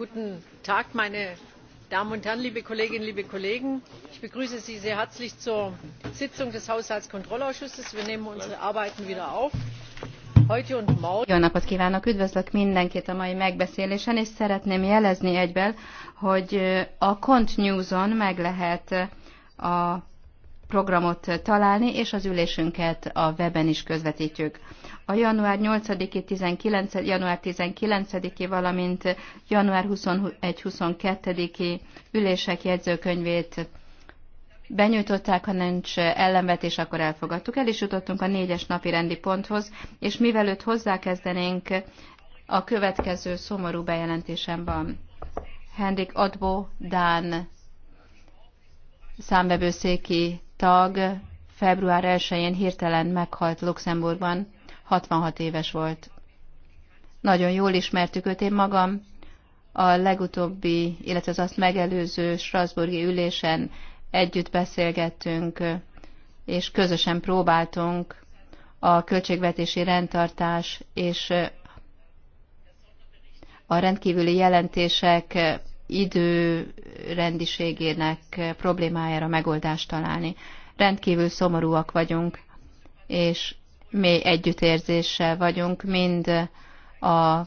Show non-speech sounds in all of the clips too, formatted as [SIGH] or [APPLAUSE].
guten tag meine damen und herren liebe kolleginnen liebe kollegen! ich begrüße sie sehr herzlich zur sitzung des haushaltskontrollausschusses. wir nehmen unsere arbeiten wieder auf heute und morgen. Jó napot kvánok üdvözlök mindenkit a mai megbeszélésen, és szeretném jelezni egyben, hogy a Cont News-on meg lehet a programot találni, és az ülésünket a weben is közvetítjük a január 8-i, 19, január 19-i, valamint január 21-22-i ülések jegyzőkönyvét benyújtották, ha nincs ellenvetés, akkor elfogadtuk. El is jutottunk a négyes napi rendi ponthoz, és mivel őt hozzákezdenénk, a következő szomorú bejelentésem van. Henrik Adbo Dán számbevőszéki tag február 1-én hirtelen meghalt Luxemburgban 66 éves volt. Nagyon jól ismertük őt én magam. A legutóbbi, illetve az azt megelőző Strasburgi ülésen együtt beszélgettünk, és közösen próbáltunk a költségvetési rendtartás és a rendkívüli jelentések időrendiségének problémájára megoldást találni. Rendkívül szomorúak vagyunk, és mély együttérzéssel vagyunk, mind a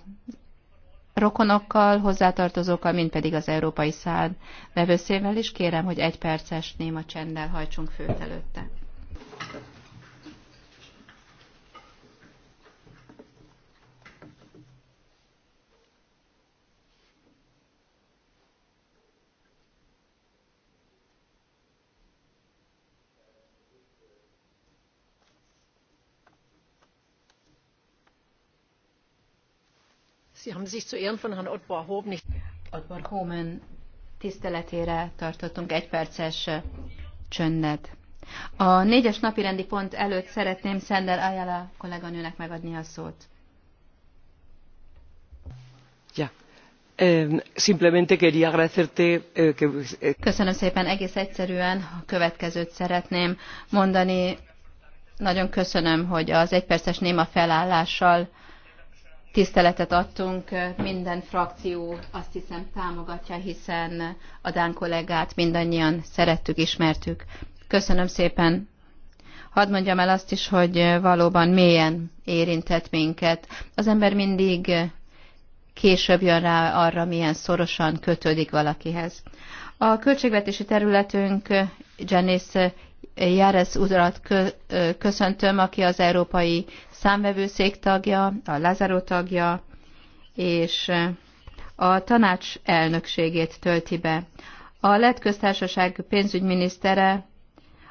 rokonokkal, hozzátartozókkal, mind pedig az európai szád vevőszével, és kérem, hogy egy perces néma csenddel hajtsunk főt előtte. Sie haben sich zu Ehren von Herrn Ottmar Hohm nicht... Ottmar Hohmann tiszteletére tartottunk egy perces csöndet. A négyes napi rendi pont előtt szeretném Szender Ayala kolléganőnek megadni a szót. Ja. Simplemente quería agradecerte eh, que... Eh, köszönöm szépen, egész egyszerűen a következőt szeretném mondani. Nagyon köszönöm, hogy az egyperces néma felállással tiszteletet adtunk, minden frakció azt hiszem támogatja, hiszen a Dán kollégát mindannyian szerettük, ismertük. Köszönöm szépen. Hadd mondjam el azt is, hogy valóban mélyen érintett minket. Az ember mindig később jön rá arra, milyen szorosan kötődik valakihez. A költségvetési területünk Janice Járez urat köszöntöm, aki az Európai számvevőszék tagja, a Lázaro tagja, és eh, a tanács elnökségét tölti be. A lett köztársaság pénzügyminisztere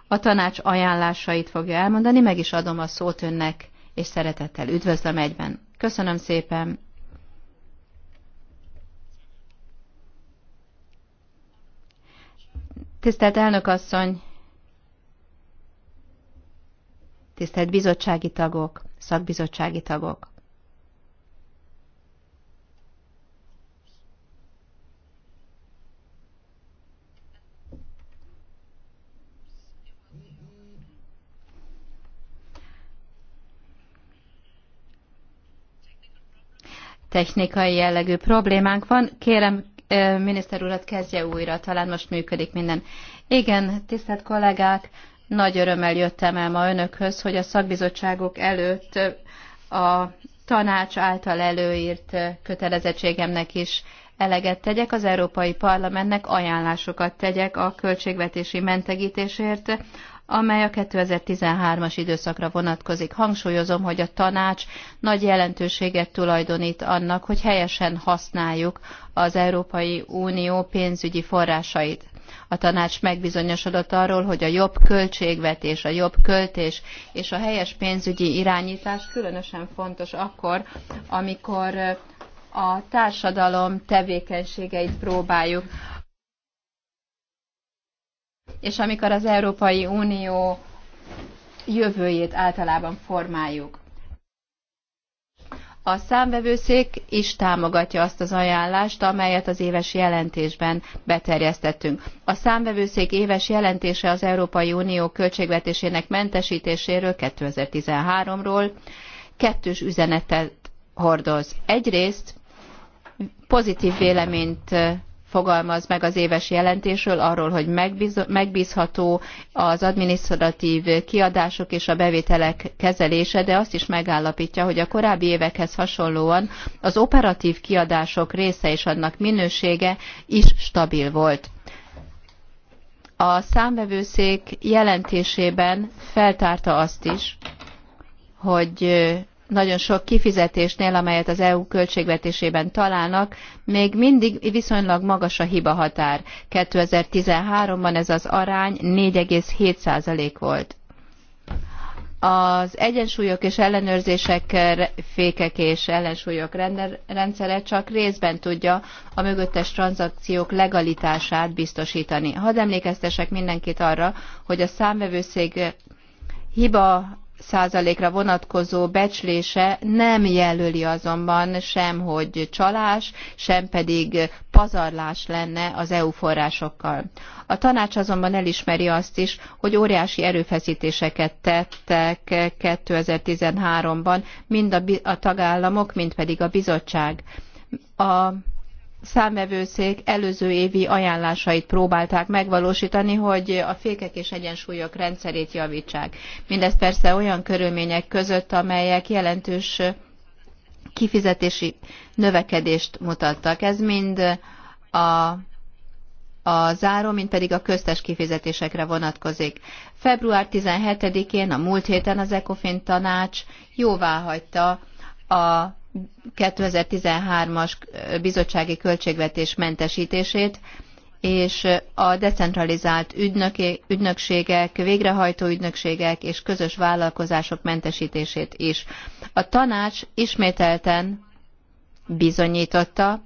a tanács ajánlásait fogja elmondani, meg is adom a szót önnek, és szeretettel üdvözlöm egyben. Köszönöm szépen! Tisztelt elnök asszony, tisztelt bizottsági tagok, szakbizottsági tagok. technikai jellegű problémánk van. Kérem, miniszter urat kezdje újra, talán most működik minden. Igen, tisztelt kollégák, nagy örömmel jöttem el ma önökhöz, hogy a szakbizottságok előtt a tanács által előírt kötelezettségemnek is eleget tegyek, az Európai Parlamentnek ajánlásokat tegyek a költségvetési mentegítésért, amely a 2013-as időszakra vonatkozik. Hangsúlyozom, hogy a tanács nagy jelentőséget tulajdonít annak, hogy helyesen használjuk az Európai Unió pénzügyi forrásait. A tanács megbizonyosodott arról, hogy a jobb költségvetés, a jobb költés és a helyes pénzügyi irányítás különösen fontos akkor, amikor a társadalom tevékenységeit próbáljuk. És amikor az Európai Unió jövőjét általában formáljuk. A számvevőszék is támogatja azt az ajánlást, amelyet az éves jelentésben beterjesztettünk. A számvevőszék éves jelentése az Európai Unió költségvetésének mentesítéséről 2013-ról kettős üzenetet hordoz. Egyrészt pozitív véleményt fogalmaz meg az éves jelentésről, arról, hogy megbízható az adminisztratív kiadások és a bevételek kezelése, de azt is megállapítja, hogy a korábbi évekhez hasonlóan az operatív kiadások része és annak minősége is stabil volt. A számvevőszék jelentésében feltárta azt is, hogy nagyon sok kifizetésnél, amelyet az EU költségvetésében találnak, még mindig viszonylag magas a hiba határ. 2013-ban ez az arány 4,7% volt. Az egyensúlyok és ellenőrzések fékek és ellensúlyok rendszere csak részben tudja a mögöttes tranzakciók legalitását biztosítani. Hadd emlékeztesek mindenkit arra, hogy a számvevőszék hiba százalékra vonatkozó becslése nem jelöli azonban sem, hogy csalás, sem pedig pazarlás lenne az EU forrásokkal. A tanács azonban elismeri azt is, hogy óriási erőfeszítéseket tettek 2013-ban mind a, a tagállamok, mind pedig a bizottság. A számvevőszék előző évi ajánlásait próbálták megvalósítani, hogy a fékek és egyensúlyok rendszerét javítsák. Mindez persze olyan körülmények között, amelyek jelentős kifizetési növekedést mutattak. Ez mind a a záró, mint pedig a köztes kifizetésekre vonatkozik. Február 17-én, a múlt héten az ECOFIN tanács jóváhagyta a 2013-as bizottsági költségvetés mentesítését, és a decentralizált ügynöki, ügynökségek, végrehajtó ügynökségek és közös vállalkozások mentesítését is. A tanács ismételten bizonyította,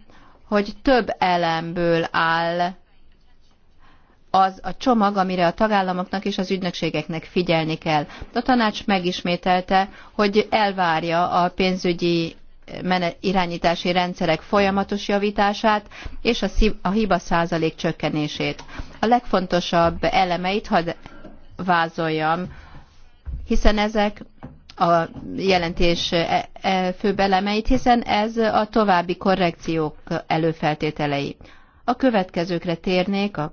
hogy több elemből áll az a csomag, amire a tagállamoknak és az ügynökségeknek figyelni kell. A tanács megismételte, hogy elvárja a pénzügyi irányítási rendszerek folyamatos javítását és a, a hiba százalék csökkenését. A legfontosabb elemeit hadd vázoljam, hiszen ezek a jelentés e- e- főbb elemeit, hiszen ez a további korrekciók előfeltételei. A következőkre térnék a,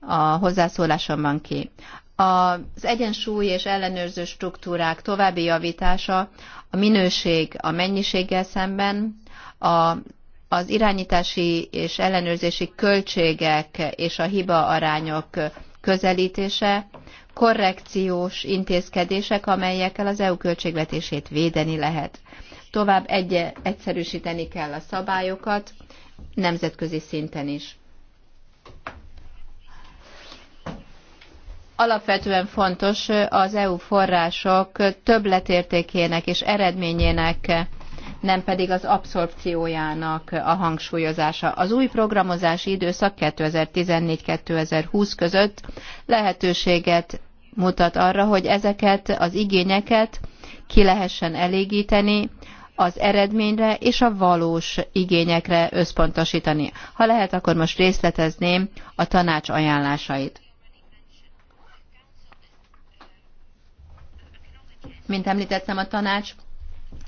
a hozzászólásomban ki az egyensúly és ellenőrző struktúrák további javítása a minőség a mennyiséggel szemben, a, az irányítási és ellenőrzési költségek és a hiba arányok közelítése, korrekciós intézkedések, amelyekkel az EU költségvetését védeni lehet. Tovább egy egyszerűsíteni kell a szabályokat, nemzetközi szinten is. alapvetően fontos az EU források többletértékének és eredményének nem pedig az abszorpciójának a hangsúlyozása. Az új programozási időszak 2014-2020 között lehetőséget mutat arra, hogy ezeket az igényeket ki lehessen elégíteni, az eredményre és a valós igényekre összpontosítani. Ha lehet, akkor most részletezném a tanács ajánlásait. Mint említettem, a tanács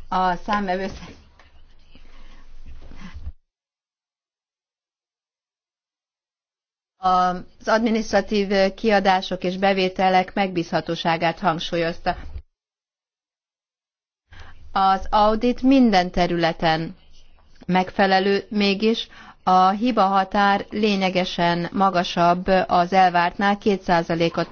a számvevőszék az adminisztratív kiadások és bevételek megbízhatóságát hangsúlyozta. Az audit minden területen megfelelő mégis a hiba határ lényegesen magasabb az elvártnál, 2%-ot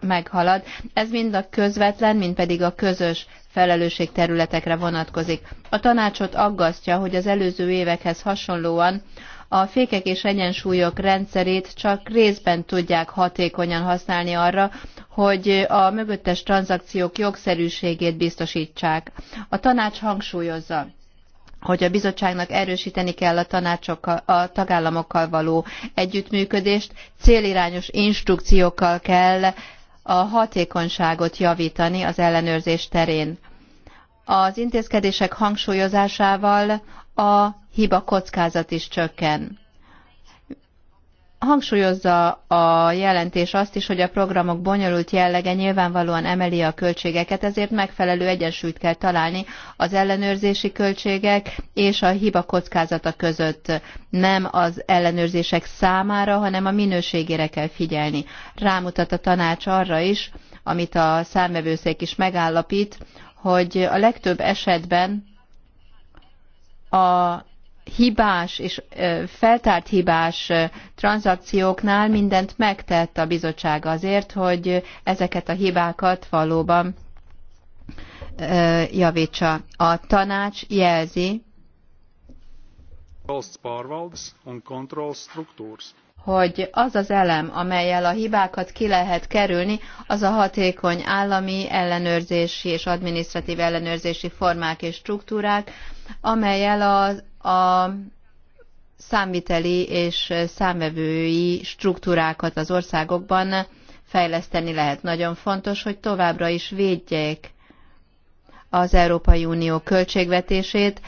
meghalad. Ez mind a közvetlen, mind pedig a közös felelősség területekre vonatkozik. A tanácsot aggasztja, hogy az előző évekhez hasonlóan a fékek és egyensúlyok rendszerét csak részben tudják hatékonyan használni arra, hogy a mögöttes tranzakciók jogszerűségét biztosítsák. A tanács hangsúlyozza, hogy a bizottságnak erősíteni kell a tanácsokkal, a tagállamokkal való együttműködést, célirányos instrukciókkal kell a hatékonyságot javítani az ellenőrzés terén. Az intézkedések hangsúlyozásával a hiba kockázat is csökken. Hangsúlyozza a jelentés azt is, hogy a programok bonyolult jellege nyilvánvalóan emeli a költségeket, ezért megfelelő egyensúlyt kell találni az ellenőrzési költségek és a hiba kockázata között. Nem az ellenőrzések számára, hanem a minőségére kell figyelni. Rámutat a tanács arra is, amit a számvevőszék is megállapít, hogy a legtöbb esetben a hibás és feltárt hibás tranzakcióknál mindent megtett a bizottság azért, hogy ezeket a hibákat valóban javítsa. A tanács jelzi, hogy az az elem, amelyel a hibákat ki lehet kerülni, az a hatékony állami ellenőrzési és adminisztratív ellenőrzési formák és struktúrák, amelyel a, a számviteli és számvevői struktúrákat az országokban fejleszteni lehet. Nagyon fontos, hogy továbbra is védjék az Európai Unió költségvetését,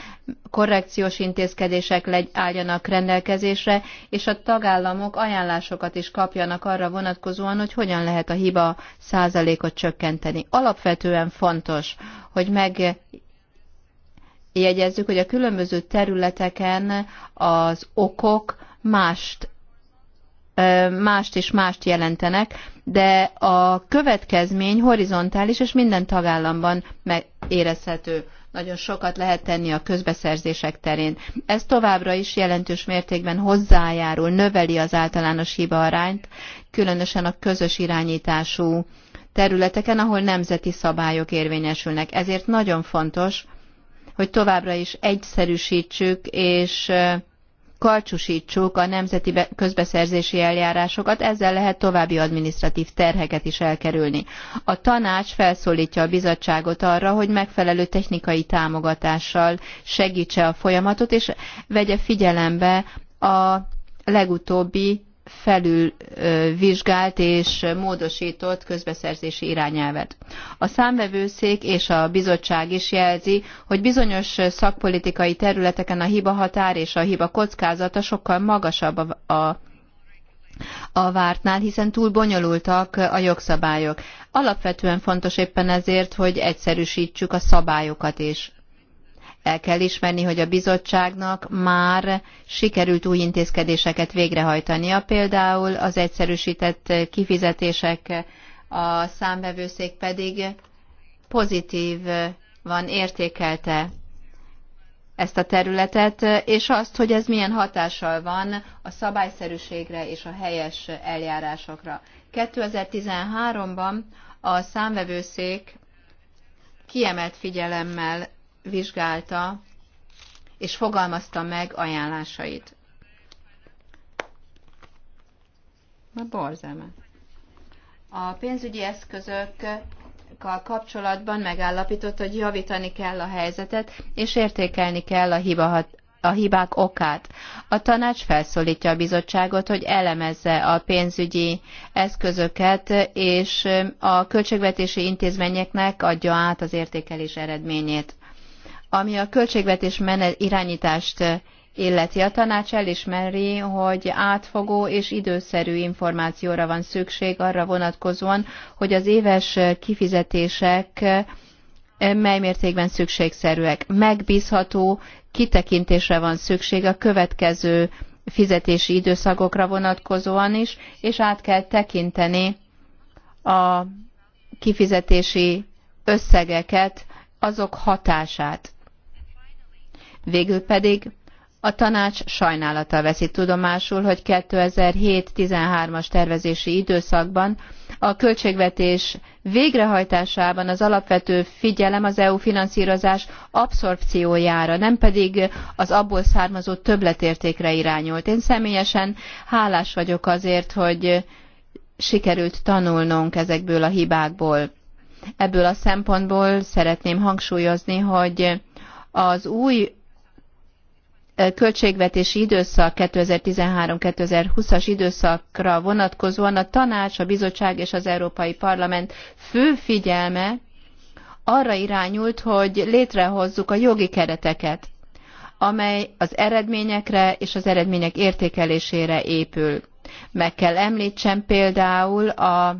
korrekciós intézkedések legy, álljanak rendelkezésre, és a tagállamok ajánlásokat is kapjanak arra vonatkozóan, hogy hogyan lehet a hiba százalékot csökkenteni. Alapvetően fontos, hogy meg jegyezzük, hogy a különböző területeken az okok mást mást és mást jelentenek, de a következmény horizontális és minden tagállamban érezhető. Nagyon sokat lehet tenni a közbeszerzések terén. Ez továbbra is jelentős mértékben hozzájárul, növeli az általános hiba arányt, különösen a közös irányítású területeken, ahol nemzeti szabályok érvényesülnek. Ezért nagyon fontos, hogy továbbra is egyszerűsítsük és karcsúsítsuk a nemzeti közbeszerzési eljárásokat, ezzel lehet további adminisztratív terheket is elkerülni. A tanács felszólítja a bizottságot arra, hogy megfelelő technikai támogatással segítse a folyamatot, és vegye figyelembe a legutóbbi felülvizsgált és módosított közbeszerzési irányelvet. A számvevőszék és a bizottság is jelzi, hogy bizonyos szakpolitikai területeken a hiba határ és a hiba kockázata sokkal magasabb a, a a vártnál, hiszen túl bonyolultak a jogszabályok. Alapvetően fontos éppen ezért, hogy egyszerűsítsük a szabályokat is. El kell ismerni, hogy a bizottságnak már sikerült új intézkedéseket végrehajtania, például az egyszerűsített kifizetések, a számbevőszék pedig pozitív van értékelte ezt a területet, és azt, hogy ez milyen hatással van a szabályszerűségre és a helyes eljárásokra. 2013-ban a számvevőszék kiemelt figyelemmel vizsgálta és fogalmazta meg ajánlásait. Na, borzalma. A pénzügyi eszközökkel kapcsolatban megállapított, hogy javítani kell a helyzetet, és értékelni kell a, hiba a hibák okát. A tanács felszólítja a bizottságot, hogy elemezze a pénzügyi eszközöket, és a költségvetési intézményeknek adja át az értékelés eredményét. Ami a költségvetés irányítást eh, illeti a tanács elismeri, hogy átfogó és időszerű információra van szükség arra vonatkozóan, hogy az éves eh, kifizetések eh, mely mértékben szükségszerűek. Megbízható kitekintésre van szükség a következő fizetési időszakokra vonatkozóan is, és át kell tekinteni a kifizetési összegeket, azok hatását Végül pedig a tanács sajnálata veszi tudomásul, hogy 2007-13-as tervezési időszakban a költségvetés végrehajtásában az alapvető figyelem az EU finanszírozás abszorpciójára, nem pedig az abból származó többletértékre irányult. Én személyesen hálás vagyok azért, hogy sikerült tanulnunk ezekből a hibákból. Ebből a szempontból szeretném hangsúlyozni, hogy az új költségvetési időszak 2013-2020-as időszakra vonatkozóan a tanács, a bizottság és az Európai Parlament fő figyelme arra irányult, hogy létrehozzuk a jogi kereteket, amely az eredményekre és az eredmények értékelésére épül. Meg kell említsem például a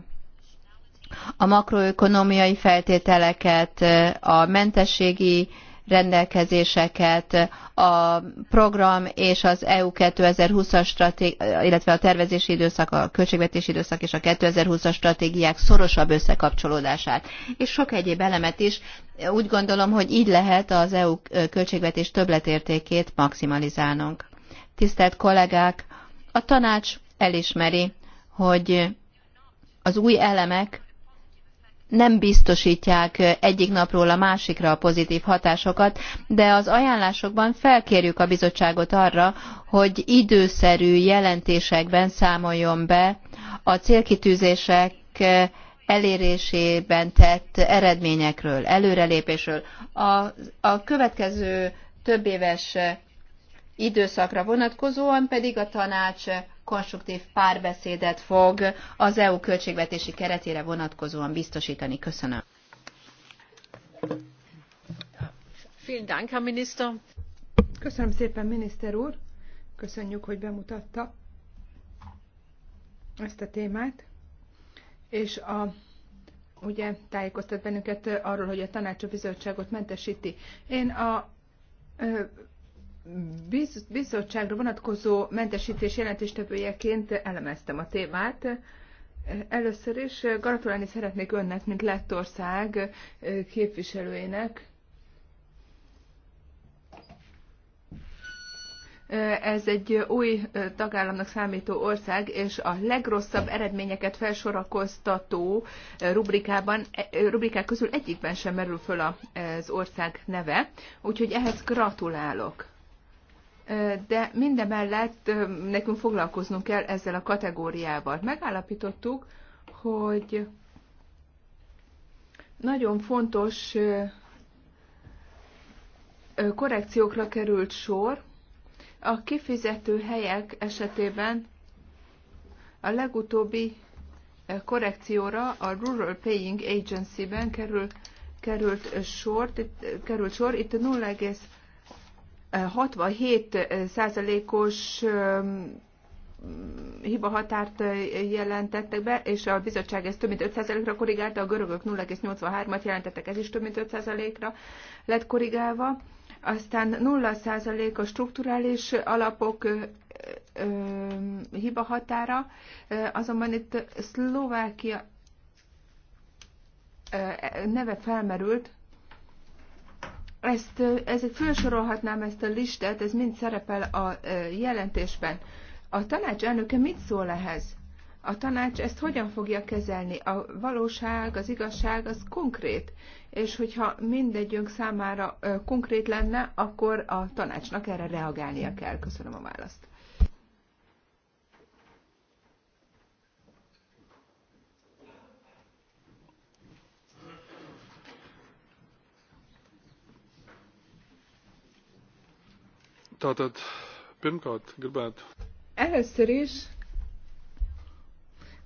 a makroökonomiai feltételeket, a mentességi rendelkezéseket a program és az EU 2020-as stratégia, illetve a tervezési időszak, a költségvetési időszak és a 2020-as stratégiák szorosabb összekapcsolódását, és sok egyéb elemet is. Úgy gondolom, hogy így lehet az EU költségvetés többletértékét maximalizálnunk. Tisztelt kollégák, a tanács elismeri, hogy az új elemek nem biztosítják egyik napról a másikra a pozitív hatásokat, de az ajánlásokban felkérjük a bizottságot arra, hogy időszerű jelentésekben számoljon be a célkitűzések elérésében tett eredményekről, előrelépésről. A, a következő több éves időszakra vonatkozóan pedig a tanács konstruktív párbeszédet fog az EU költségvetési keretére vonatkozóan biztosítani. Köszönöm. Köszönöm szépen, miniszter úr. Köszönjük, hogy bemutatta ezt a témát. És a, ugye tájékoztat bennünket arról, hogy a a bizottságot mentesíti. Én a bizottságra vonatkozó mentesítés jelentéstevőjeként elemeztem a témát. Először is gratulálni szeretnék önnek, mint Lettország képviselőjének. Ez egy új tagállamnak számító ország, és a legrosszabb eredményeket felsorakoztató rubrikában, rubrikák közül egyikben sem merül föl az ország neve, úgyhogy ehhez gratulálok de mindemellett nekünk foglalkoznunk kell ezzel a kategóriával. Megállapítottuk, hogy nagyon fontos korrekciókra került sor. A kifizető helyek esetében a legutóbbi korrekcióra a Rural Paying Agency-ben került, került, sort, került sor. Itt 0, 67 százalékos hibahatárt jelentettek be, és a bizottság ezt több mint 5%-ra korrigálta, a görögök 0,83-at jelentettek, ez is több mint 5%-ra lett korrigálva. Aztán 0% a strukturális alapok hibahatára, azonban itt Szlovákia neve felmerült, ezt, ezek felsorolhatnám ezt a listát, ez mind szerepel a jelentésben. A tanács elnöke mit szól ehhez? A tanács ezt hogyan fogja kezelni? A valóság, az igazság az konkrét, és hogyha mindegyünk számára konkrét lenne, akkor a tanácsnak erre reagálnia kell. Köszönöm a választ. Tātad, pirmkārt, gribētu. Először is,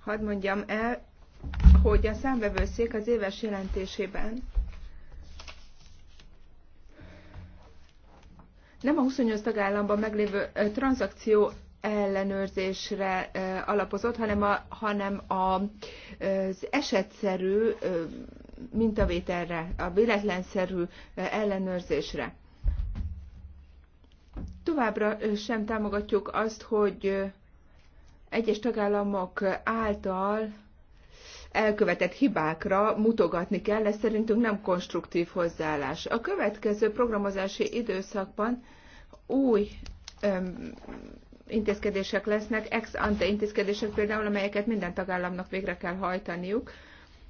hadd mondjam el, hogy a számvevőszék az éves jelentésében nem a 28 tagállamban meglévő tranzakció ellenőrzésre alapozott, hanem, a, hanem a, az esetszerű mintavételre, a véletlenszerű ellenőrzésre. Továbbra sem támogatjuk azt, hogy egyes tagállamok által elkövetett hibákra mutogatni kell, ez szerintünk nem konstruktív hozzáállás. A következő programozási időszakban új öm, intézkedések lesznek, ex ante intézkedések például, amelyeket minden tagállamnak végre kell hajtaniuk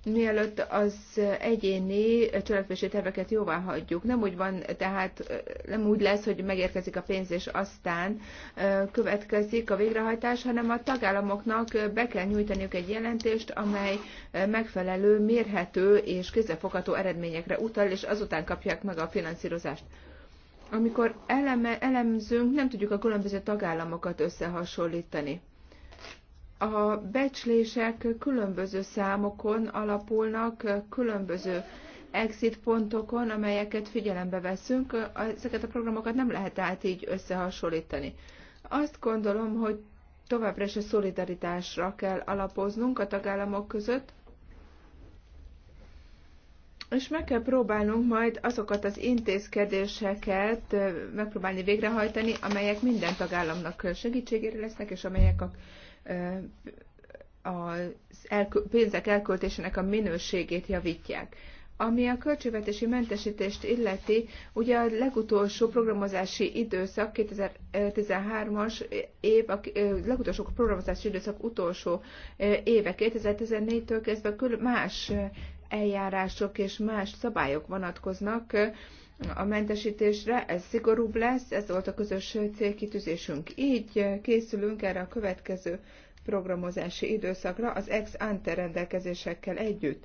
mielőtt az egyéni cselekvési terveket jóvá hagyjuk. Nem úgy van, tehát nem úgy lesz, hogy megérkezik a pénz, és aztán következik a végrehajtás, hanem a tagállamoknak be kell nyújtaniuk egy jelentést, amely megfelelő, mérhető és kézzelfogható eredményekre utal, és azután kapják meg a finanszírozást. Amikor eleme, elemzünk, nem tudjuk a különböző tagállamokat összehasonlítani a becslések különböző számokon alapulnak, különböző exit pontokon, amelyeket figyelembe veszünk. Ezeket a programokat nem lehet át így összehasonlítani. Azt gondolom, hogy továbbra is a szolidaritásra kell alapoznunk a tagállamok között, és meg kell próbálnunk majd azokat az intézkedéseket megpróbálni végrehajtani, amelyek minden tagállamnak segítségére lesznek, és amelyek a az elkö- pénzek elköltésének a minőségét javítják. Ami a költségvetési mentesítést illeti, ugye a legutolsó programozási időszak, 2013-as év, a legutolsó programozási időszak utolsó éve, 2014-től kezdve más eljárások és más szabályok vonatkoznak a mentesítésre, ez szigorúbb lesz, ez volt a közös célkitűzésünk. Így készülünk erre a következő programozási időszakra az ex ante rendelkezésekkel együtt.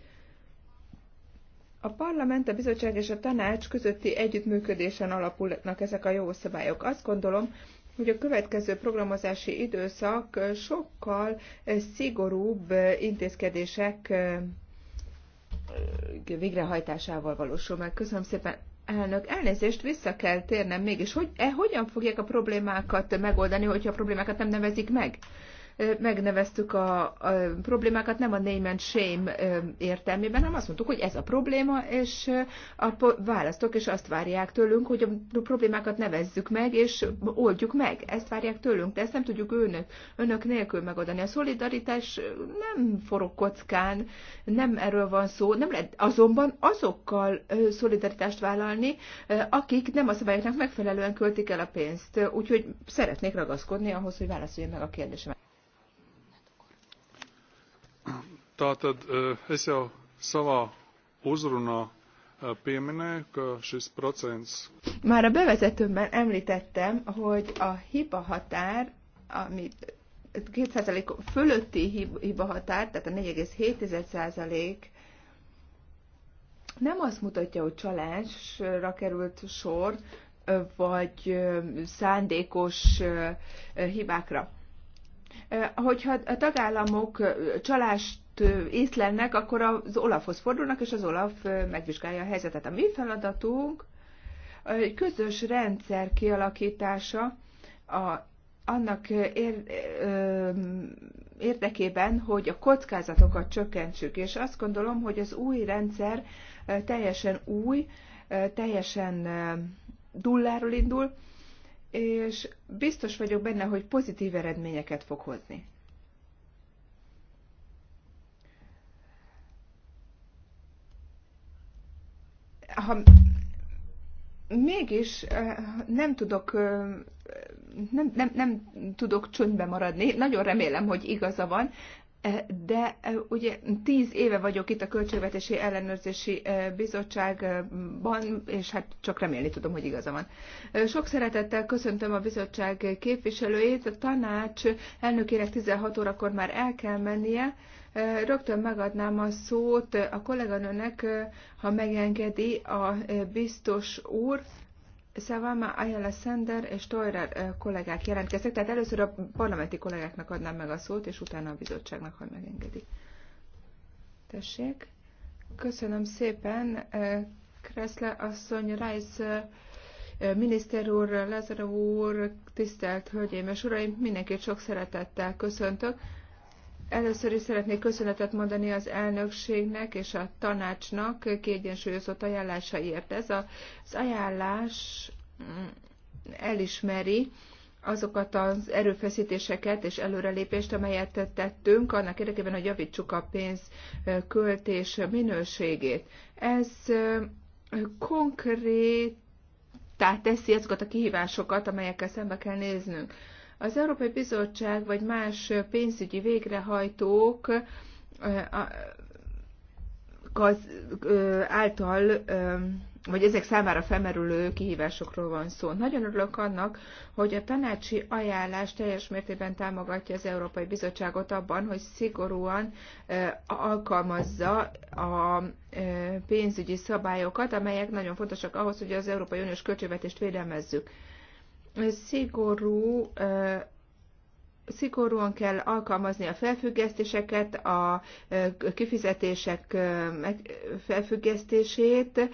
A parlament, a bizottság és a tanács közötti együttműködésen alapulnak ezek a jó szabályok. Azt gondolom, hogy a következő programozási időszak sokkal szigorúbb intézkedések végrehajtásával valósul meg. Köszönöm szépen! Elnök, elnézést, vissza kell térnem mégis. Hogy, e, hogyan fogják a problémákat megoldani, hogyha a problémákat nem nevezik meg? megneveztük a, a problémákat nem a name and shame értelmében, hanem azt mondtuk, hogy ez a probléma, és a választok, és azt várják tőlünk, hogy a problémákat nevezzük meg, és oldjuk meg. Ezt várják tőlünk, de ezt nem tudjuk önök, önök nélkül megadani. A szolidaritás nem forog kockán, nem erről van szó, nem lehet azonban azokkal szolidaritást vállalni, akik nem a szabályoknak megfelelően költik el a pénzt. Úgyhogy szeretnék ragaszkodni ahhoz, hogy válaszoljon meg a kérdésemet. Tātad es jau savā uzrunā pieminēju, ka šis procents. Már a bevezetőmben említettem, hogy a hiba határ, ami 2% fölötti hiba határ, tehát a 4,7% nem azt mutatja, hogy csalásra került sor, vagy szándékos hibákra. Hogyha a tagállamok csalást észlelnek, akkor az Olafhoz fordulnak, és az Olaf megvizsgálja a helyzetet. A mi feladatunk egy közös rendszer kialakítása a, annak ér, ö, érdekében, hogy a kockázatokat csökkentsük. És azt gondolom, hogy az új rendszer teljesen új, teljesen dulláról indul, és biztos vagyok benne, hogy pozitív eredményeket fog hozni. ha mégis eh, nem tudok eh, nem, nem, nem tudok csöndbe maradni. Nagyon remélem, hogy igaza van, eh, de ugye tíz éve vagyok itt a Költségvetési Ellenőrzési Bizottságban, és hát csak remélni tudom, hogy igaza van. Sok szeretettel köszöntöm a bizottság képviselőjét, a tanács elnökének 16 órakor már el kell mennie, Rögtön megadnám a szót a kolléganőnek, ha megengedi a biztos úr. Szavama, Ayala Sender és Toirer kollégák jelentkeztek, tehát először a parlamenti kollégáknak adnám meg a szót, és utána a bizottságnak, ha megengedi. Tessék. Köszönöm szépen. Kreszle asszony, Rajsz miniszter úr, Lázaro úr, tisztelt hölgyeim és uraim, mindenkit sok szeretettel köszöntök. Először is szeretnék köszönetet mondani az elnökségnek és a tanácsnak kiegyensúlyozott ajánlásaiért. Ez az ajánlás mm, elismeri azokat az erőfeszítéseket és előrelépést, amelyet tettünk, annak érdekében, hogy javítsuk a pénz költés minőségét. Ez konkrét tehát teszi azokat a kihívásokat, amelyekkel szembe kell néznünk. Az Európai Bizottság vagy más pénzügyi végrehajtók által vagy ezek számára felmerülő kihívásokról van szó. Nagyon örülök annak, hogy a tanácsi ajánlás teljes mértékben támogatja az Európai Bizottságot abban, hogy szigorúan alkalmazza a pénzügyi szabályokat, amelyek nagyon fontosak ahhoz, hogy az Európai Uniós költségvetést védelmezzük szigorú szigorúan kell alkalmazni a felfüggesztéseket, a kifizetések felfüggesztését.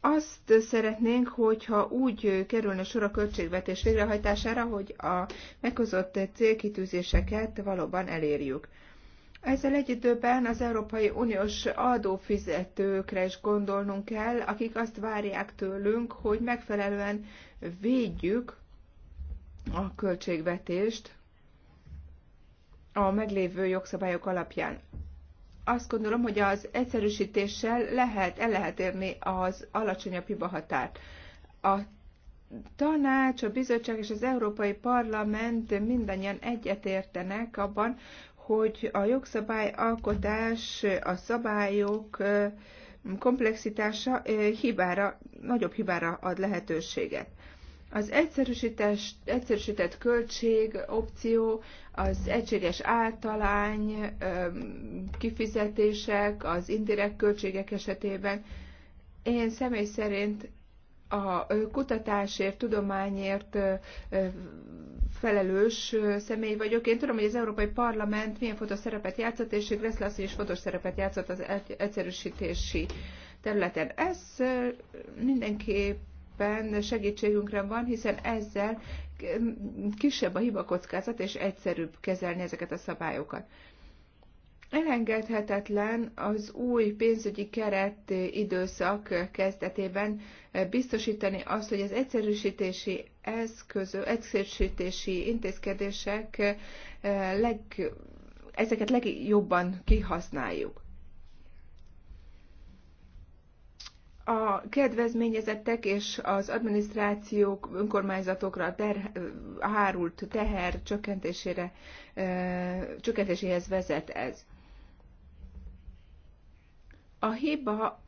Azt szeretnénk, hogyha úgy kerülne sor a költségvetés végrehajtására, hogy a meghozott célkitűzéseket valóban elérjük. Ezzel egy időben az Európai Uniós adófizetőkre is gondolnunk kell, akik azt várják tőlünk, hogy megfelelően védjük a költségvetést a meglévő jogszabályok alapján. Azt gondolom, hogy az egyszerűsítéssel lehet, el lehet érni az alacsonyabb hibahatárt. A tanács, a bizottság és az Európai Parlament mindannyian egyetértenek abban, hogy a jogszabály alkotás, a szabályok komplexitása hibára, nagyobb hibára ad lehetőséget. Az egyszerűsítés, egyszerűsített költség opció, az egységes általány kifizetések, az indirekt költségek esetében én személy szerint a kutatásért, tudományért felelős személy vagyok. Én tudom, hogy az Európai Parlament milyen fontos szerepet játszott, és Greszlász is fontos szerepet játszott az egyszerűsítési területen. Ez mindenképpen segítségünkre van, hiszen ezzel kisebb a hibakockázat, és egyszerűbb kezelni ezeket a szabályokat. Elengedhetetlen az új pénzügyi keret időszak kezdetében biztosítani azt, hogy az egyszerűsítési eszközö, egyszerűsítési intézkedések eh, leg, ezeket legjobban kihasználjuk. a kedvezményezettek és az adminisztrációk, önkormányzatokra ter, hárult teher csökkentésére, eh, csökkentéséhez vezet ez. A hiba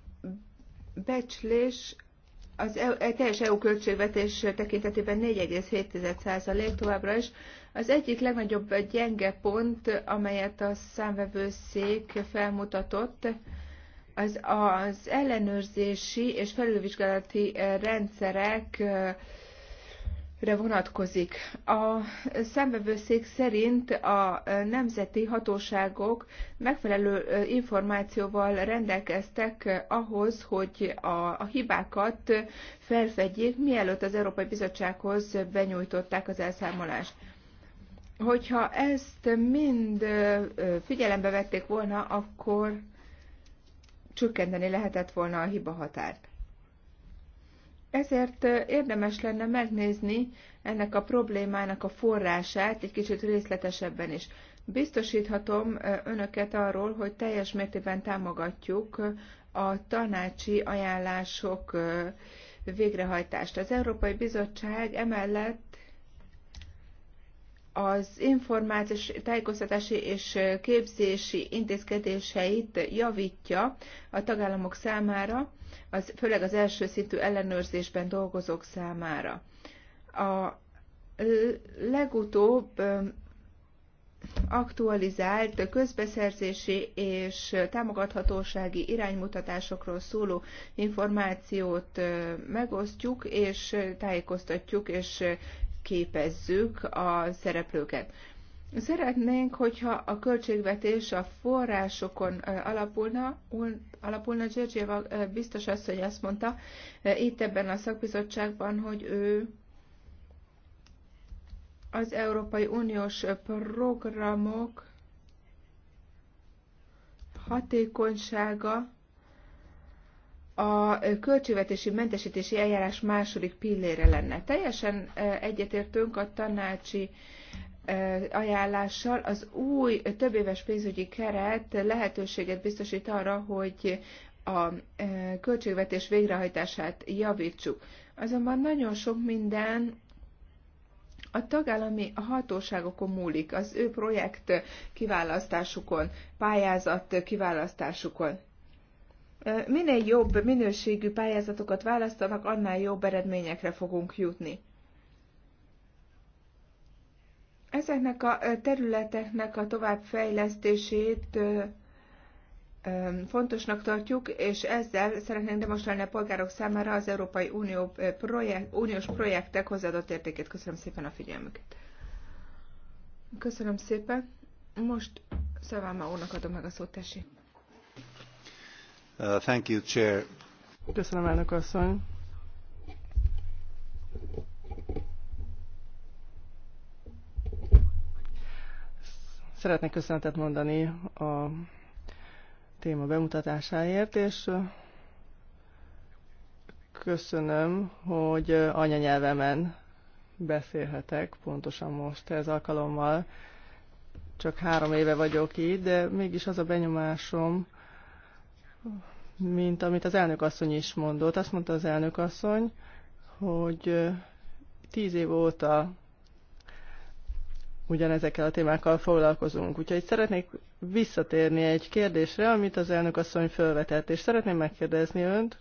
becslés az EU, teljes EU költségvetés tekintetében 4,7% továbbra is. Az egyik legnagyobb gyenge pont, amelyet a számvevőszék felmutatott, az az ellenőrzési és felülvizsgálati rendszerek vonatkozik. A szembevőszék szerint a nemzeti hatóságok megfelelő információval rendelkeztek ahhoz, hogy a, a hibákat felfedjék, mielőtt az Európai Bizottsághoz benyújtották az elszámolást. Hogyha ezt mind figyelembe vették volna, akkor csökkenteni lehetett volna a hiba határt. Ezért érdemes lenne megnézni ennek a problémának a forrását egy kicsit részletesebben is. Biztosíthatom önöket arról, hogy teljes mértékben támogatjuk a tanácsi ajánlások végrehajtást. Az Európai Bizottság emellett az információs tájékoztatási és képzési intézkedéseit javítja a tagállamok számára, az, főleg az első szintű ellenőrzésben dolgozók számára. A legutóbb aktualizált közbeszerzési és támogathatósági iránymutatásokról szóló információt megosztjuk, és tájékoztatjuk, és képezzük a szereplőket. Szeretnénk, hogyha a költségvetés a forrásokon alapulna, alapulna Györgyeva biztos asszony azt mondta itt ebben a szakbizottságban, hogy ő az Európai Uniós programok hatékonysága a költségvetési mentesítési eljárás második pillére lenne. Teljesen egyetértünk a tanácsi ajánlással az új többéves pénzügyi keret lehetőséget biztosít arra, hogy a költségvetés végrehajtását javítsuk. Azonban nagyon sok minden a tagállami hatóságokon múlik, az ő projekt kiválasztásukon, pályázat kiválasztásukon. Minél jobb minőségű pályázatokat választanak, annál jobb eredményekre fogunk jutni. Ezeknek a területeknek a továbbfejlesztését fontosnak tartjuk, és ezzel szeretnénk demonstrálni a polgárok számára az Európai Unió projekt, uniós projektek hozzáadott értékét. Köszönöm szépen a figyelmüket. Köszönöm szépen. Most Szaváma úrnak adom meg a szót, tessék. Uh, thank you, Chair. Köszönöm, elnök asszony. Szeretnék köszönetet mondani a téma bemutatásáért, és köszönöm, hogy anyanyelvemen beszélhetek pontosan most ez alkalommal. Csak három éve vagyok itt, de mégis az a benyomásom, mint amit az elnök asszony is mondott. Azt mondta az elnök asszony, hogy tíz év óta ugyanezekkel a témákkal foglalkozunk. Úgyhogy szeretnék visszatérni egy kérdésre, amit az elnök asszony felvetett, és szeretném megkérdezni önt,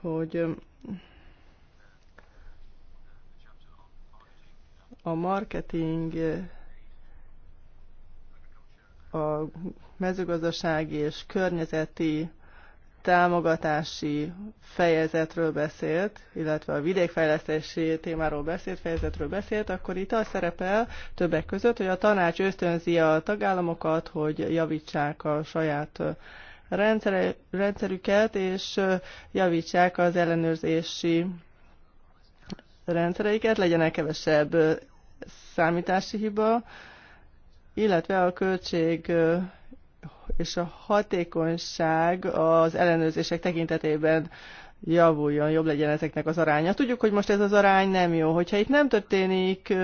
hogy a marketing, a mezőgazdasági és környezeti támogatási fejezetről beszélt, illetve a vidékfejlesztési témáról beszélt, fejezetről beszélt, akkor itt az szerepel többek között, hogy a tanács ösztönzi a tagállamokat, hogy javítsák a saját rendszerüket, és javítsák az ellenőrzési rendszereiket, legyenek kevesebb számítási hiba, illetve a költség és a hatékonyság az ellenőrzések tekintetében javuljon, jobb legyen ezeknek az aránya. Tudjuk, hogy most ez az arány nem jó. Hogyha itt nem történik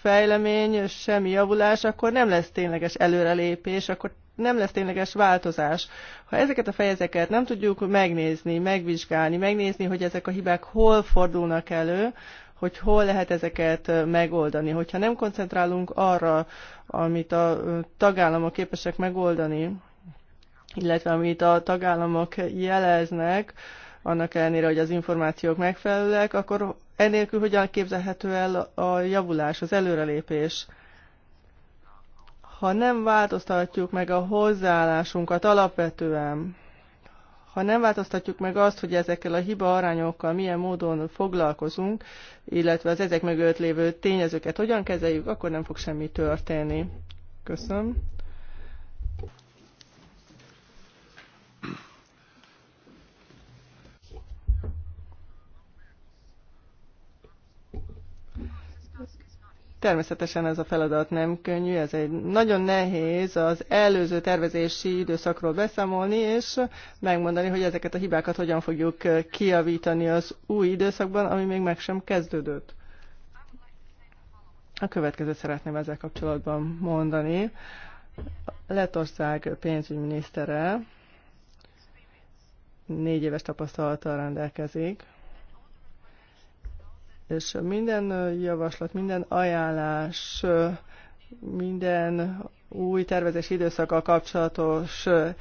fejlemény, semmi javulás, akkor nem lesz tényleges előrelépés, akkor nem lesz tényleges változás. Ha ezeket a fejezeket nem tudjuk megnézni, megvizsgálni, megnézni, hogy ezek a hibák hol fordulnak elő, hogy hol lehet ezeket megoldani. Hogyha nem koncentrálunk arra, amit a tagállamok képesek megoldani, illetve amit a tagállamok jeleznek, annak ellenére, hogy az információk megfelelőek, akkor enélkül hogyan képzelhető el a javulás, az előrelépés? Ha nem változtatjuk meg a hozzáállásunkat alapvetően, ha nem változtatjuk meg azt, hogy ezekkel a hiba arányokkal milyen módon foglalkozunk, illetve az ezek mögött lévő tényezőket hogyan kezeljük, akkor nem fog semmi történni. Köszönöm. Természetesen ez a feladat nem könnyű, ez egy nagyon nehéz az előző tervezési időszakról beszámolni, és megmondani, hogy ezeket a hibákat hogyan fogjuk kiavítani az új időszakban, ami még meg sem kezdődött. A következőt szeretném ezzel kapcsolatban mondani. Letország pénzügyminisztere négy éves tapasztalattal rendelkezik, és minden javaslat, minden ajánlás, minden új tervezési időszakkal kapcsolatosan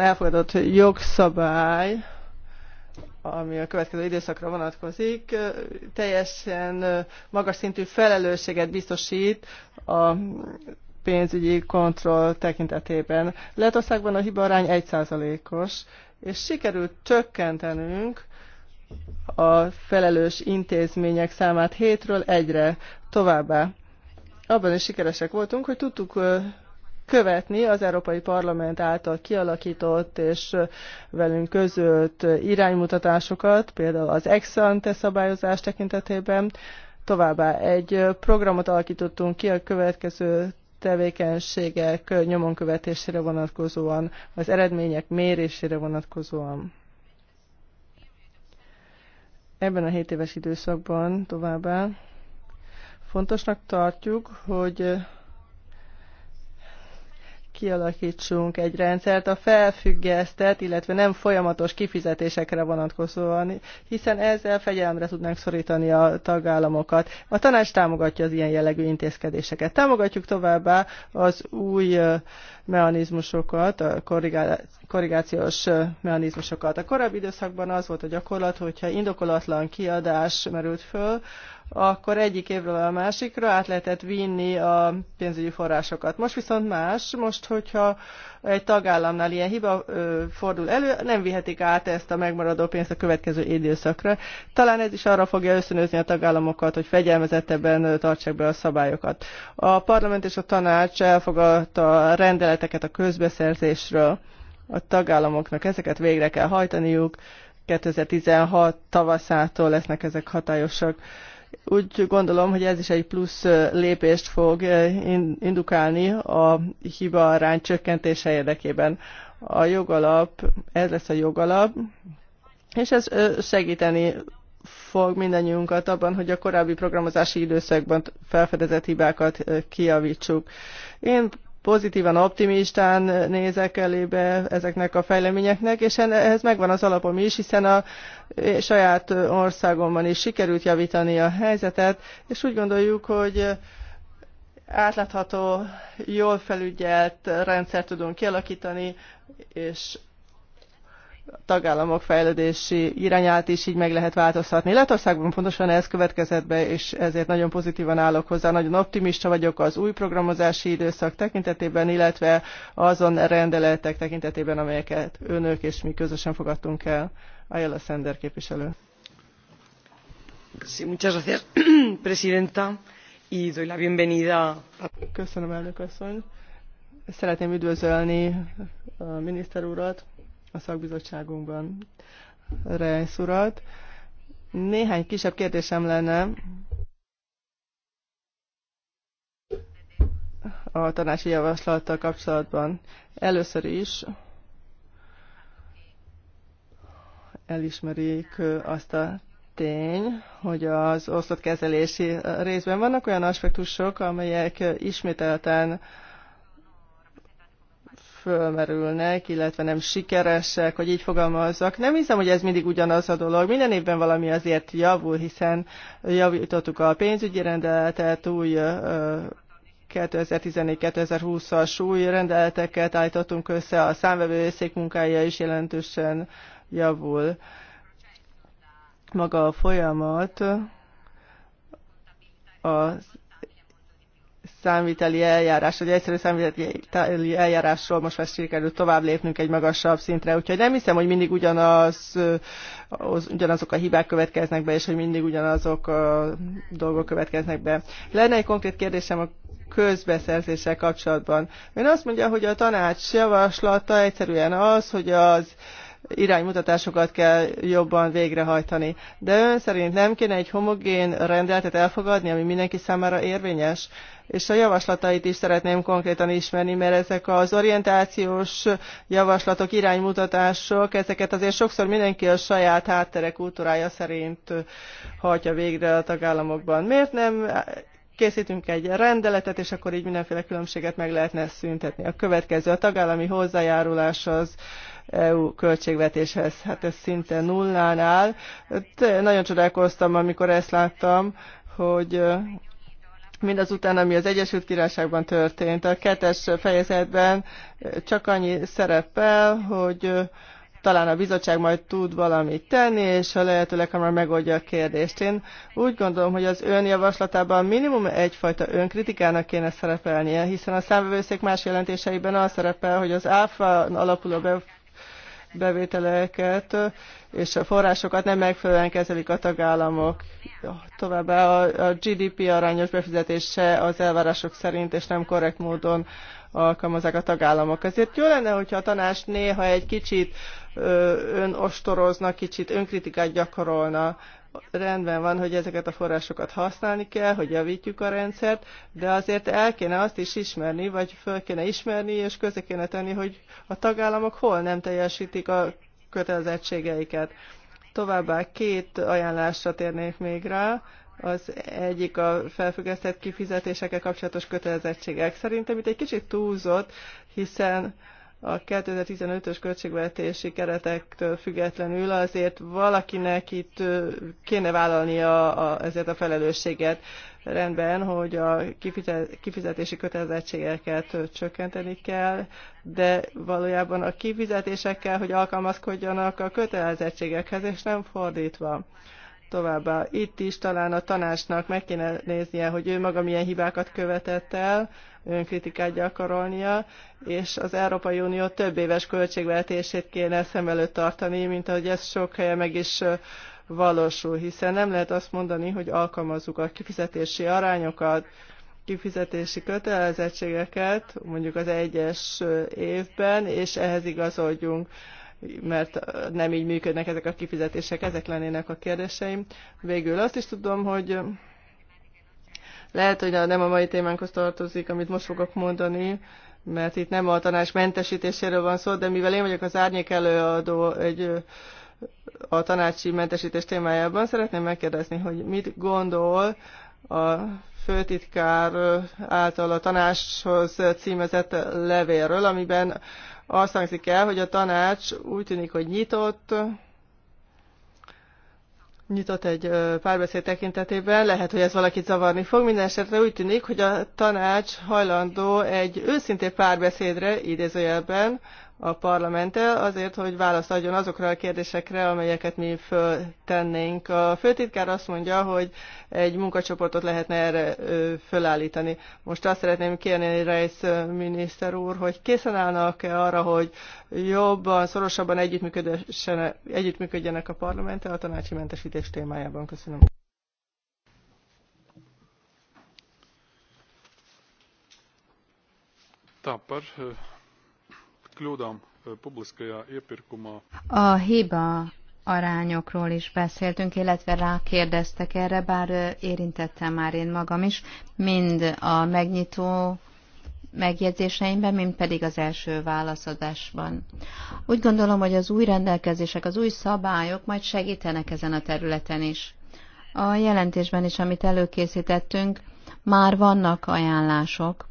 elfogadott jogszabály, ami a következő időszakra vonatkozik, teljesen magas szintű felelősséget biztosít a pénzügyi kontroll tekintetében. Lettországban a hibarány 1%-os, és sikerült csökkentenünk a felelős intézmények számát hétről egyre továbbá. Abban is sikeresek voltunk, hogy tudtuk követni az Európai Parlament által kialakított és velünk közölt iránymutatásokat, például az ex-ante szabályozás tekintetében. Továbbá egy programot alakítottunk ki a következő tevékenységek nyomon követésére vonatkozóan, az eredmények mérésére vonatkozóan ebben a 7 éves időszakban továbbá fontosnak tartjuk, hogy kialakítsunk egy rendszert a felfüggesztett, illetve nem folyamatos kifizetésekre vonatkozóan, hiszen ezzel fegyelemre tudnánk szorítani a tagállamokat. A tanács támogatja az ilyen jellegű intézkedéseket. Támogatjuk továbbá az új mechanizmusokat, a korrigációs mechanizmusokat. A korábbi időszakban az volt a gyakorlat, hogyha indokolatlan kiadás merült föl, akkor egyik évről a másikra át lehetett vinni a pénzügyi forrásokat. Most viszont más, most hogyha egy tagállamnál ilyen hiba ö, fordul elő, nem vihetik át ezt a megmaradó pénzt a következő időszakra. Talán ez is arra fogja összönözni a tagállamokat, hogy fegyelmezettebben tartsák be a szabályokat. A parlament és a tanács elfogadta a rendeleteket a közbeszerzésről. A tagállamoknak ezeket végre kell hajtaniuk. 2016 tavaszától lesznek ezek hatályosak úgy gondolom, hogy ez is egy plusz lépést fog indukálni a hiba arány csökkentése érdekében. A jogalap, ez lesz a jogalap, és ez segíteni fog mindannyiunkat abban, hogy a korábbi programozási időszakban felfedezett hibákat kiavítsuk. Én pozitívan, optimistán nézek elébe ezeknek a fejleményeknek, és ehhez megvan az alapom is, hiszen a eh, saját országomban is sikerült javítani a helyzetet, és úgy gondoljuk, hogy eh, átlátható, jól felügyelt rendszer tudunk kialakítani, és tagállamok fejlődési irányát is így meg lehet változtatni. Lettországban pontosan ez következett be, és ezért nagyon pozitívan állok hozzá, nagyon optimista vagyok az új programozási időszak tekintetében, illetve azon rendeletek tekintetében, amelyeket önök és mi közösen fogadtunk el. Ayala Sender képviselő. Sí, muchas gracias, [COUGHS] presidenta, y doy la bienvenida. Köszönöm, elnök asszony. Szeretném üdvözölni a miniszter urat, a szakbizottságunkban rejszuralt. Néhány kisebb kérdésem lenne a tanácsi javaslattal kapcsolatban. Először is elismerik azt a tény, hogy az kezelési részben vannak olyan aspektusok, amelyek ismételten fölmerülnek, illetve nem sikeresek, hogy így fogalmazzak. Nem hiszem, hogy ez mindig ugyanaz a dolog. Minden évben valami azért javul, hiszen javítottuk a pénzügyi rendeletet, új 2014-2020-as új rendeleteket állítottunk össze, a számvevőszék munkája is jelentősen javul. Maga a folyamat az számviteli eljárás, vagy egyszerű számviteli eljárásról most már sikerült tovább lépnünk egy magasabb szintre, úgyhogy nem hiszem, hogy mindig ugyanaz, az, ugyanazok a hibák következnek be, és hogy mindig ugyanazok a dolgok következnek be. Lenne egy konkrét kérdésem a közbeszerzéssel kapcsolatban. Ön azt mondja, hogy a tanács javaslata egyszerűen az, hogy az iránymutatásokat kell jobban végrehajtani. De ön szerint nem kéne egy homogén rendeletet elfogadni, ami mindenki számára érvényes? és a javaslatait is szeretném konkrétan ismerni, mert ezek az orientációs javaslatok, iránymutatások, ezeket azért sokszor mindenki a saját háttere kultúrája szerint hajtja végre a tagállamokban. Miért nem készítünk egy rendeletet, és akkor így mindenféle különbséget meg lehetne szüntetni. A következő a tagállami hozzájárulás az EU költségvetéshez, hát ez szinte nullánál. Nagyon csodálkoztam, amikor ezt láttam, hogy mindazután, ami az Egyesült Királyságban történt. A kettes fejezetben csak annyi szerepel, hogy talán a bizottság majd tud valamit tenni, és a lehető leghamarabb megoldja a kérdést. Én úgy gondolom, hogy az ön javaslatában minimum egyfajta önkritikának kéne szerepelnie, hiszen a számvevőszék más jelentéseiben az szerepel, hogy az áfa alapuló bevételeket és a forrásokat nem megfelelően kezelik a tagállamok. Továbbá a, GDP arányos befizetése az elvárások szerint és nem korrekt módon alkalmazzák a tagállamok. Ezért jó lenne, hogyha a tanács néha egy kicsit önostorozna, kicsit önkritikát gyakorolna, rendben van, hogy ezeket a forrásokat használni kell, hogy javítjuk a rendszert, de azért el kéne azt is ismerni, vagy föl kéne ismerni, és közé kéne tenni, hogy a tagállamok hol nem teljesítik a kötelezettségeiket. Továbbá két ajánlásra térnék még rá. Az egyik a felfüggesztett kifizetésekkel kapcsolatos kötelezettségek. Szerintem itt egy kicsit túlzott, hiszen a 2015-ös költségvetési keretektől függetlenül azért valakinek itt kéne vállalnia a, ezért a felelősséget. Rendben, hogy a kifizetési kötelezettségeket csökkenteni kell, de valójában a kifizetésekkel, hogy alkalmazkodjanak a kötelezettségekhez, és nem fordítva. Továbbá itt is talán a tanácsnak meg kéne néznie, hogy ő maga milyen hibákat követett el, önkritikát gyakorolnia, és az Európai Unió több éves költségvetését kéne szem előtt tartani, mint ahogy ez sok helyen meg is valósul, hiszen nem lehet azt mondani, hogy alkalmazzuk a kifizetési arányokat, kifizetési kötelezettségeket mondjuk az egyes évben, és ehhez igazodjunk mert nem így működnek ezek a kifizetések, ezek lennének a kérdéseim. Végül azt is tudom, hogy lehet, hogy nem a mai témánkhoz tartozik, amit most fogok mondani, mert itt nem a tanács mentesítéséről van szó, de mivel én vagyok az árnyék előadó egy a tanácsi mentesítés témájában, szeretném megkérdezni, hogy mit gondol a főtitkár által a tanácshoz címezett levélről, amiben azt hangzik el, hogy a tanács úgy tűnik, hogy nyitott, nyitott egy párbeszéd tekintetében, lehet, hogy ez valakit zavarni fog. Minden esetre úgy tűnik, hogy a tanács hajlandó egy őszintén párbeszédre, idézőjelben, a parlamenttel, azért, hogy választ adjon azokra a kérdésekre, amelyeket mi föltennénk. A főtitkár azt mondja, hogy egy munkacsoportot lehetne erre fölállítani. Most azt szeretném kérni, rejsz miniszter úr, hogy készen állnak-e arra, hogy jobban, szorosabban együttműködjenek a parlamenttel a tanácsi mentesítés témájában. Köszönöm. Tapper, a hiba arányokról is beszéltünk, illetve rákérdeztek erre, bár érintettem már én magam is, mind a megnyitó megjegyzéseimben, mint pedig az első válaszadásban. Úgy gondolom, hogy az új rendelkezések, az új szabályok majd segítenek ezen a területen is. A jelentésben is, amit előkészítettünk, már vannak ajánlások,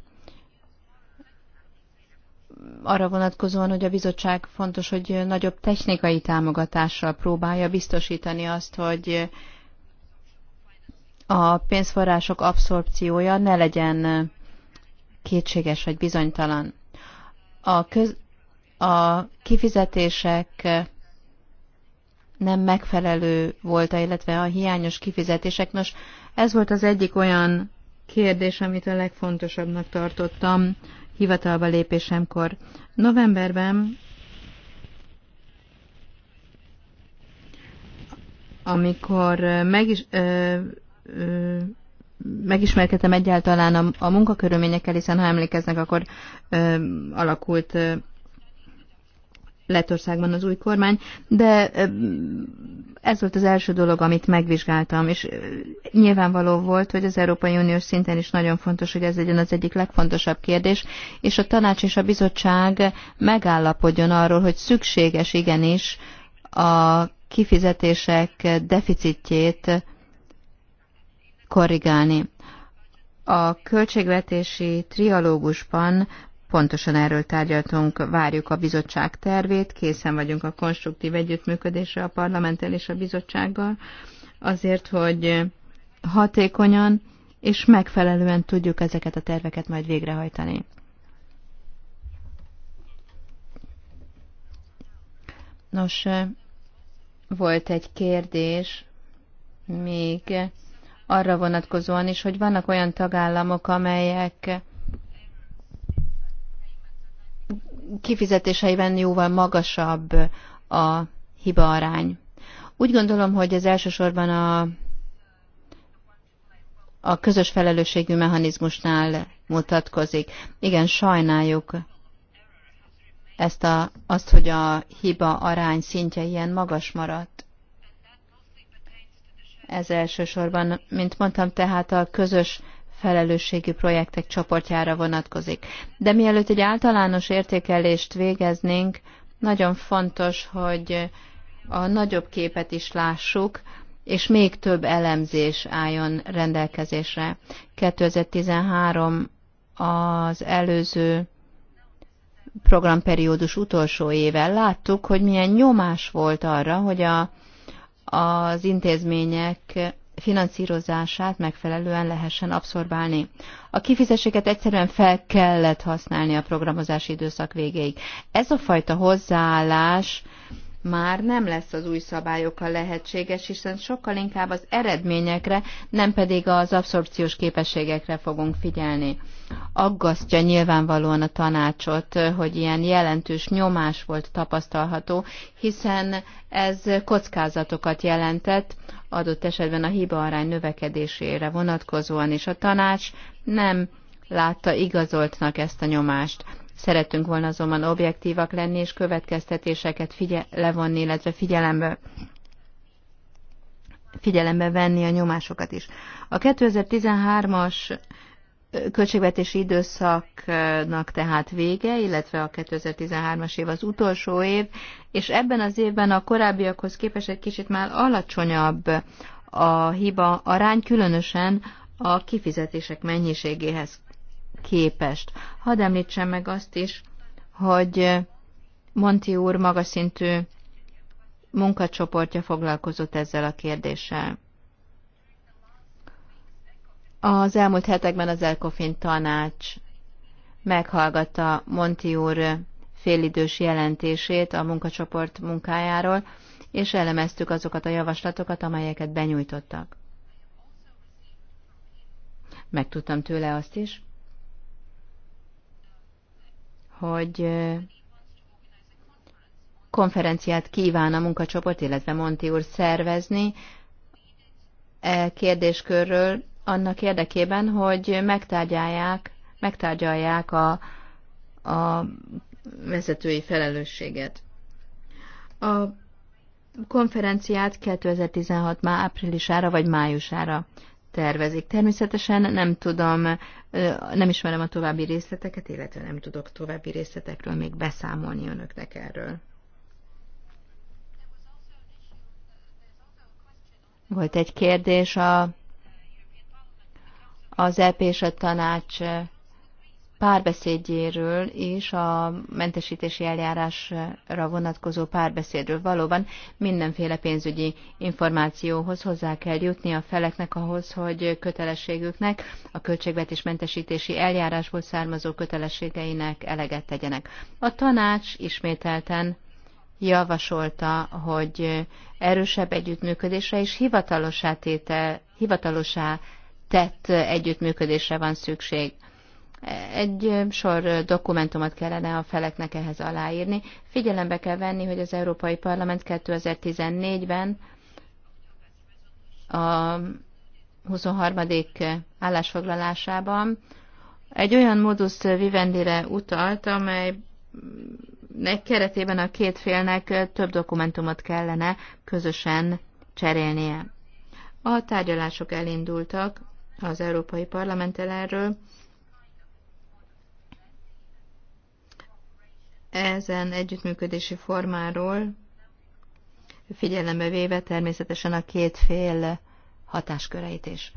arra vonatkozóan, hogy a bizottság fontos, hogy nagyobb technikai támogatással próbálja biztosítani azt, hogy a pénzforrások abszorpciója ne legyen kétséges vagy bizonytalan. A, köz, a kifizetések nem megfelelő volt, illetve a hiányos kifizetések. Nos, ez volt az egyik olyan kérdés, amit a legfontosabbnak tartottam hivatalba lépésemkor. Novemberben, amikor meg is, ö, ö, megismerkedtem egyáltalán a, a munkakörülményekkel, hiszen ha emlékeznek, akkor ö, alakult ö, Lettországban az új kormány, de ez volt az első dolog, amit megvizsgáltam, és nyilvánvaló volt, hogy az Európai Uniós szinten is nagyon fontos, hogy ez legyen az egyik legfontosabb kérdés, és a tanács és a bizottság megállapodjon arról, hogy szükséges igenis a kifizetések deficitjét korrigálni. A költségvetési trialógusban Pontosan erről tárgyaltunk, várjuk a bizottság tervét, készen vagyunk a konstruktív együttműködésre a parlamenttel és a bizottsággal, azért, hogy hatékonyan és megfelelően tudjuk ezeket a terveket majd végrehajtani. Nos, volt egy kérdés még arra vonatkozóan is, hogy vannak olyan tagállamok, amelyek kifizetéseiben jóval magasabb a hiba arány. Úgy gondolom, hogy ez elsősorban a, a közös felelősségű mechanizmusnál mutatkozik. Igen, sajnáljuk ezt a, azt, hogy a hiba arány szintje ilyen magas maradt. Ez elsősorban, mint mondtam, tehát a közös felelősségű projektek csoportjára vonatkozik. De mielőtt egy általános értékelést végeznénk, nagyon fontos, hogy a nagyobb képet is lássuk, és még több elemzés álljon rendelkezésre. 2013 az előző programperiódus utolsó éve láttuk, hogy milyen nyomás volt arra, hogy a, az intézmények finanszírozását megfelelően lehessen abszorbálni. A kifizetéseket egyszerűen fel kellett használni a programozási időszak végéig. Ez a fajta hozzáállás már nem lesz az új szabályokkal lehetséges, hiszen sokkal inkább az eredményekre, nem pedig az abszorpciós képességekre fogunk figyelni aggasztja nyilvánvalóan a tanácsot, hogy ilyen jelentős nyomás volt tapasztalható, hiszen ez kockázatokat jelentett, adott esetben a hiba arány növekedésére vonatkozóan, és a tanács nem látta igazoltnak ezt a nyomást. Szeretünk volna azonban objektívak lenni, és következtetéseket figye- levonni, illetve figyelembe figyelembe venni a nyomásokat is. A 2013-as költségvetési időszaknak tehát vége, illetve a 2013-as év az utolsó év, és ebben az évben a korábbiakhoz képest egy kicsit már alacsonyabb a hiba arány, különösen a kifizetések mennyiségéhez képest. Hadd említsem meg azt is, hogy Monti úr magas szintű munkacsoportja foglalkozott ezzel a kérdéssel. Az elmúlt hetekben az Elkofin tanács meghallgatta Monti úr félidős jelentését a munkacsoport munkájáról, és elemeztük azokat a javaslatokat, amelyeket benyújtottak. Megtudtam tőle azt is, hogy konferenciát kíván a munkacsoport, illetve Monti úr szervezni e kérdéskörről, annak érdekében, hogy megtárgyalják, megtárgyalják a, a vezetői felelősséget. A konferenciát 2016 már áprilisára vagy májusára tervezik. Természetesen nem tudom, nem ismerem a további részleteket, illetve nem tudok további részletekről még beszámolni önöknek erről. Volt egy kérdés a az EP és a tanács párbeszédjéről és a mentesítési eljárásra vonatkozó párbeszédről. Valóban mindenféle pénzügyi információhoz hozzá kell jutni a feleknek ahhoz, hogy kötelességüknek, a költségvetés mentesítési eljárásból származó kötelességeinek eleget tegyenek. A tanács ismételten javasolta, hogy erősebb együttműködésre és hivatalossá tétel, hivatalossá tett együttműködésre van szükség. Egy sor dokumentumot kellene a feleknek ehhez aláírni. Figyelembe kell venni, hogy az Európai Parlament 2014-ben a 23. állásfoglalásában egy olyan modus vivendire utalt, amely keretében a két félnek több dokumentumot kellene közösen cserélnie. A tárgyalások elindultak, az Európai Parlament erről. Ezen együttműködési formáról figyelembe véve természetesen a két fél hatásköreit is.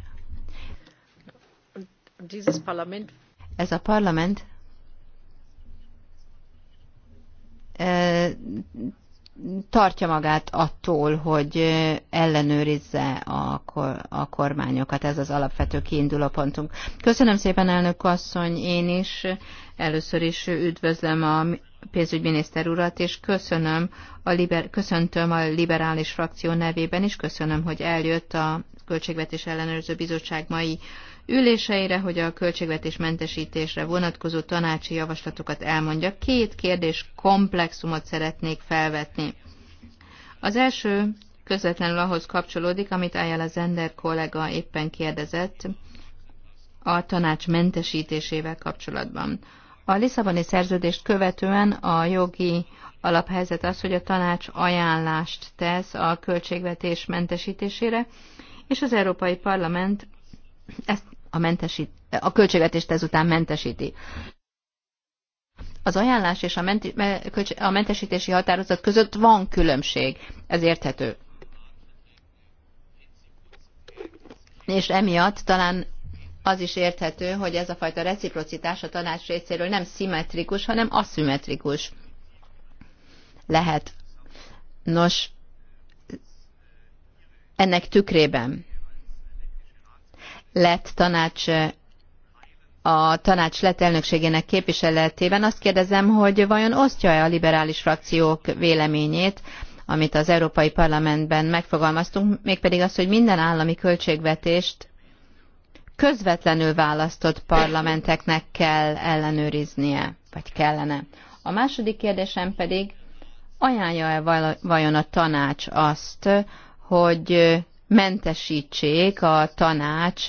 Ez a parlament eh, tartja magát attól, hogy ellenőrizze a, kor, a kormányokat. Ez az alapvető kiinduló pontunk. Köszönöm szépen, elnök asszony, én is. Először is üdvözlöm a pénzügyminiszter urat, és köszönöm a liber, köszöntöm a liberális frakció nevében is, köszönöm, hogy eljött a Költségvetés Ellenőrző Bizottság mai üléseire, hogy a költségvetés mentesítésre vonatkozó tanácsi javaslatokat elmondja. Két kérdés komplexumot szeretnék felvetni. Az első közvetlenül ahhoz kapcsolódik, amit Ayala Zender kollega éppen kérdezett a tanács mentesítésével kapcsolatban. A Lisszaboni szerződést követően a jogi alaphelyzet az, hogy a tanács ajánlást tesz a költségvetés mentesítésére, és az Európai Parlament ezt a, mentesít, a költségvetést ezután mentesíti. Az ajánlás és a, menti, a mentesítési határozat között van különbség, ez érthető. És emiatt talán az is érthető, hogy ez a fajta reciprocitás a tanács részéről nem szimmetrikus, hanem aszimmetrikus lehet. Nos, ennek tükrében lett tanács a tanács lett elnökségének képviseletében azt kérdezem, hogy vajon osztja-e a liberális frakciók véleményét, amit az Európai Parlamentben megfogalmaztunk, mégpedig az, hogy minden állami költségvetést közvetlenül választott parlamenteknek kell ellenőriznie, vagy kellene. A második kérdésem pedig, ajánlja-e vajon a tanács azt, hogy mentesítsék a tanács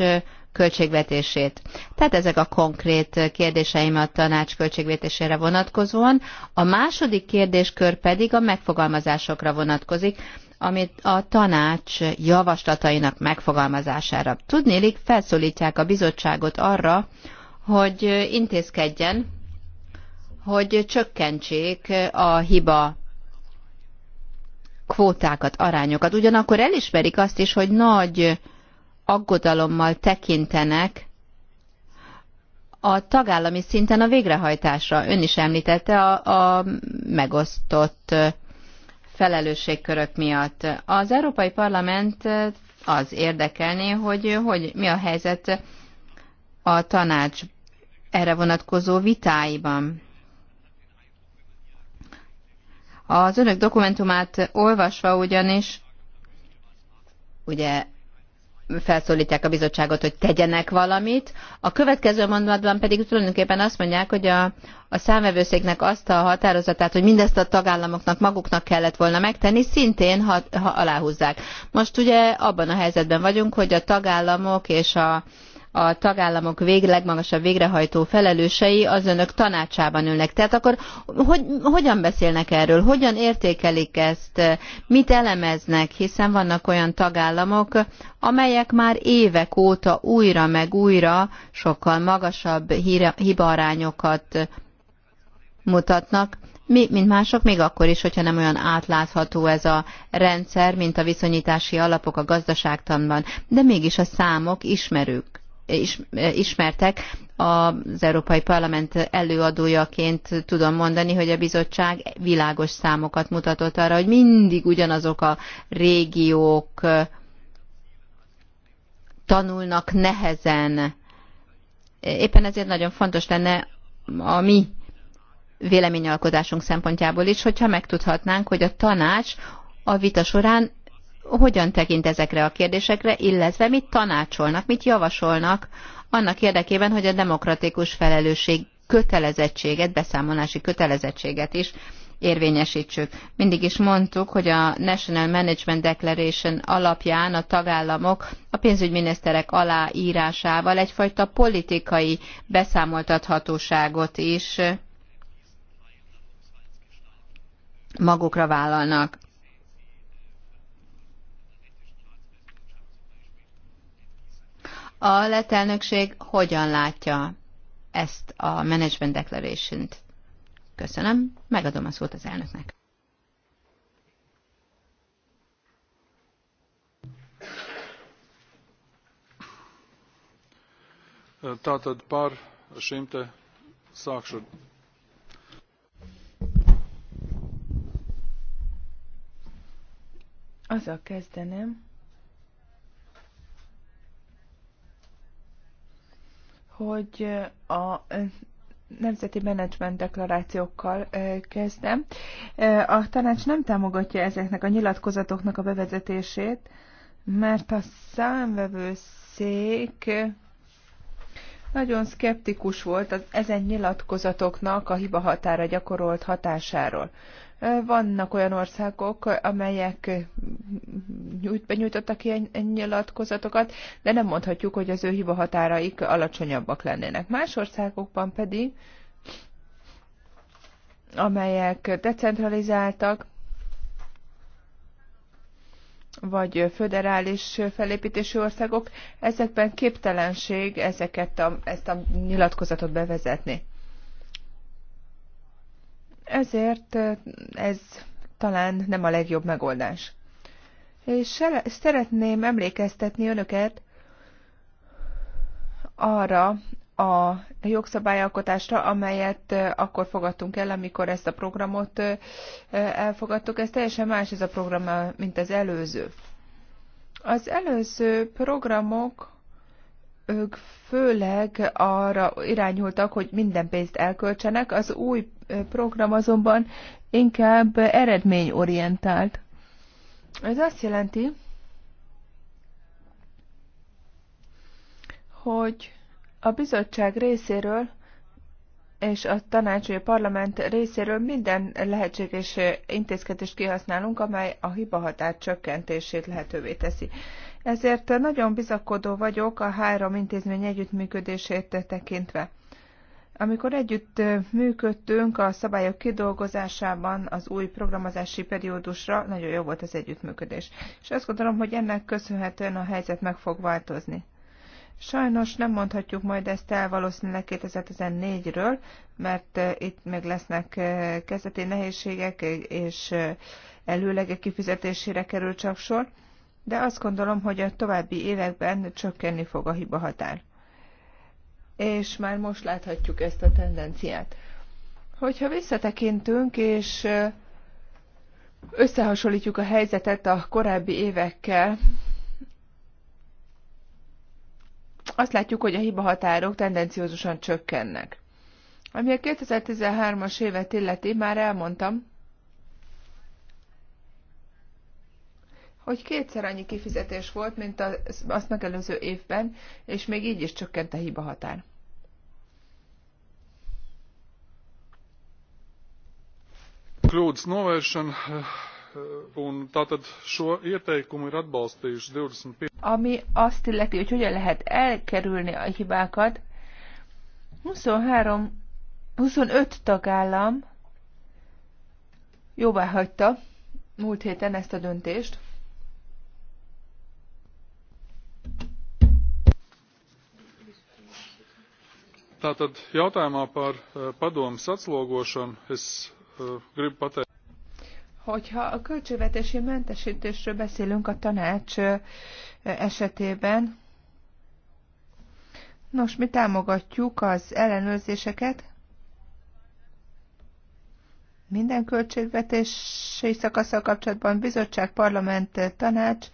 költségvetését. Tehát ezek a konkrét kérdéseim a tanács költségvetésére vonatkozóan. A második kérdéskör pedig a megfogalmazásokra vonatkozik, amit a tanács javaslatainak megfogalmazására. Tudnélik, felszólítják a bizottságot arra, hogy intézkedjen, hogy csökkentsék a hiba kvótákat, arányokat. Ugyanakkor elismerik azt is, hogy nagy aggodalommal tekintenek a tagállami szinten a végrehajtásra. Ön is említette a, a megosztott felelősségkörök miatt. Az Európai Parlament az érdekelné, hogy, hogy mi a helyzet a tanács erre vonatkozó vitáiban. Az önök dokumentumát olvasva ugyanis, ugye felszólítják a bizottságot, hogy tegyenek valamit. A következő mondatban pedig tulajdonképpen azt mondják, hogy a, a számvevőszéknek azt a határozatát, hogy mindezt a tagállamoknak maguknak kellett volna megtenni, szintén ha, ha aláhúzzák. Most ugye abban a helyzetben vagyunk, hogy a tagállamok és a, a tagállamok vég, legmagasabb végrehajtó felelősei az önök tanácsában ülnek. Tehát akkor hogy, hogyan beszélnek erről, hogyan értékelik ezt, mit elemeznek, hiszen vannak olyan tagállamok, amelyek már évek óta újra meg újra sokkal magasabb hibarányokat mutatnak, mi, mint mások, még akkor is, hogyha nem olyan átlátható ez a rendszer, mint a viszonyítási alapok a gazdaságtanban, de mégis a számok ismerők ismertek. Az Európai Parlament előadójaként tudom mondani, hogy a bizottság világos számokat mutatott arra, hogy mindig ugyanazok a régiók tanulnak nehezen. Éppen ezért nagyon fontos lenne a mi véleményalkotásunk szempontjából is, hogyha megtudhatnánk, hogy a tanács a vita során hogyan tekint ezekre a kérdésekre, illetve mit tanácsolnak, mit javasolnak annak érdekében, hogy a demokratikus felelősség kötelezettséget, beszámolási kötelezettséget is érvényesítsük. Mindig is mondtuk, hogy a National Management Declaration alapján a tagállamok a pénzügyminiszterek aláírásával egyfajta politikai beszámoltathatóságot is magukra vállalnak. A lett elnökség hogyan látja ezt a Management Declaration-t? Köszönöm, megadom a szót az elnöknek. Tātad pár simte te sākšu. Azzal kezdenem, hogy a nemzeti menedzsment deklarációkkal kezdem. A tanács nem támogatja ezeknek a nyilatkozatoknak a bevezetését, mert a számvevőszék nagyon szkeptikus volt az ezen nyilatkozatoknak a hiba határa gyakorolt hatásáról. Vannak olyan országok, amelyek benyújtottak ilyen nyilatkozatokat, de nem mondhatjuk, hogy az ő hiba határaik alacsonyabbak lennének. Más országokban pedig, amelyek decentralizáltak, vagy föderális felépítésű országok, ezekben képtelenség ezeket a, ezt a nyilatkozatot bevezetni. Ezért ez talán nem a legjobb megoldás. És szeretném emlékeztetni önöket arra a jogszabályalkotásra, amelyet akkor fogadtunk el, amikor ezt a programot elfogadtuk. Ez teljesen más ez a program, mint az előző. Az előző programok ők főleg arra irányultak, hogy minden pénzt elköltsenek, az új program azonban inkább eredményorientált. Ez azt jelenti, hogy a bizottság részéről és a tanács vagy a parlament részéről minden lehetséges intézkedést kihasználunk, amely a hibahatár csökkentését lehetővé teszi. Ezért nagyon bizakodó vagyok a három intézmény együttműködését tekintve. Amikor együtt működtünk a szabályok kidolgozásában az új programozási periódusra, nagyon jó volt az együttműködés. És azt gondolom, hogy ennek köszönhetően a helyzet meg fog változni. Sajnos nem mondhatjuk majd ezt el valószínűleg 2014-ről, mert itt még lesznek kezdeti nehézségek, és előlegek kifizetésére kerül csak sor, de azt gondolom, hogy a további években csökkenni fog a hiba határ és már most láthatjuk ezt a tendenciát. Hogyha visszatekintünk, és összehasonlítjuk a helyzetet a korábbi évekkel, azt látjuk, hogy a hiba határok tendenciózusan csökkennek. Ami a 2013-as évet illeti, már elmondtam, hogy kétszer annyi kifizetés volt, mint azt megelőző évben, és még így is csökkent a hiba határ. kļūdas novēršana eh, un tātad šo ieteikumu ir atbalstījuši 25. Ami azt illeti, hogy hogyan lehet elkerülni a hibákat, 23, 25 tagállam jóvá hagyta múlt héten ezt a döntést. Tātad jautājumā par eh, padomu atslogošanu es Hogyha a költségvetési mentesítésről beszélünk a tanács esetében, nos, mi támogatjuk az ellenőrzéseket, minden költségvetési szakaszsal kapcsolatban, bizottság, parlament, tanács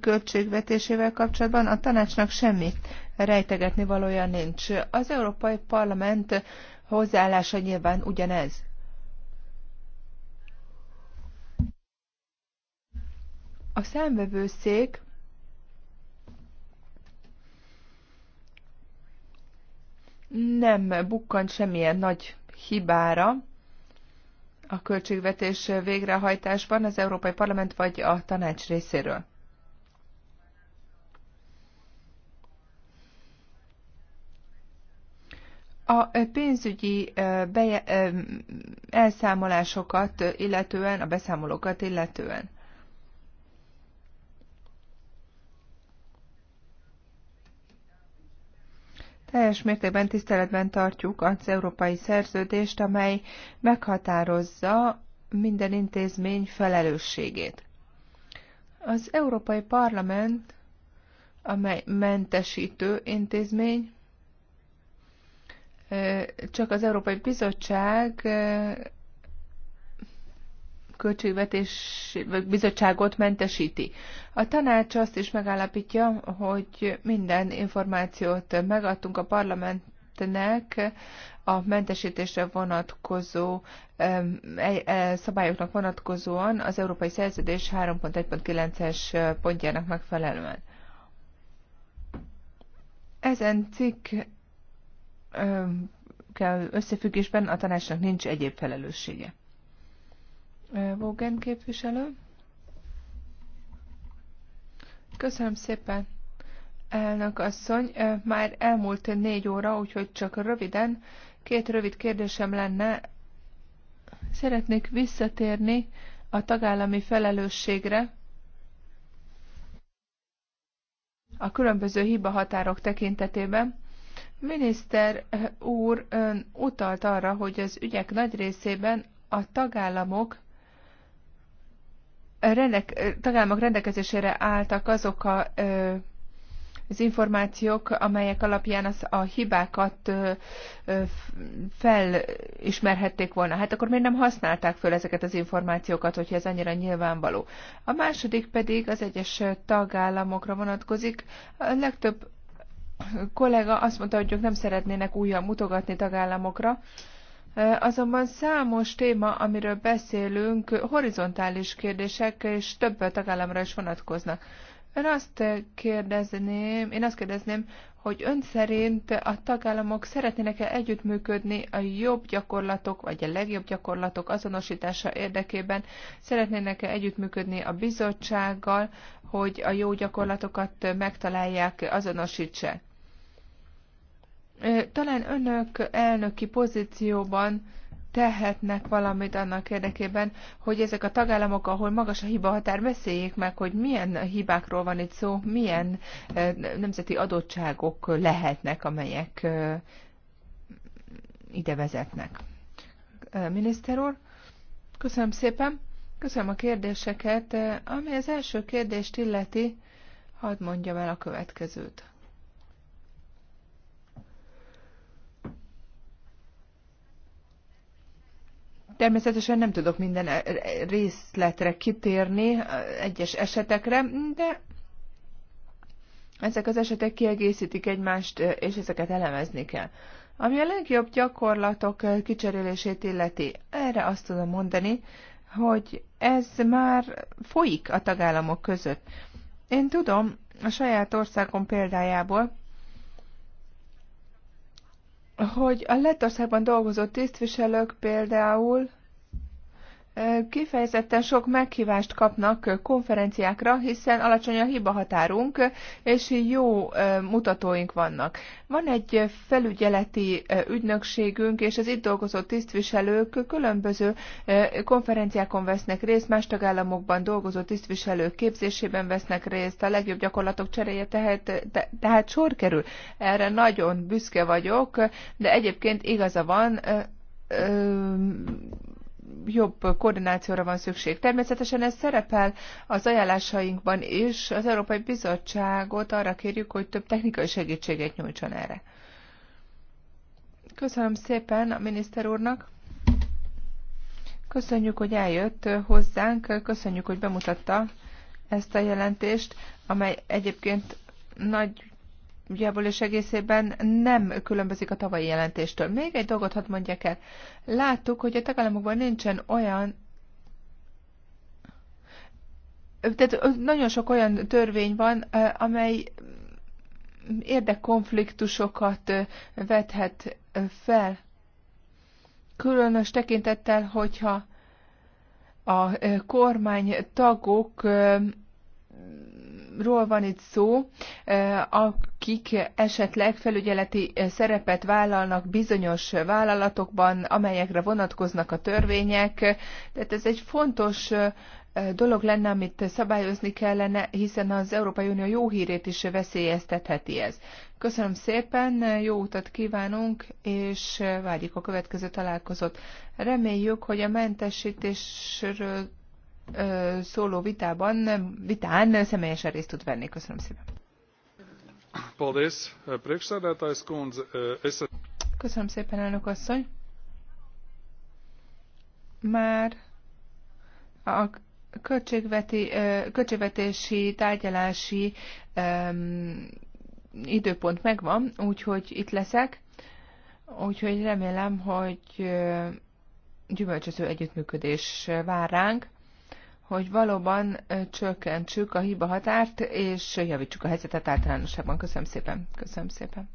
költségvetésével kapcsolatban a tanácsnak semmi rejtegetni valója nincs. Az Európai Parlament hozzáállása nyilván ugyanez. A számvevőszék nem bukkant semmilyen nagy hibára a költségvetés végrehajtásban az Európai Parlament vagy a tanács részéről. A pénzügyi elszámolásokat illetően, a beszámolókat illetően. teljes mértékben tiszteletben tartjuk az európai szerződést, amely meghatározza minden intézmény felelősségét. Az Európai Parlament, amely mentesítő intézmény, csak az Európai Bizottság költségvetés bizottságot mentesíti. A tanács azt is megállapítja, hogy minden információt megadtunk a parlamentnek a mentesítésre vonatkozó e, e, szabályoknak vonatkozóan az Európai Szerződés 3.1.9-es pontjának megfelelően. Ezen cikk összefüggésben a tanácsnak nincs egyéb felelőssége. Vogen képviselő. Köszönöm szépen, elnök asszony. Már elmúlt négy óra, úgyhogy csak röviden. Két rövid kérdésem lenne. Szeretnék visszatérni a tagállami felelősségre a különböző hibahatárok tekintetében. Miniszter úr ön utalt arra, hogy az ügyek nagy részében a tagállamok rendek, tagállamok rendelkezésére álltak azok a, az információk, amelyek alapján az, a hibákat felismerhették volna. Hát akkor miért nem használták föl ezeket az információkat, hogyha ez annyira nyilvánvaló? A második pedig az egyes tagállamokra vonatkozik. A legtöbb kollega azt mondta, hogy ők nem szeretnének újra mutogatni tagállamokra, Azonban számos téma, amiről beszélünk, horizontális kérdések, és több tagállamra is vonatkoznak. Ön azt kérdezném, én azt kérdezném, hogy ön szerint a tagállamok szeretnének-e együttműködni a jobb gyakorlatok, vagy a legjobb gyakorlatok azonosítása érdekében, szeretnének-e együttműködni a bizottsággal, hogy a jó gyakorlatokat megtalálják, azonosítsák? Talán önök elnöki pozícióban tehetnek valamit annak érdekében, hogy ezek a tagállamok, ahol magas a hiba határ, beszéljék meg, hogy milyen hibákról van itt szó, milyen nemzeti adottságok lehetnek, amelyek ide vezetnek. Miniszter úr, köszönöm szépen, köszönöm a kérdéseket. Ami az első kérdést illeti, hadd mondjam el a következőt. Természetesen nem tudok minden eh, részletre kitérni eh, egyes esetekre, de ezek az esetek kiegészítik egymást, eh, és ezeket elemezni kell. Ami a legjobb gyakorlatok kicserélését illeti, erre azt tudom mondani, hogy ez már folyik a tagállamok között. Én tudom a saját országom példájából, hogy a Lettországban dolgozó tisztviselők például Kifejezetten sok meghívást kapnak konferenciákra, hiszen alacsony a hiba határunk, és jó mutatóink vannak. Van egy felügyeleti ügynökségünk, és az itt dolgozó tisztviselők különböző konferenciákon vesznek részt, más tagállamokban dolgozó tisztviselők képzésében vesznek részt, a legjobb gyakorlatok cseréje tehát, tehát sor kerül. Erre nagyon büszke vagyok, de egyébként igaza van, jobb koordinációra van szükség. Természetesen ez szerepel az ajánlásainkban is. Az Európai Bizottságot arra kérjük, hogy több technikai segítséget nyújtson erre. Köszönöm szépen a miniszter úrnak. Köszönjük, hogy eljött hozzánk, köszönjük, hogy bemutatta ezt a jelentést, amely egyébként nagy nagyjából és egészében nem különbözik a tavalyi jelentéstől. Még egy dolgot hadd mondjak el. Láttuk, hogy a tagállamokban nincsen olyan tehát nagyon sok olyan törvény van, amely érdekkonfliktusokat vethet fel. Különös tekintettel, hogyha a kormány tagok ról van itt szó, akik esetleg felügyeleti szerepet vállalnak bizonyos vállalatokban, amelyekre vonatkoznak a törvények. Tehát ez egy fontos dolog lenne, amit szabályozni kellene, hiszen az Európai Unió jó hírét is veszélyeztetheti ez. Köszönöm szépen, jó utat kívánunk, és várjuk a következő találkozót. Reméljük, hogy a mentesítésről szóló vitában, vitán személyesen részt tud venni. Köszönöm szépen. Köszönöm szépen, elnök asszony. Már a költségveti, költségvetési tárgyalási időpont megvan, úgyhogy itt leszek. Úgyhogy remélem, hogy gyümölcsöző együttműködés vár ránk hogy valóban csökkentsük a hiba határt, és javítsuk a helyzetet általánosságban. Köszönöm szépen. Köszönöm szépen.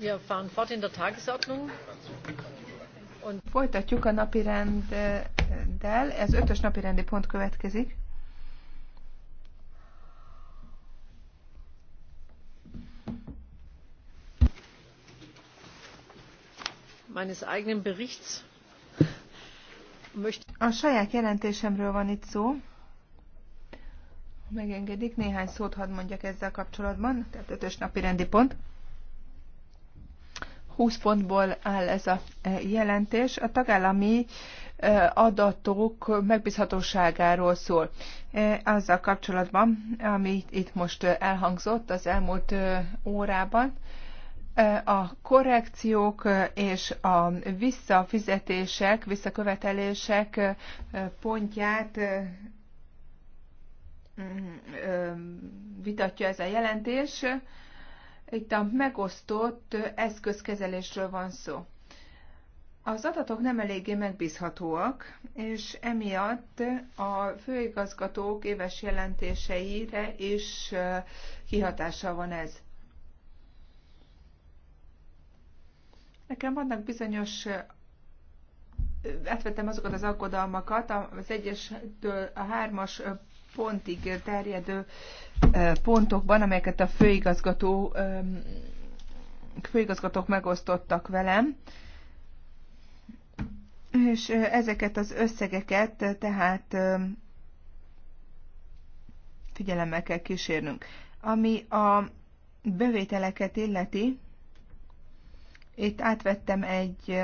Wir fahren fort in der Tagesordnung. Folytatjuk a napi renddel. Ez ötös napi rendi pont következik. Meines eigenen Berichts. A saját jelentésemről van itt szó. Megengedik, néhány szót hadd mondjak ezzel kapcsolatban, tehát ötös napi rendi pont. 20 pontból áll ez a e, jelentés. A tagállami e, adatok megbízhatóságáról szól. E, azzal kapcsolatban, ami itt most elhangzott az elmúlt órában, a korrekciók és a visszafizetések, visszakövetelések pontját mm, vitatja ez a jelentés. Itt a megosztott eszközkezelésről van szó. Az adatok nem eléggé megbízhatóak, és emiatt a főigazgatók éves jelentéseire is kihatással van ez. Nekem vannak bizonyos átvettem azokat az aggodalmakat az egyes a hármas pontig terjedő pontokban, amelyeket a főigazgató, főigazgatók megosztottak velem. És ezeket az összegeket tehát figyelemmel kell kísérnünk. Ami a bevételeket illeti, itt átvettem egy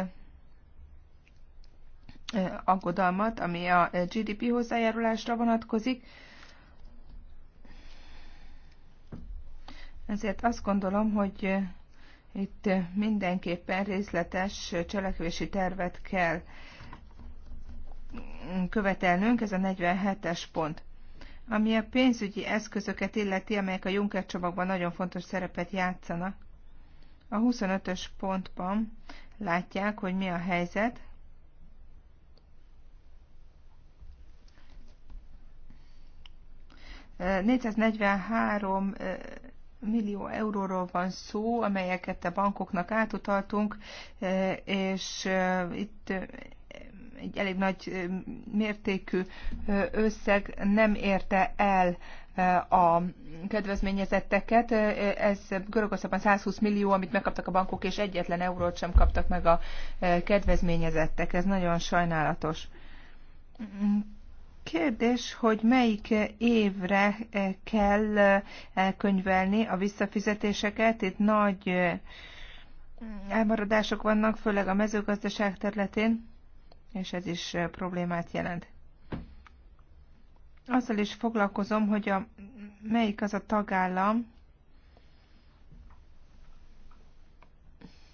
aggodalmat, ami a GDP hozzájárulásra vonatkozik. Ezért azt gondolom, hogy itt mindenképpen részletes cselekvési tervet kell követelnünk, ez a 47-es pont. Ami a pénzügyi eszközöket illeti, amelyek a Juncker csomagban nagyon fontos szerepet játszanak. A 25-ös pontban látják, hogy mi a helyzet, 443 millió euróról van szó, amelyeket a bankoknak átutaltunk, és itt egy elég nagy mértékű összeg nem érte el a kedvezményezetteket. Ez Görögországban 120 millió, amit megkaptak a bankok, és egyetlen eurót sem kaptak meg a kedvezményezettek. Ez nagyon sajnálatos. Kérdés, hogy melyik évre eh, kell eh, elkönyvelni a visszafizetéseket. Itt nagy eh, elmaradások vannak, főleg a mezőgazdaság területén, és ez is problémát jelent. Azzal is foglalkozom, hogy a, melyik az a tagállam,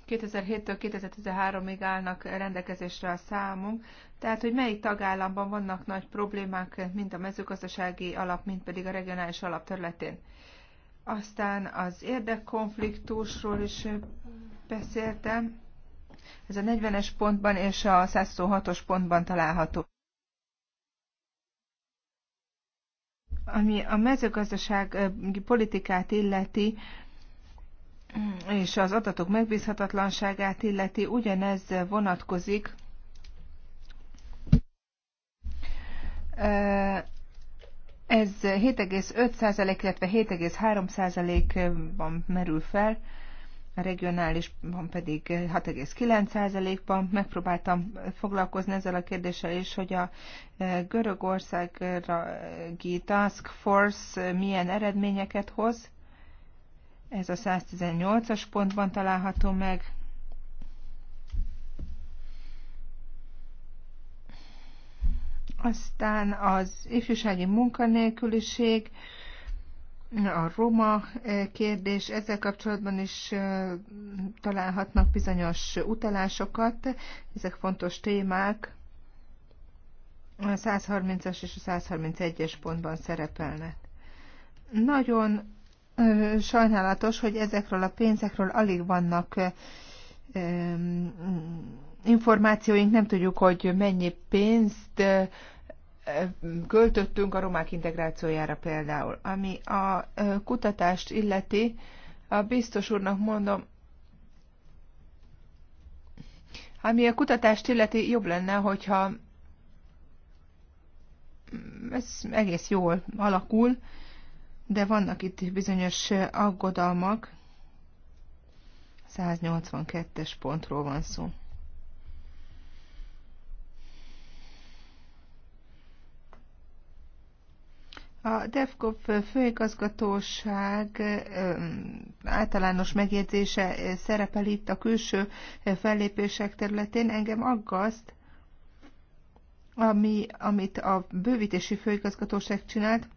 2007-től 2013-ig állnak rendelkezésre a számunk, tehát hogy melyik tagállamban vannak nagy problémák, mint a mezőgazdasági alap, mint pedig a regionális alap területén. Aztán az érdekkonfliktusról is beszéltem. Ez a 40-es pontban és a 106 os pontban található. Ami a mezőgazdaság politikát illeti, és az adatok megbízhatatlanságát illeti, ugyanez vonatkozik ez 7,5% illetve 7,3%-ban merül fel, a regionálisban pedig 6,9%-ban. Megpróbáltam foglalkozni ezzel a kérdéssel is, hogy a Görögországi Task Force milyen eredményeket hoz. Ez a 118-as pontban található meg. Aztán az ifjúsági munkanélküliség, a roma eh, kérdés, ezzel kapcsolatban is eh, találhatnak bizonyos utalásokat, ezek fontos témák. A 130-as és a 131-es pontban szerepelnek. Nagyon sajnálatos, hogy ezekről a pénzekről alig vannak információink, nem tudjuk, hogy mennyi pénzt költöttünk a romák integrációjára például. Ami a kutatást illeti, a biztos úrnak mondom, ami a kutatást illeti, jobb lenne, hogyha ez egész jól alakul, de vannak itt bizonyos aggodalmak. 182-es pontról van szó. A DEFCOP főigazgatóság általános megjegyzése szerepel itt a külső fellépések területén. Engem aggaszt, ami, amit a bővítési főigazgatóság csinált,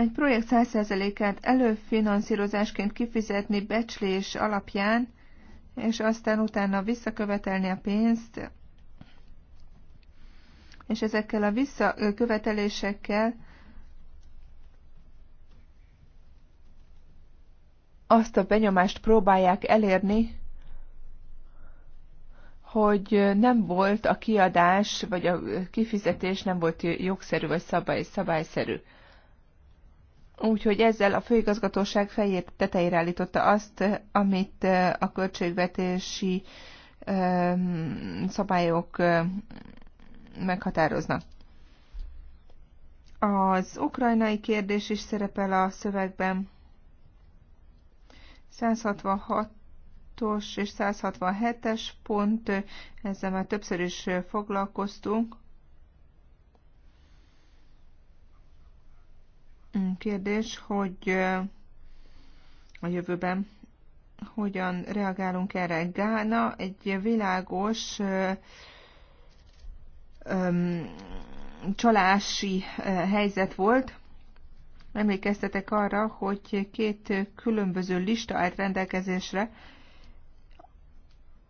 egy projekt 100%-át előfinanszírozásként kifizetni becslés alapján, és aztán utána visszakövetelni a pénzt, és ezekkel a visszakövetelésekkel azt a benyomást próbálják elérni, hogy nem volt a kiadás, vagy a kifizetés nem volt jogszerű, vagy szabály, szabályszerű. Úgyhogy ezzel a főigazgatóság fejét tetejére állította azt, amit a költségvetési szabályok meghatároznak. Az ukrajnai kérdés is szerepel a szövegben. 166-os és 167-es pont, ezzel már többször is foglalkoztunk. Kérdés, hogy a jövőben hogyan reagálunk erre. Gána egy világos csalási helyzet volt. Emlékeztetek arra, hogy két különböző lista állt rendelkezésre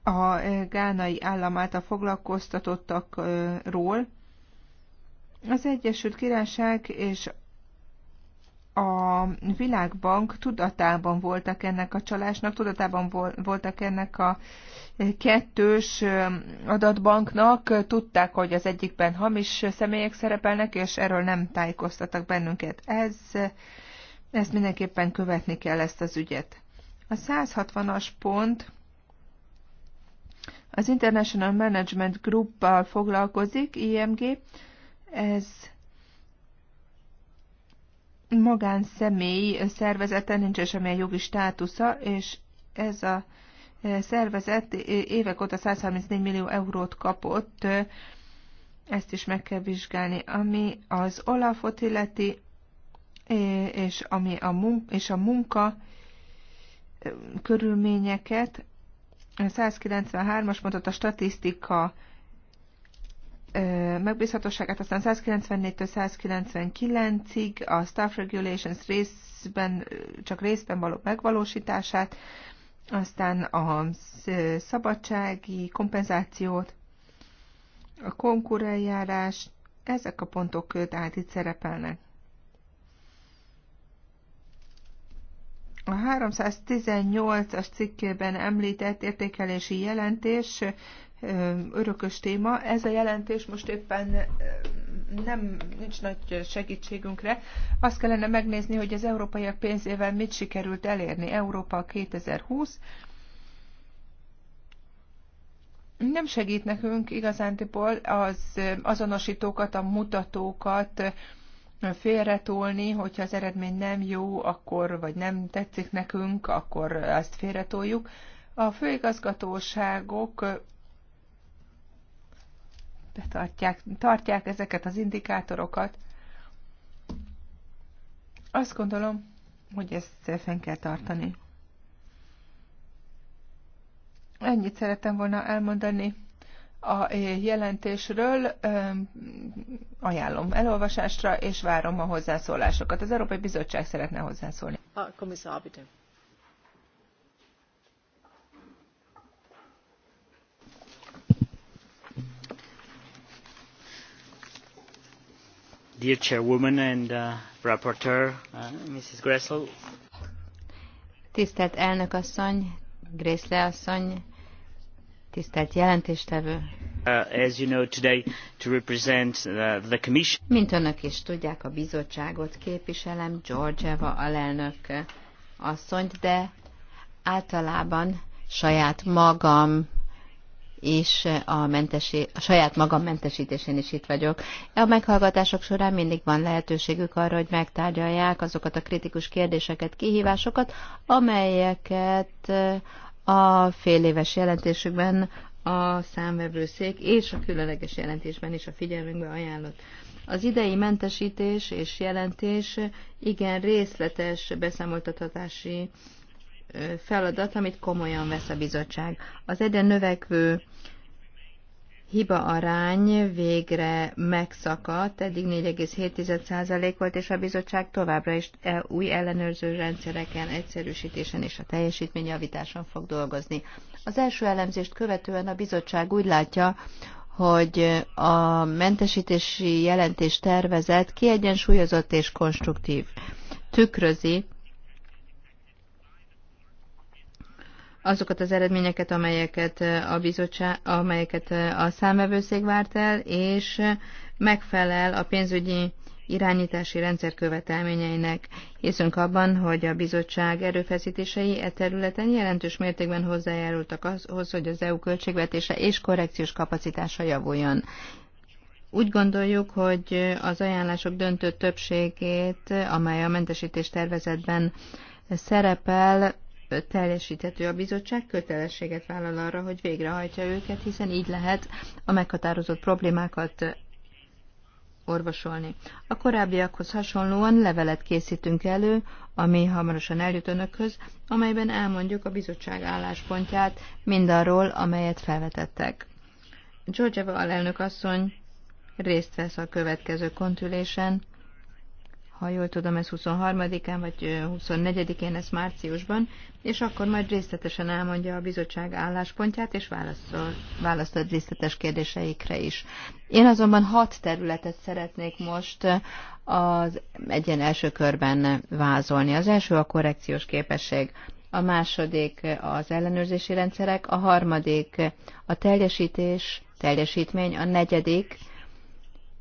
a gánai állam által foglalkoztatottakról. Az Egyesült Királyság és a Világbank tudatában voltak ennek a csalásnak, tudatában voltak ennek a kettős adatbanknak, tudták, hogy az egyikben hamis személyek szerepelnek, és erről nem tájékoztattak bennünket. Ez, ezt mindenképpen követni kell ezt az ügyet. A 160-as pont az International Management Group-bal foglalkozik, IMG, ez magánszemély szervezete, nincsen semmilyen jogi státusza, és ez a e, szervezet évek óta 134 millió eurót kapott, ezt is meg kell vizsgálni, ami az Olafot illeti, és, ami a, munka, és a munka e, körülményeket. 193-as mondott a statisztika megbízhatóságát, aztán 194-től 199-ig a staff regulations részben, csak részben való megvalósítását, aztán a szabadsági kompenzációt, a konkureljárás, ezek a pontok tehát itt szerepelnek. A 318-as cikkében említett értékelési jelentés örökös téma. Ez a jelentés most éppen nem nincs nagy segítségünkre. Azt kellene megnézni, hogy az európaiak pénzével mit sikerült elérni. Európa 2020 nem segít nekünk igazándiból az azonosítókat, a mutatókat félretolni, hogyha az eredmény nem jó, akkor, vagy nem tetszik nekünk, akkor ezt félretoljuk. A főigazgatóságok betartják, tartják ezeket az indikátorokat. Azt gondolom, hogy ezt fenn kell tartani. Ennyit szerettem volna elmondani a eh, jelentésről. Ajánlom elolvasásra, és várom a hozzászólásokat. Az Európai Bizottság szeretne hozzászólni. A komisszár, bitte. dear chairwoman and uh, rapporteur, uh, Mrs. Gressel. Tisztelt elnök asszony, Grészle asszony, tisztelt jelentéstevő. Uh, as you know today, to represent the, uh, the commission. Mint önök is tudják, a bizottságot képviselem, Georgieva alelnök asszony, de általában saját magam és a, mentesi, a saját magam mentesítésén is itt vagyok. A meghallgatások során mindig van lehetőségük arra, hogy megtárgyalják azokat a kritikus kérdéseket, kihívásokat, amelyeket eh, a fél éves jelentésükben a számvevőszék és a különleges jelentésben is a figyelmünkbe ajánlott. Az idei mentesítés és jelentés igen részletes beszámoltatatási feladat, amit komolyan vesz a bizottság. Az egyre növekvő hiba arány végre megszakadt, eddig 4,7% volt, és a bizottság továbbra is e, új ellenőrző rendszereken, egyszerűsítésen és a teljesítményjavításon fog dolgozni. Az első elemzést követően a bizottság úgy látja, hogy a mentesítési jelentés tervezet kiegyensúlyozott és konstruktív. Tükrözi azokat az eredményeket, amelyeket a, bizottság, amelyeket a számvevőszék várt el, és megfelel a pénzügyi irányítási rendszer követelményeinek. Hiszünk abban, hogy a bizottság erőfeszítései e területen jelentős mértékben hozzájárultak ahhoz, hogy az EU költségvetése és korrekciós kapacitása javuljon. Úgy gondoljuk, hogy az ajánlások döntő többségét, amely a mentesítés tervezetben szerepel, teljesíthető a bizottság, kötelességet vállal arra, hogy végrehajtja őket, hiszen így lehet a meghatározott problémákat orvosolni. A korábbiakhoz hasonlóan levelet készítünk elő, ami hamarosan eljut önökhöz, amelyben elmondjuk a bizottság álláspontját mindarról, amelyet felvetettek. Georgieva alelnök asszony részt vesz a következő kontülésen, ha jól tudom, ez 23-án vagy 24-én, ez márciusban, és akkor majd részletesen elmondja a bizottság álláspontját, és válaszol, választ részletes kérdéseikre is. Én azonban hat területet szeretnék most az egyen első körben vázolni. Az első a korrekciós képesség, a második az ellenőrzési rendszerek, a harmadik a teljesítés, teljesítmény, a negyedik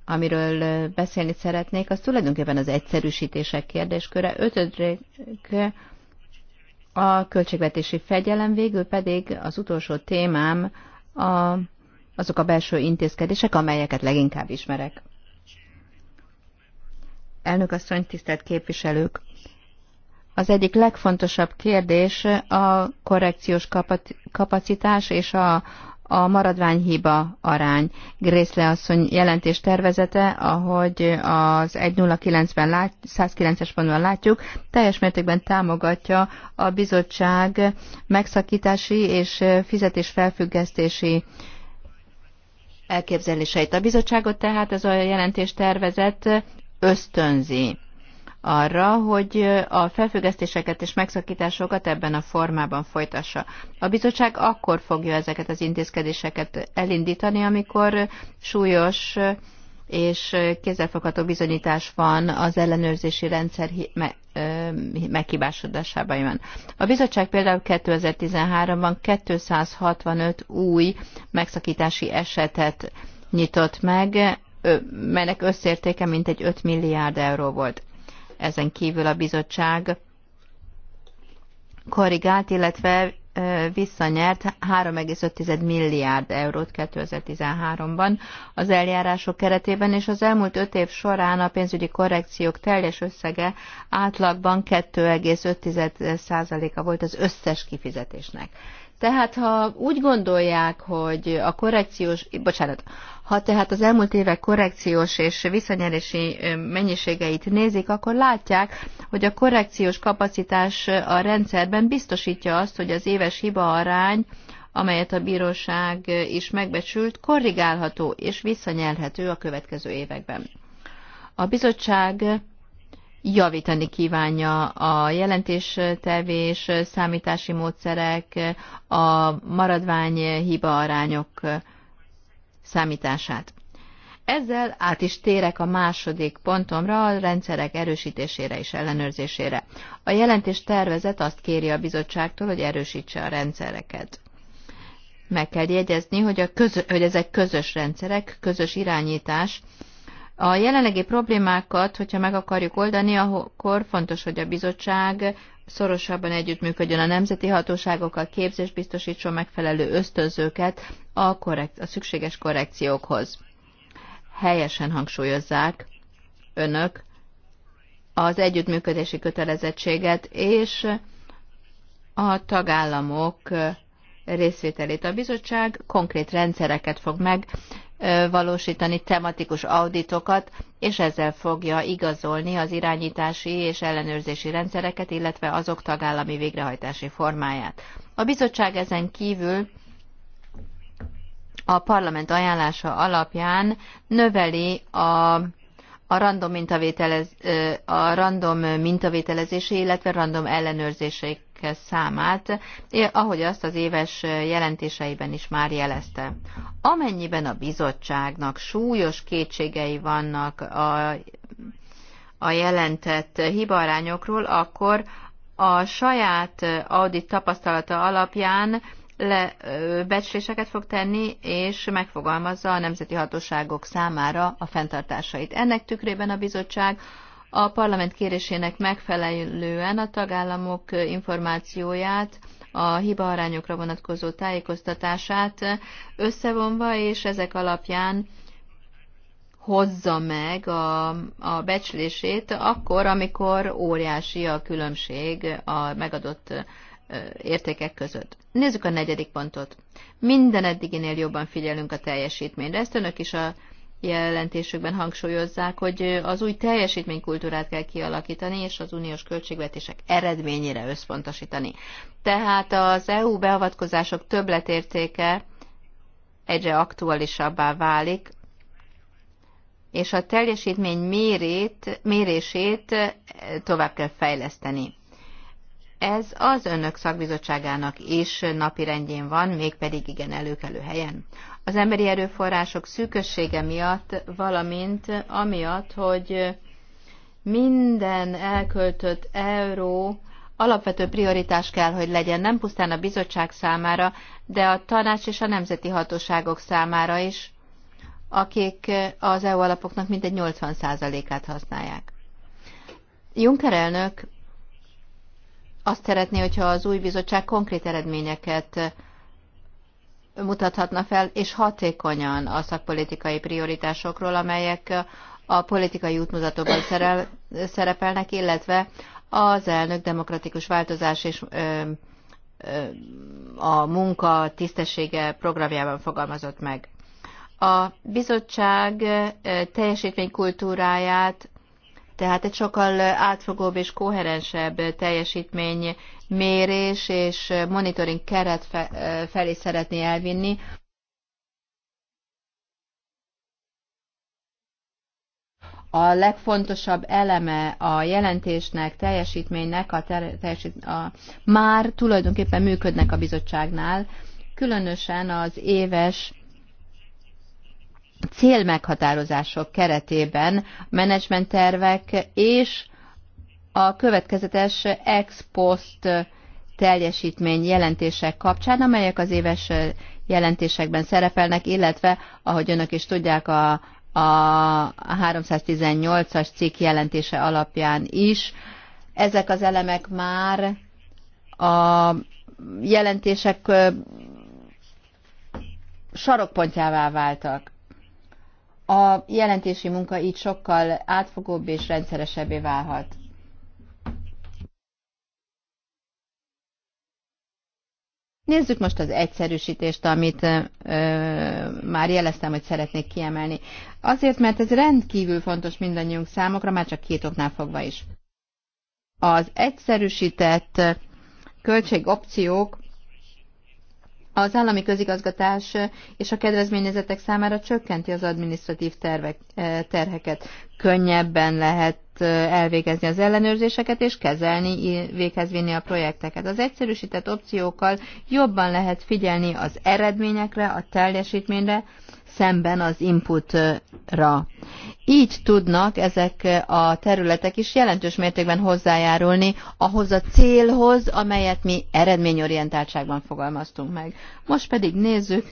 amiről beszélni szeretnék, az tulajdonképpen az egyszerűsítések kérdésköre, ötödik a költségvetési fegyelem, végül pedig az utolsó témám a, azok a belső intézkedések, amelyeket leginkább ismerek. Elnök asszony, tisztelt képviselők! Az egyik legfontosabb kérdés a korrekciós kapacitás és a, a maradványhiba arány. Grészle asszony jelentés tervezete, ahogy az 109-ben lát, 109-es pontban látjuk, teljes mértékben támogatja a bizottság megszakítási és fizetés felfüggesztési elképzeléseit. A bizottságot tehát ez a jelentés tervezet ösztönzi arra, hogy a felfüggesztéseket és megszakításokat ebben a formában folytassa. A bizottság akkor fogja ezeket az intézkedéseket elindítani, amikor súlyos és kézzelfogható bizonyítás van az ellenőrzési rendszer meghibásodásában. A bizottság például 2013-ban 265 új megszakítási esetet nyitott meg, melynek összértéke mintegy 5 milliárd euró volt ezen kívül a bizottság korrigált, illetve visszanyert 3,5 milliárd eurót 2013-ban az eljárások keretében, és az elmúlt öt év során a pénzügyi korrekciók teljes összege átlagban 2,5%-a volt az összes kifizetésnek. Tehát ha úgy gondolják, hogy a korrekciós, bocsánat, ha tehát az elmúlt évek korrekciós és visszanyerési mennyiségeit nézik, akkor látják, hogy a korrekciós kapacitás a rendszerben biztosítja azt, hogy az éves hiba arány, amelyet a bíróság is megbecsült, korrigálható és visszanyelhető a következő években. A bizottság javítani kívánja a jelentéstevés, számítási módszerek, a maradvány hiba arányok számítását. Ezzel át is térek a második pontomra, a rendszerek erősítésére és ellenőrzésére. A jelentés tervezet azt kéri a bizottságtól, hogy erősítse a rendszereket. Meg kell jegyezni, hogy, a közö, hogy ezek közös rendszerek, közös irányítás, a jelenlegi problémákat, hogyha meg akarjuk oldani, akkor fontos, hogy a bizottság szorosabban együttműködjön a nemzeti hatóságokkal, képzés biztosítson megfelelő ösztönzőket a, korrekt, a szükséges korrekciókhoz. Helyesen hangsúlyozzák önök az együttműködési kötelezettséget és a tagállamok részvételét. A bizottság konkrét rendszereket fog meg valósítani tematikus auditokat, és ezzel fogja igazolni az irányítási és ellenőrzési rendszereket, illetve azok tagállami végrehajtási formáját. A bizottság ezen kívül a parlament ajánlása alapján növeli a a random, mintavételez, a random mintavételezési, illetve random ellenőrzések számát, eh, ahogy azt az éves eh, jelentéseiben is már jelezte. Amennyiben a bizottságnak súlyos kétségei vannak a, a jelentett hibarányokról, akkor a saját eh, audit tapasztalata alapján le, becsléseket fog tenni, és megfogalmazza a nemzeti hatóságok számára a fenntartásait. Ennek tükrében a bizottság a parlament kérésének megfelelően a tagállamok információját, a hibaarányokra vonatkozó tájékoztatását összevonva, és ezek alapján hozza meg a, a becslését akkor, amikor óriási a különbség a megadott értékek között. Nézzük a negyedik pontot. Minden eddiginél jobban figyelünk a teljesítményre. Ezt önök is a jelentésükben hangsúlyozzák, hogy az új teljesítménykultúrát kell kialakítani, és az uniós költségvetések eredményére összpontosítani. Tehát az EU beavatkozások többletértéke egyre aktuálisabbá válik, és a teljesítmény mérét, mérését tovább kell fejleszteni. Ez az önök szakbizottságának is napirendjén van, mégpedig igen előkelő helyen az emberi erőforrások szűkössége miatt, valamint amiatt, hogy minden elköltött euró alapvető prioritás kell, hogy legyen nem pusztán a bizottság számára, de a tanács és a nemzeti hatóságok számára is, akik az EU alapoknak mintegy 80%-át használják. Juncker elnök azt szeretné, hogyha az új bizottság konkrét eredményeket mutathatna fel, és hatékonyan a szakpolitikai prioritásokról, amelyek a politikai útmutatóban szerepelnek, illetve az elnök demokratikus változás és ö, ö, a munka tisztessége programjában fogalmazott meg. A bizottság teljesítménykultúráját tehát egy sokkal átfogóbb és koherensebb teljesítmény mérés és monitoring keret felé szeretné elvinni. a legfontosabb eleme a jelentésnek, teljesítménynek, a, ter- teljesít- a már tulajdonképpen működnek a bizottságnál, különösen az éves célmeghatározások keretében menedzsmenttervek és a következetes ex post teljesítmény jelentések kapcsán, amelyek az éves jelentésekben szerepelnek, illetve, ahogy önök is tudják, a, a 318-as cikk jelentése alapján is. Ezek az elemek már a jelentések sarokpontjává váltak. A jelentési munka így sokkal átfogóbb és rendszeresebbé válhat. Nézzük most az egyszerűsítést, amit ö, már jeleztem, hogy szeretnék kiemelni. Azért, mert ez rendkívül fontos mindannyiunk számokra, már csak két oknál fogva is. Az egyszerűsített költségopciók az állami közigazgatás és a kedvezményezetek számára csökkenti az adminisztratív tervek, eh, terheket. Könnyebben lehet eh, elvégezni az ellenőrzéseket és kezelni, véghezvinni a projekteket. Az egyszerűsített opciókkal jobban lehet figyelni az eredményekre, a teljesítményre, szemben az inputra. Így tudnak ezek a területek is jelentős mértékben hozzájárulni ahhoz a célhoz, amelyet mi eredményorientáltságban fogalmaztunk meg. Most pedig nézzük,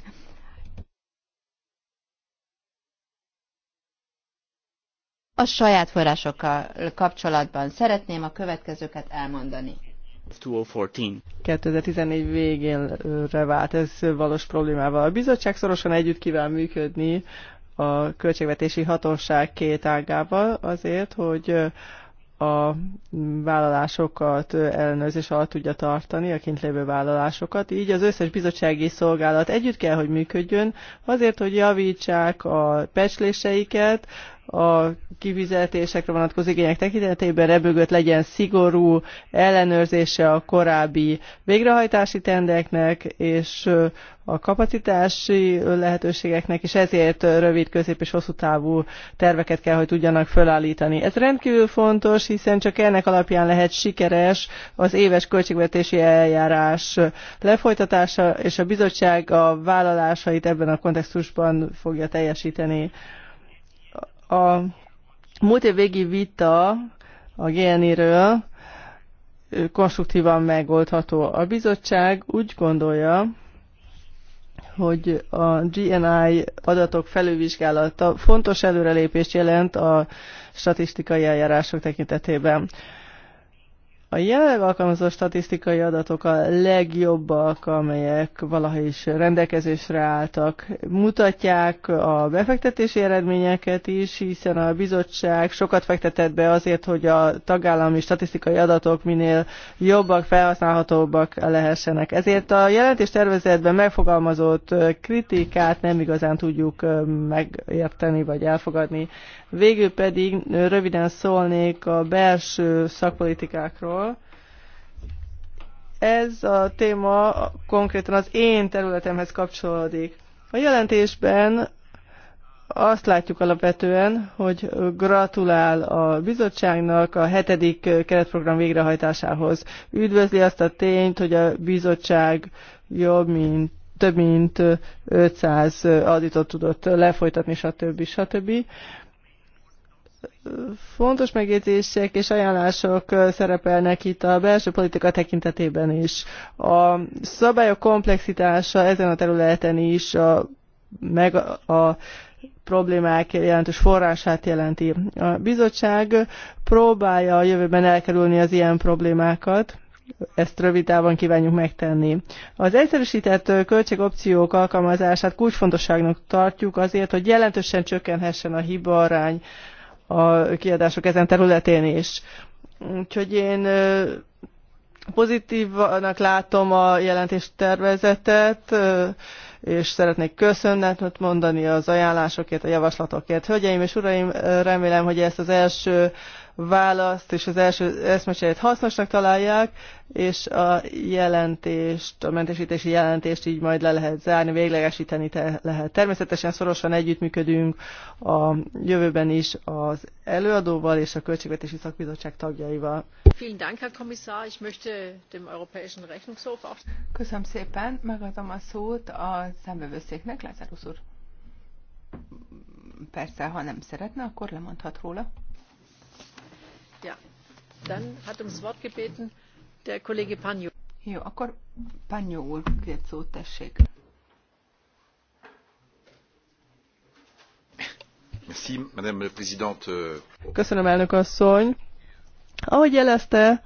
a saját forrásokkal kapcsolatban szeretném a következőket elmondani. 2014. 2014 végénre vált ez valós problémával. A bizottság szorosan együtt kíván működni a költségvetési hatóság két ágával azért, hogy a vállalásokat ellenőrzés alatt tudja tartani, a kint lévő vállalásokat. Így az összes bizottsági szolgálat együtt kell, hogy működjön, azért, hogy javítsák a pecsléseiket, a kifizetésekre vonatkozó igények tekintetében ebögött legyen szigorú ellenőrzése a korábbi végrehajtási tendeknek és a kapacitási lehetőségeknek, és ezért rövid, közép és hosszú távú terveket kell, hogy tudjanak fölállítani. Ez rendkívül fontos, hiszen csak ennek alapján lehet sikeres az éves költségvetési eljárás lefolytatása, és a bizottság a vállalásait ebben a kontextusban fogja teljesíteni. A múlt év végi vita a GNI-ről konstruktívan megoldható. A bizottság úgy gondolja, hogy a GNI adatok felülvizsgálata fontos előrelépést jelent a statisztikai eljárások tekintetében. A jelenleg alkalmazott statisztikai adatok a legjobbak, amelyek valaha is rendelkezésre álltak. Mutatják a befektetési eredményeket is, hiszen a bizottság sokat fektetett be azért, hogy a tagállami statisztikai adatok minél jobbak, felhasználhatóbbak lehessenek. Ezért a jelentés tervezetben megfogalmazott kritikát nem igazán tudjuk megérteni vagy elfogadni. Végül pedig röviden szólnék a belső szakpolitikákról. Ez a téma konkrétan az én területemhez kapcsolódik. A jelentésben azt látjuk alapvetően, hogy gratulál a bizottságnak a hetedik keretprogram végrehajtásához. Üdvözli azt a tényt, hogy a bizottság jobb, mint több mint 500 auditot tudott lefolytatni, stb. stb fontos megjegyzések és ajánlások szerepelnek itt a belső politika tekintetében is. A szabályok komplexitása ezen a területen is a, meg a problémák jelentős forrását jelenti. A bizottság próbálja a jövőben elkerülni az ilyen problémákat, ezt rövid távon kívánjuk megtenni. Az egyszerűsített költségopciók alkalmazását kulcsfontosságnak tartjuk azért, hogy jelentősen csökkenhessen a hiba arány a kiadások ezen területén is. Úgyhogy én pozitívnak látom a jelentést, tervezetet, és szeretnék köszönetet mondani az ajánlásokért, a javaslatokért. Hölgyeim és uraim, remélem, hogy ezt az első választ és az első eszmecserét hasznosnak találják, és a jelentést, a mentesítési jelentést így majd le lehet zárni, véglegesíteni te lehet. Természetesen szorosan együttműködünk a jövőben is az előadóval és a Költségvetési Szakbizottság tagjaival. Köszönöm szépen, megadom a szót a számbevőszéknek, Lázár úr. Persze, ha nem szeretne, akkor lemondhat róla. Kollege Panyó. akkor Panyó Madame Köszönöm, elnök asszony. Ahogy jelezte,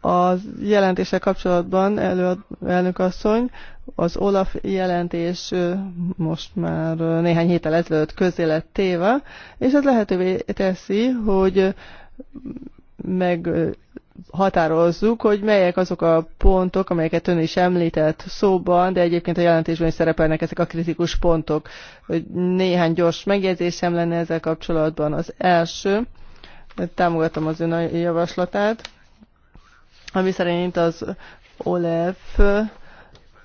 a jelentése kapcsolatban elő, elnök asszony, az Olaf jelentés most már néhány héttel ezelőtt közé lett téve, és ez lehetővé teszi, hogy meghatározzuk, hogy melyek azok a pontok, amelyeket ön is említett szóban, de egyébként a jelentésben is szerepelnek ezek a kritikus pontok. Hogy néhány gyors megjegyzésem lenne ezzel kapcsolatban. Az első, támogatom az ön javaslatát, ami szerint az OLEF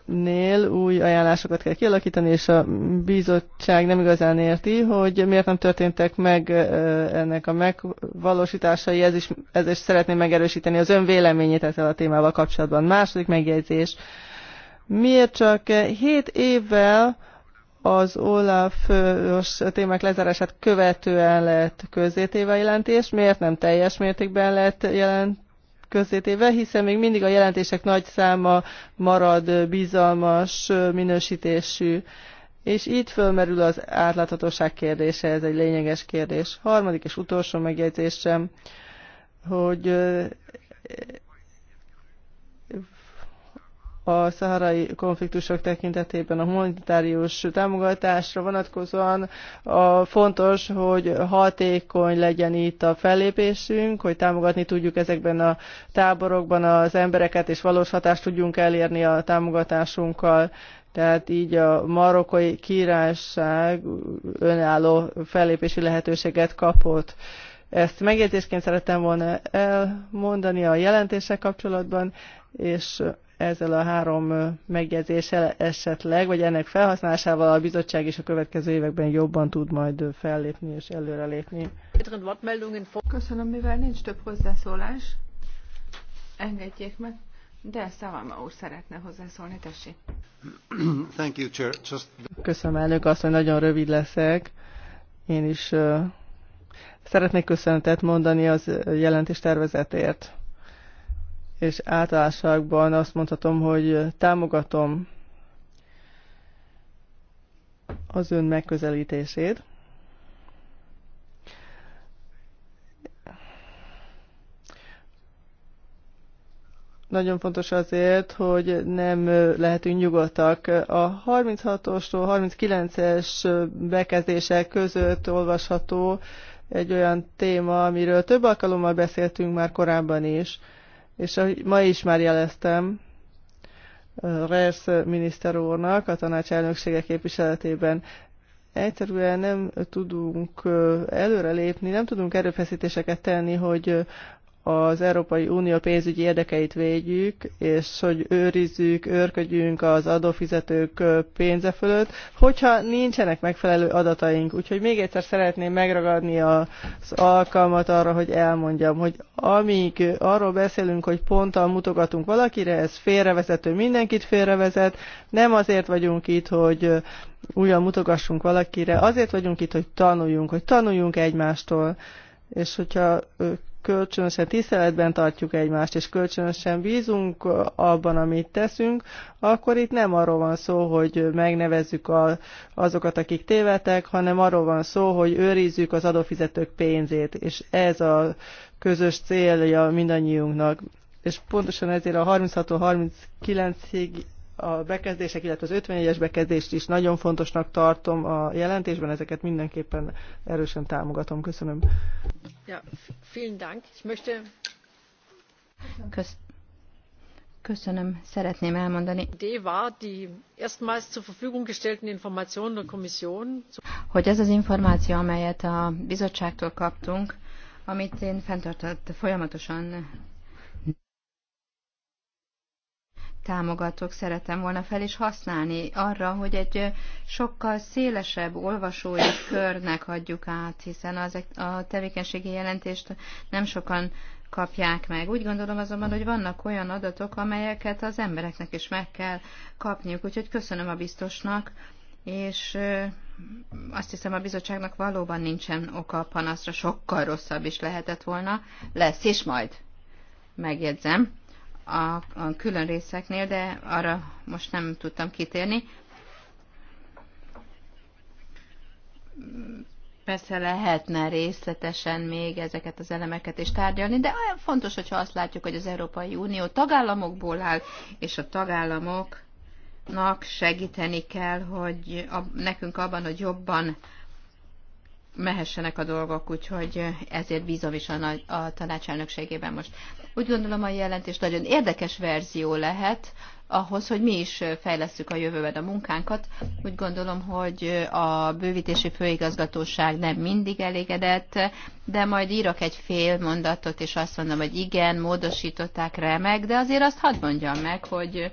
nél új ajánlásokat kell kialakítani, és a bizottság nem igazán érti, hogy miért nem történtek meg ennek a megvalósításai, ez is, ez is szeretném megerősíteni az ön véleményét ezzel a témával kapcsolatban. Második megjegyzés. Miért csak 7 évvel az olaf témák lezárását követően lett közzétéve jelentés, miért nem teljes mértékben lett jelent, közzétéve, hiszen még mindig a jelentések nagy száma marad bizalmas minősítésű. És itt fölmerül az átláthatóság kérdése, ez egy lényeges kérdés. Harmadik és utolsó megjegyzésem, hogy a szaharai konfliktusok tekintetében a humanitárius támogatásra vonatkozóan a fontos, hogy hatékony legyen itt a fellépésünk, hogy támogatni tudjuk ezekben a táborokban az embereket, és valós hatást tudjunk elérni a támogatásunkkal. Tehát így a marokkai királyság önálló fellépési lehetőséget kapott. Ezt megjegyzésként szerettem volna elmondani a jelentések kapcsolatban, és ezzel a három megjegyzéssel esetleg, vagy ennek felhasználásával a bizottság is a következő években jobban tud majd fellépni és előrelépni. Köszönöm, mivel nincs több hozzászólás, engedjék meg, de Szavama úr szeretne hozzászólni, tessék. Thank you, Chair. Just... Köszönöm, elnök azt, hogy nagyon rövid leszek. Én is uh, szeretnék köszönetet mondani az jelentés tervezetért és általánosságban azt mondhatom, hogy támogatom az ön megközelítését. Nagyon fontos azért, hogy nem lehetünk nyugodtak. A 36-ostól 39-es bekezdések között olvasható egy olyan téma, amiről több alkalommal beszéltünk már korábban is, és ahogy ma is már jeleztem, Rers miniszter úrnak a tanács elnöksége képviseletében egyszerűen nem tudunk előrelépni, nem tudunk erőfeszítéseket tenni, hogy az Európai Unió pénzügyi érdekeit védjük, és hogy őrizzük, őrködjünk az adófizetők pénze fölött, hogyha nincsenek megfelelő adataink. Úgyhogy még egyszer szeretném megragadni az alkalmat arra, hogy elmondjam, hogy amíg arról beszélünk, hogy ponttal mutogatunk valakire, ez félrevezető, mindenkit félrevezet, nem azért vagyunk itt, hogy újra mutogassunk valakire, azért vagyunk itt, hogy tanuljunk, hogy tanuljunk egymástól és hogyha kölcsönösen tiszteletben tartjuk egymást, és kölcsönösen bízunk abban, amit teszünk, akkor itt nem arról van szó, hogy megnevezzük a, azokat, akik tévedtek, hanem arról van szó, hogy őrizzük az adófizetők pénzét, és ez a közös célja mindannyiunknak. És pontosan ezért a 36-39-ig a bekezdések, illetve az 51-es bekezdést is nagyon fontosnak tartom a jelentésben, ezeket mindenképpen erősen támogatom. Köszönöm. Ja, vielen Dank. Ich möchte Köszönöm, szeretném elmondani. Hogy ez az információ, amelyet a bizottságtól kaptunk, amit én fenntartott, folyamatosan támogatók szeretem volna fel is használni arra, hogy egy sokkal szélesebb olvasói körnek adjuk át, hiszen az a tevékenységi jelentést nem sokan kapják meg. Úgy gondolom azonban, hogy vannak olyan adatok, amelyeket az embereknek is meg kell kapniuk. Úgyhogy köszönöm a biztosnak, és azt hiszem a bizottságnak valóban nincsen oka a panaszra, sokkal rosszabb is lehetett volna. Lesz is majd, megjegyzem a, a külön részeknél, de arra most nem tudtam kitérni. Persze lehetne részletesen még ezeket az elemeket is tárgyalni, de olyan fontos, hogyha azt látjuk, hogy az Európai Unió tagállamokból áll, és a tagállamoknak segíteni kell, hogy a, nekünk abban, hogy jobban mehessenek a dolgok, úgyhogy ezért bízom is a, a tanácselnökségében most. Úgy gondolom a jelentés nagyon érdekes verzió lehet, ahhoz, hogy mi is fejlesztjük a jövőben a munkánkat. Úgy gondolom, hogy a bővítési főigazgatóság nem mindig elégedett, de majd írok egy fél mondatot, és azt mondom, hogy igen, módosították remek, de azért azt hadd mondjam meg, hogy,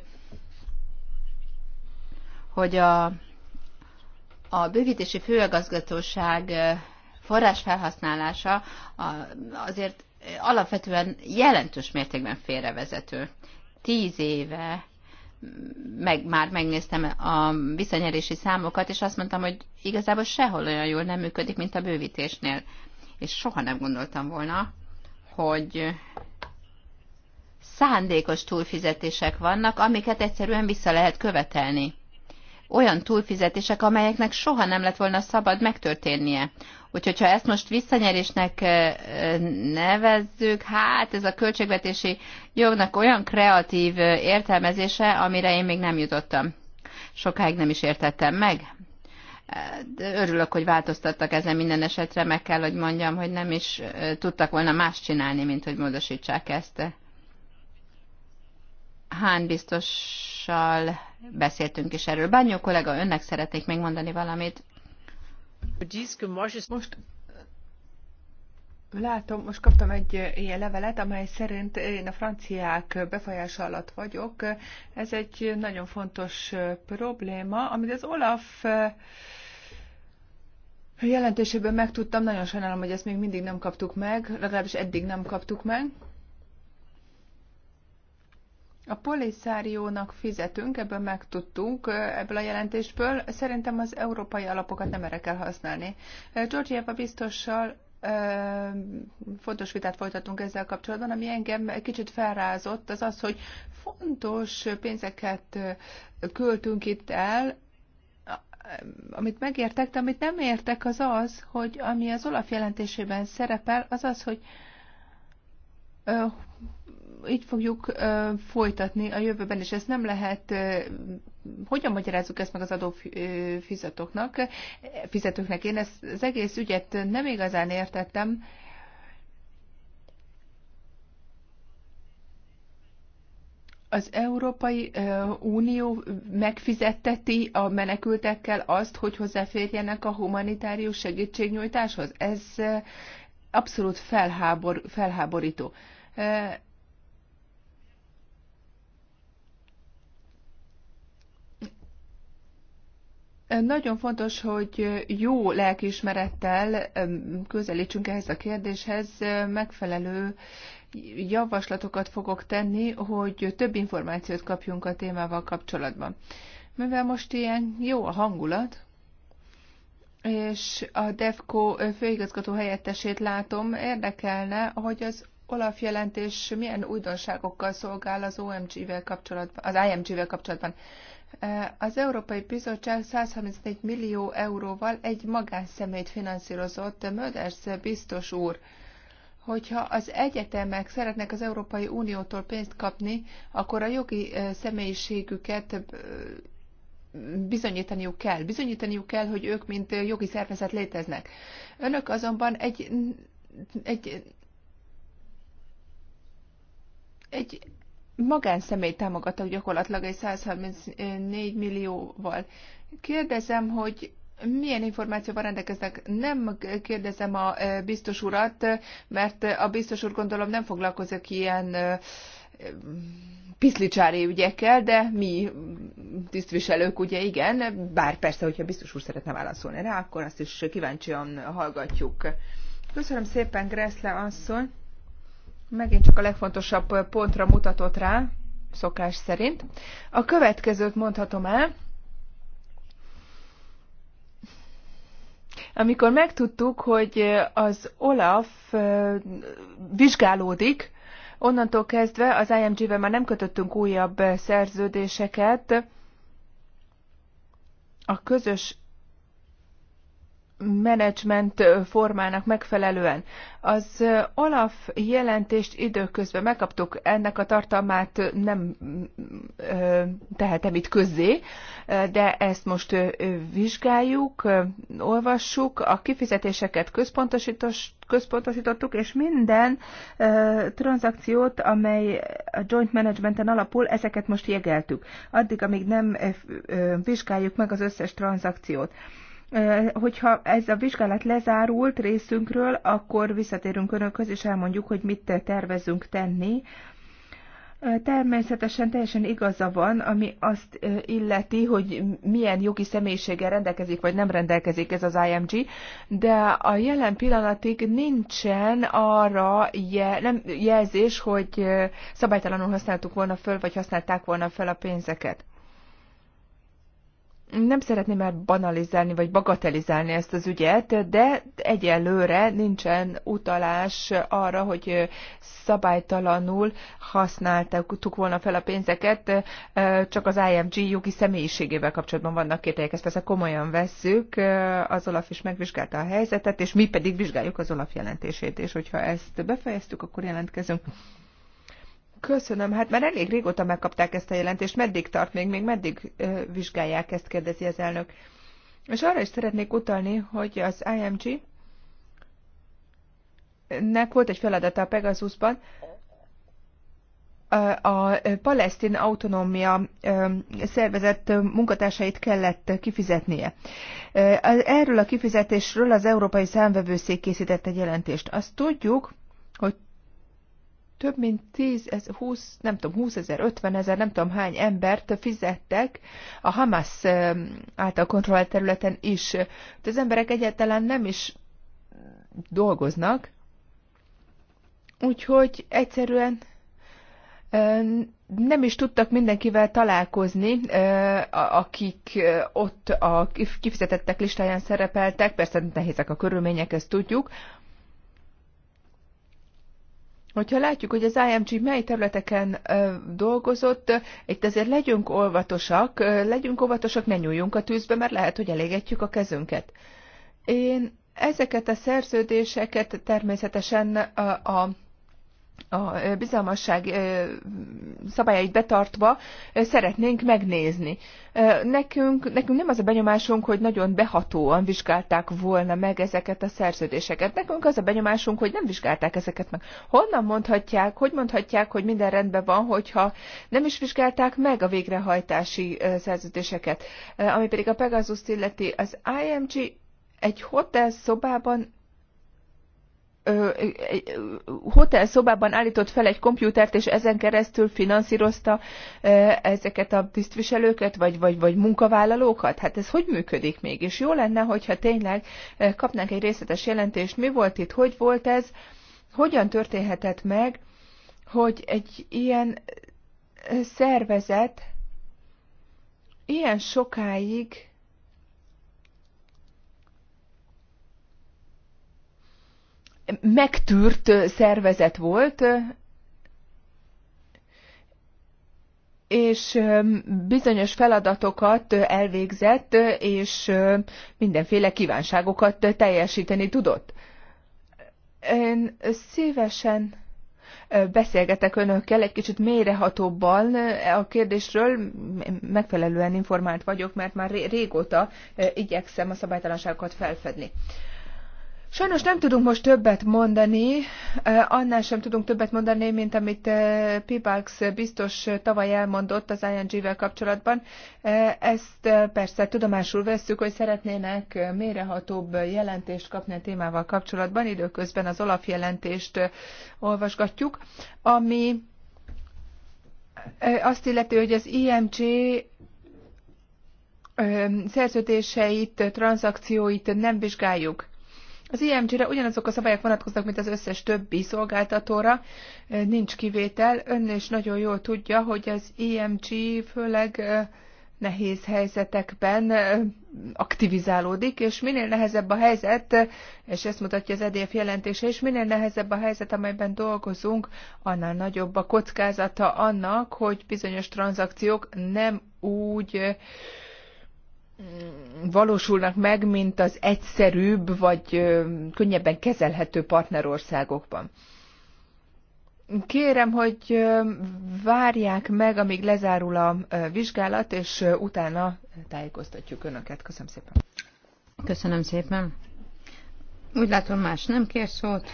hogy a, a bővítési főigazgatóság forrásfelhasználása azért alapvetően jelentős mértékben félrevezető. Tíz éve meg, már megnéztem a visszanyerési számokat, és azt mondtam, hogy igazából sehol olyan jól nem működik, mint a bővítésnél. És soha nem gondoltam volna, hogy szándékos túlfizetések vannak, amiket egyszerűen vissza lehet követelni. Olyan túlfizetések, amelyeknek soha nem lett volna szabad megtörténnie. Úgyhogy ha ezt most visszanyerésnek nevezzük, hát ez a költségvetési jognak olyan kreatív értelmezése, amire én még nem jutottam. Sokáig nem is értettem meg. De örülök, hogy változtattak ezen minden esetre, meg kell, hogy mondjam, hogy nem is tudtak volna más csinálni, mint hogy módosítsák ezt. Hán biztossal beszéltünk is erről. Bányó kollega, önnek szeretnék még mondani valamit. Most látom, most kaptam egy ilyen levelet, amely szerint én a franciák befolyása alatt vagyok. Ez egy nagyon fontos probléma, amit az Olaf eh, jelentéséből megtudtam. Nagyon sajnálom, hogy ezt még mindig nem kaptuk meg, legalábbis eddig nem kaptuk meg. A poliszáriónak fizetünk, ebből megtudtunk, eh, ebből a jelentésből. Szerintem az európai alapokat nem erre kell használni. Eh, Georgieva biztossal eh, fontos vitát folytatunk ezzel kapcsolatban, ami engem kicsit felrázott, az az, hogy fontos pénzeket költünk itt el, amit megértek, de amit nem értek, az az, hogy ami az Olaf jelentésében szerepel, az az, hogy így fogjuk folytatni a jövőben, és ezt nem lehet, hogyan magyarázzuk ezt meg az adófizetőknek? Fizetőknek én ezt az egész ügyet nem igazán értettem. az Európai Unió megfizetteti a menekültekkel azt, hogy hozzáférjenek a humanitárius segítségnyújtáshoz? Ez abszolút felhábor, felháborító. Nagyon fontos, hogy jó lelkiismerettel közelítsünk ehhez a kérdéshez, megfelelő javaslatokat fogok tenni, hogy több információt kapjunk a témával kapcsolatban. Mivel most ilyen jó a hangulat, és a DEFCO főigazgató helyettesét látom, érdekelne, hogy az Olaf jelentés milyen újdonságokkal szolgál az OMG-vel kapcsolatban, az IMG-vel kapcsolatban. Az Európai Bizottság 134 millió euróval egy magánszemélyt finanszírozott, Möders biztos úr. Hogyha az egyetemek szeretnek az Európai Uniótól pénzt kapni, akkor a jogi személyiségüket bizonyítaniuk kell. Bizonyítaniuk kell, hogy ők mint jogi szervezet léteznek. Önök azonban egy, egy, egy magánszemély támogatók gyakorlatilag egy 134 millióval. Kérdezem, hogy milyen információval rendelkeznek? Nem kérdezem a e, biztos urat, mert a biztos úr gondolom nem foglalkozik ilyen e, piszlicsári ügyekkel, de mi tisztviselők ugye igen, bár persze, hogyha biztos úr szeretne válaszolni rá, akkor azt is kíváncsian hallgatjuk. Köszönöm szépen, Greszle asszony! Megint csak a legfontosabb pontra mutatott rá, szokás szerint. A következőt mondhatom el. Amikor megtudtuk, hogy az Olaf vizsgálódik, onnantól kezdve az IMG-vel már nem kötöttünk újabb szerződéseket. A közös menedzsment formának megfelelően. Az Olaf jelentést időközben megkaptuk, ennek a tartalmát nem tehetem itt közzé, de ezt most vizsgáljuk, olvassuk, a kifizetéseket központosítottuk, és minden tranzakciót, amely a joint managementen alapul, ezeket most jegeltük. Addig, amíg nem vizsgáljuk meg az összes tranzakciót hogyha ez a vizsgálat lezárult részünkről, akkor visszatérünk önökhöz, és elmondjuk, hogy mit tervezünk tenni. Természetesen teljesen igaza van, ami azt illeti, hogy milyen jogi személyiséggel rendelkezik vagy nem rendelkezik ez az IMG, de a jelen pillanatig nincsen arra je, nem, jelzés, hogy szabálytalanul használtuk volna föl, vagy használták volna fel a pénzeket nem szeretném már banalizálni vagy bagatelizálni ezt az ügyet, de egyelőre nincsen utalás arra, hogy szabálytalanul használtuk volna fel a pénzeket, csak az IMG jogi személyiségével kapcsolatban vannak kételyek. Ezt persze komolyan vesszük, az Olaf is megvizsgálta a helyzetet, és mi pedig vizsgáljuk az Olaf jelentését, és hogyha ezt befejeztük, akkor jelentkezünk. Köszönöm, hát már elég régóta megkapták ezt a jelentést, meddig tart még, még meddig vizsgálják ezt, kérdezi az elnök. És arra is szeretnék utalni, hogy az IMG nek volt egy feladata a Pegasusban, a palesztin autonómia szervezett munkatársait kellett kifizetnie. Erről a kifizetésről az Európai Számvevőszék készített egy jelentést. Azt tudjuk, hogy több mint 10, ez 20, nem tudom, 20 ezer, 50 ezer, nem tudom hány embert fizettek a Hamas által kontrollált területen is. De az emberek egyáltalán nem is dolgoznak, úgyhogy egyszerűen nem is tudtak mindenkivel találkozni, eh, akik eh, ott a kifizetettek listáján szerepeltek, persze nehézek a körülmények, ezt tudjuk, Hogyha látjuk, hogy az IMG mely területeken ö, dolgozott, itt azért legyünk óvatosak, ö, legyünk óvatosak, ne nyúljunk a tűzbe, mert lehet, hogy elégetjük a kezünket. Én ezeket a szerződéseket természetesen a, a a bizalmasság szabályait betartva szeretnénk megnézni. Nekünk, nekünk nem az a benyomásunk, hogy nagyon behatóan vizsgálták volna meg ezeket a szerződéseket. Nekünk az a benyomásunk, hogy nem vizsgálták ezeket meg. Honnan mondhatják, hogy mondhatják, hogy minden rendben van, hogyha nem is vizsgálták meg a végrehajtási szerződéseket. Ami pedig a Pegasus illeti, az IMG egy hotel szobában hotelszobában állított fel egy komputert, és ezen keresztül finanszírozta ezeket a tisztviselőket, vagy, vagy, vagy munkavállalókat? Hát ez hogy működik még? És jó lenne, hogyha tényleg kapnánk egy részletes jelentést, mi volt itt, hogy volt ez, hogyan történhetett meg, hogy egy ilyen szervezet ilyen sokáig megtűrt szervezet volt, és bizonyos feladatokat elvégzett, és mindenféle kívánságokat teljesíteni tudott. Én szívesen beszélgetek önökkel egy kicsit mélyrehatóbban a kérdésről, megfelelően informált vagyok, mert már régóta igyekszem a szabálytalanságokat felfedni. Sajnos nem tudunk most többet mondani, annál sem tudunk többet mondani, mint amit Pibax biztos tavaly elmondott az ING-vel kapcsolatban. Ezt persze tudomásul vesszük, hogy szeretnének mérehatóbb jelentést kapni a témával kapcsolatban. Időközben az Olaf jelentést olvasgatjuk, ami azt illeti, hogy az IMG szerződéseit, tranzakcióit nem vizsgáljuk az IMG-re ugyanazok a szabályok vonatkoznak, mint az összes többi szolgáltatóra, nincs kivétel. Ön is nagyon jól tudja, hogy az IMG főleg nehéz helyzetekben aktivizálódik, és minél nehezebb a helyzet, és ezt mutatja az EDF jelentése és minél nehezebb a helyzet, amelyben dolgozunk, annál nagyobb a kockázata annak, hogy bizonyos tranzakciók nem úgy valósulnak meg, mint az egyszerűbb vagy könnyebben kezelhető partnerországokban. Kérem, hogy várják meg, amíg lezárul a vizsgálat, és utána tájékoztatjuk Önöket. Köszönöm szépen. Köszönöm szépen. Úgy látom, más nem kér szót.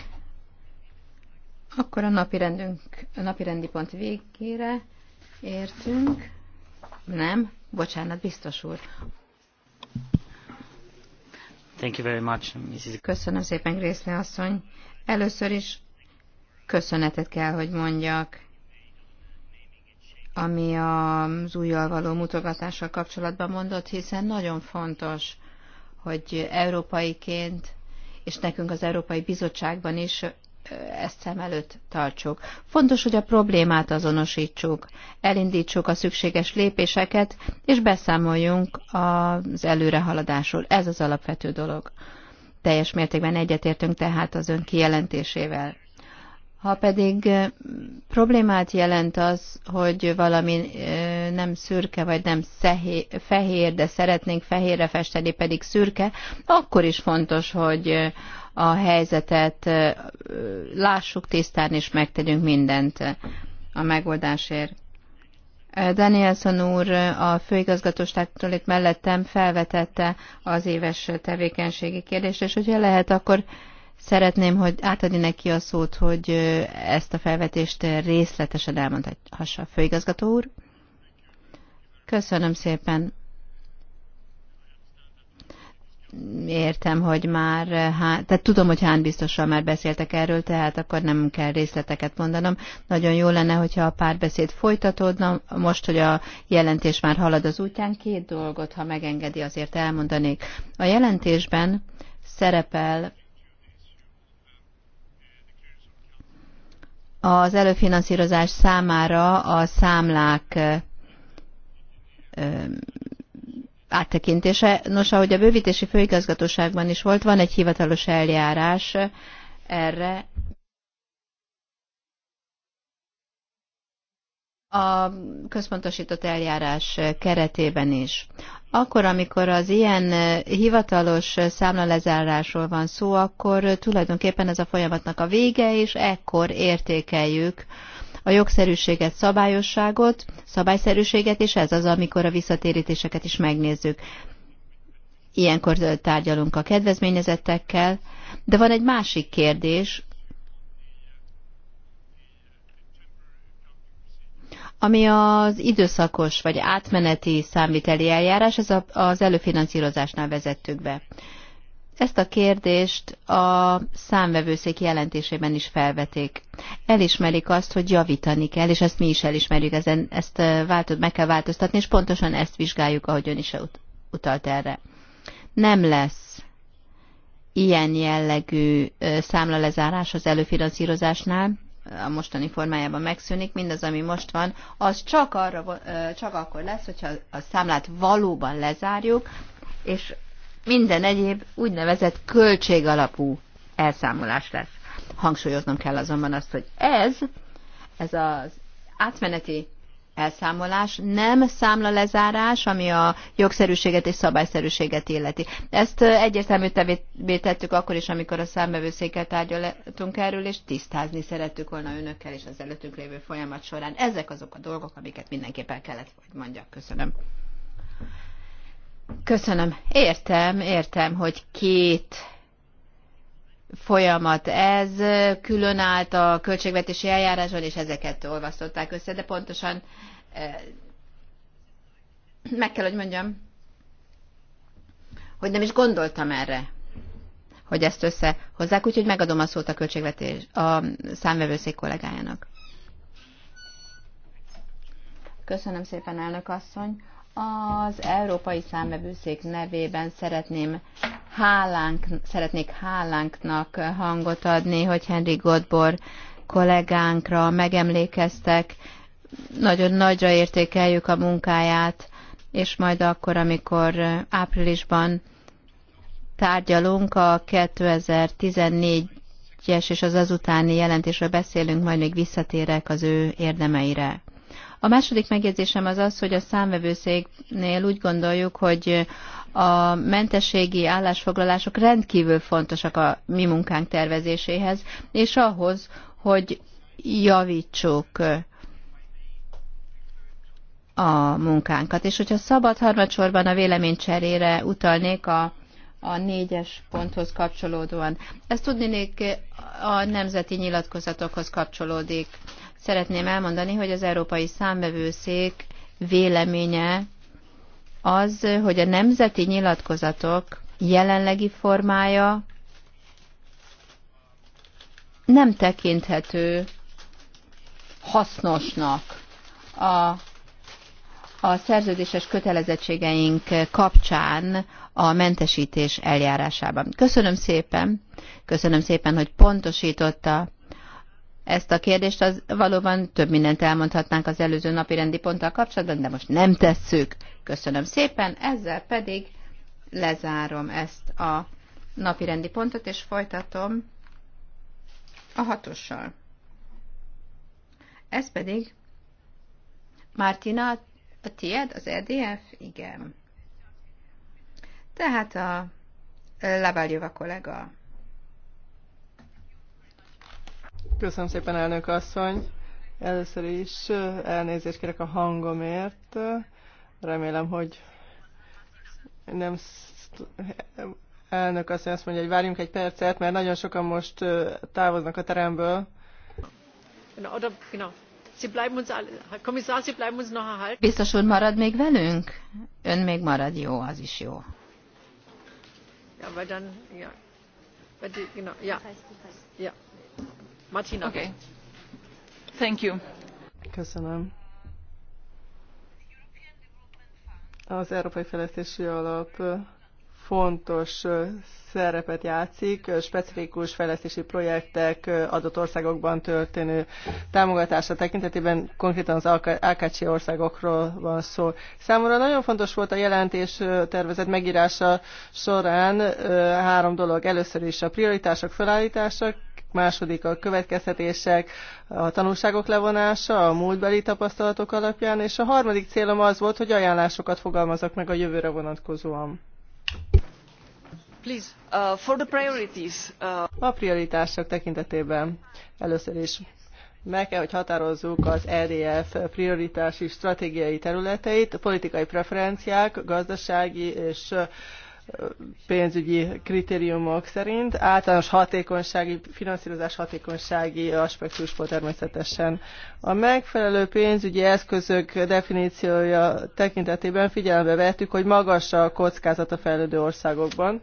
Akkor a napi, rendünk, a napi rendi pont végére értünk. Nem, bocsánat, biztos úr. Thank you very much, Mrs. Köszönöm szépen, Grészle asszony. Először is köszönetet kell, hogy mondjak, ami az újjal való mutogatással kapcsolatban mondott, hiszen nagyon fontos, hogy európaiként, és nekünk az Európai Bizottságban is ezt szem előtt tartsuk. Fontos, hogy a problémát azonosítsuk, elindítsuk a szükséges lépéseket, és beszámoljunk az előrehaladásról. Ez az alapvető dolog. Teljes mértékben egyetértünk tehát az ön kijelentésével. Ha pedig problémát jelent az, hogy valami nem szürke, vagy nem szehé, fehér, de szeretnénk fehérre festeni, pedig szürke, akkor is fontos, hogy a helyzetet, lássuk tisztán, és megtegyünk mindent a megoldásért. Danielson úr a főigazgatóságtól itt mellettem felvetette az éves tevékenységi kérdést, és hogyha lehet, akkor szeretném, hogy átadni neki a szót, hogy ezt a felvetést részletesen elmondhassa a főigazgató úr. Köszönöm szépen értem, hogy már, hát, tehát tudom, hogy hány biztosan már beszéltek erről, tehát akkor nem kell részleteket mondanom. Nagyon jó lenne, hogyha a párbeszéd folytatódna. Most, hogy a jelentés már halad az útján, két dolgot, ha megengedi, azért elmondanék. A jelentésben szerepel az előfinanszírozás számára a számlák áttekintése. Nos, ahogy a bővítési főigazgatóságban is volt, van egy hivatalos eljárás erre. A központosított eljárás keretében is. Akkor, amikor az ilyen hivatalos számlalezárásról van szó, akkor tulajdonképpen ez a folyamatnak a vége, és ekkor értékeljük a jogszerűséget, szabályosságot, szabályszerűséget, és ez az, amikor a visszatérítéseket is megnézzük. Ilyenkor tárgyalunk a kedvezményezettekkel, de van egy másik kérdés, ami az időszakos vagy átmeneti számviteli eljárás, ez az előfinanszírozásnál vezettük be. Ezt a kérdést a számvevőszék jelentésében is felvetik. Elismerik azt, hogy javítani kell, és ezt mi is elismerjük, ezen, ezt változ, meg kell változtatni, és pontosan ezt vizsgáljuk, ahogy ön is utalt erre. Nem lesz ilyen jellegű számlalezárás az előfinanszírozásnál, a mostani formájában megszűnik, mindaz, ami most van, az csak, arra, csak akkor lesz, hogyha a számlát valóban lezárjuk, és minden egyéb úgynevezett költségalapú elszámolás lesz. Hangsúlyoznom kell azonban azt, hogy ez, ez az átmeneti elszámolás, nem számla lezárás, ami a jogszerűséget és szabályszerűséget illeti. Ezt egyértelmű tettük akkor is, amikor a számbevőszékkel tárgyaltunk erről, és tisztázni szerettük volna önökkel és az előttünk lévő folyamat során. Ezek azok a dolgok, amiket mindenképp kellett, hogy mondjak. Köszönöm. Köszönöm. Értem, értem, hogy két folyamat ez, külön állt a költségvetési eljárásban, és ezeket olvasztották össze, de pontosan eh, meg kell, hogy mondjam, hogy nem is gondoltam erre, hogy ezt összehozzák, úgyhogy megadom a szót a költségvetés a számvevőszék kollégájának. Köszönöm szépen, elnök asszony. Az Európai Számvevőszék nevében szeretném hálánk, szeretnék hálánknak hangot adni, hogy Henry Godbor kollégánkra megemlékeztek. Nagyon nagyra értékeljük a munkáját, és majd akkor, amikor áprilisban tárgyalunk a 2014 es és az azutáni jelentésről beszélünk, majd még visszatérek az ő érdemeire. A második megjegyzésem az az, hogy a számvevőszéknél úgy gondoljuk, hogy a mentességi állásfoglalások rendkívül fontosak a mi munkánk tervezéséhez, és ahhoz, hogy javítsuk a munkánkat. És hogyha szabad harmadsorban a véleménycserére utalnék a, a négyes ponthoz kapcsolódóan. Ezt tudnék a nemzeti nyilatkozatokhoz kapcsolódik szeretném elmondani, hogy az Európai Számbevőszék véleménye az, hogy a nemzeti nyilatkozatok jelenlegi formája nem tekinthető hasznosnak a, a szerződéses kötelezettségeink kapcsán a mentesítés eljárásában. Köszönöm szépen, köszönöm szépen, hogy pontosította ezt a kérdést, az valóban több mindent elmondhatnánk az előző napi rendi ponttal kapcsolatban, de most nem tesszük. Köszönöm szépen, ezzel pedig lezárom ezt a napi rendi pontot, és folytatom a hatossal. Ez pedig Martina, a tied, az EDF? Igen. Tehát a Lavaljova kollega Köszönöm szépen, elnök asszony. Először is elnézést kérek a hangomért. Remélem, hogy nem elnök asszony azt mondja, hogy várjunk egy percet, mert nagyon sokan most távoznak a teremből. Biztos úr marad még velünk? Ön még marad, jó, az is jó. Ja, vagy dann, ja. Weil genau, ja. Ja. Thank you. Az Európai Fejlesztési Alap fontos szerepet játszik, specifikus fejlesztési projektek adott országokban történő támogatása tekintetében, konkrétan az Ákácsi országokról van szó. Számomra nagyon fontos volt a jelentés tervezet megírása során három dolog. Először is a prioritások felállítása, második a következtetések, a tanulságok levonása, a múltbeli tapasztalatok alapján, és a harmadik célom az volt, hogy ajánlásokat fogalmazok meg a jövőre vonatkozóan. Please, uh, for the priorities, uh... A prioritások tekintetében először is meg kell, hogy határozzuk az EDF prioritási stratégiai területeit, politikai preferenciák, gazdasági és uh, pénzügyi kritériumok szerint. Általános hatékonysági, finanszírozás hatékonysági aspektus volt természetesen. A megfelelő pénzügyi eszközök definíciója tekintetében figyelembe vettük, hogy magas a kockázat a fejlődő országokban.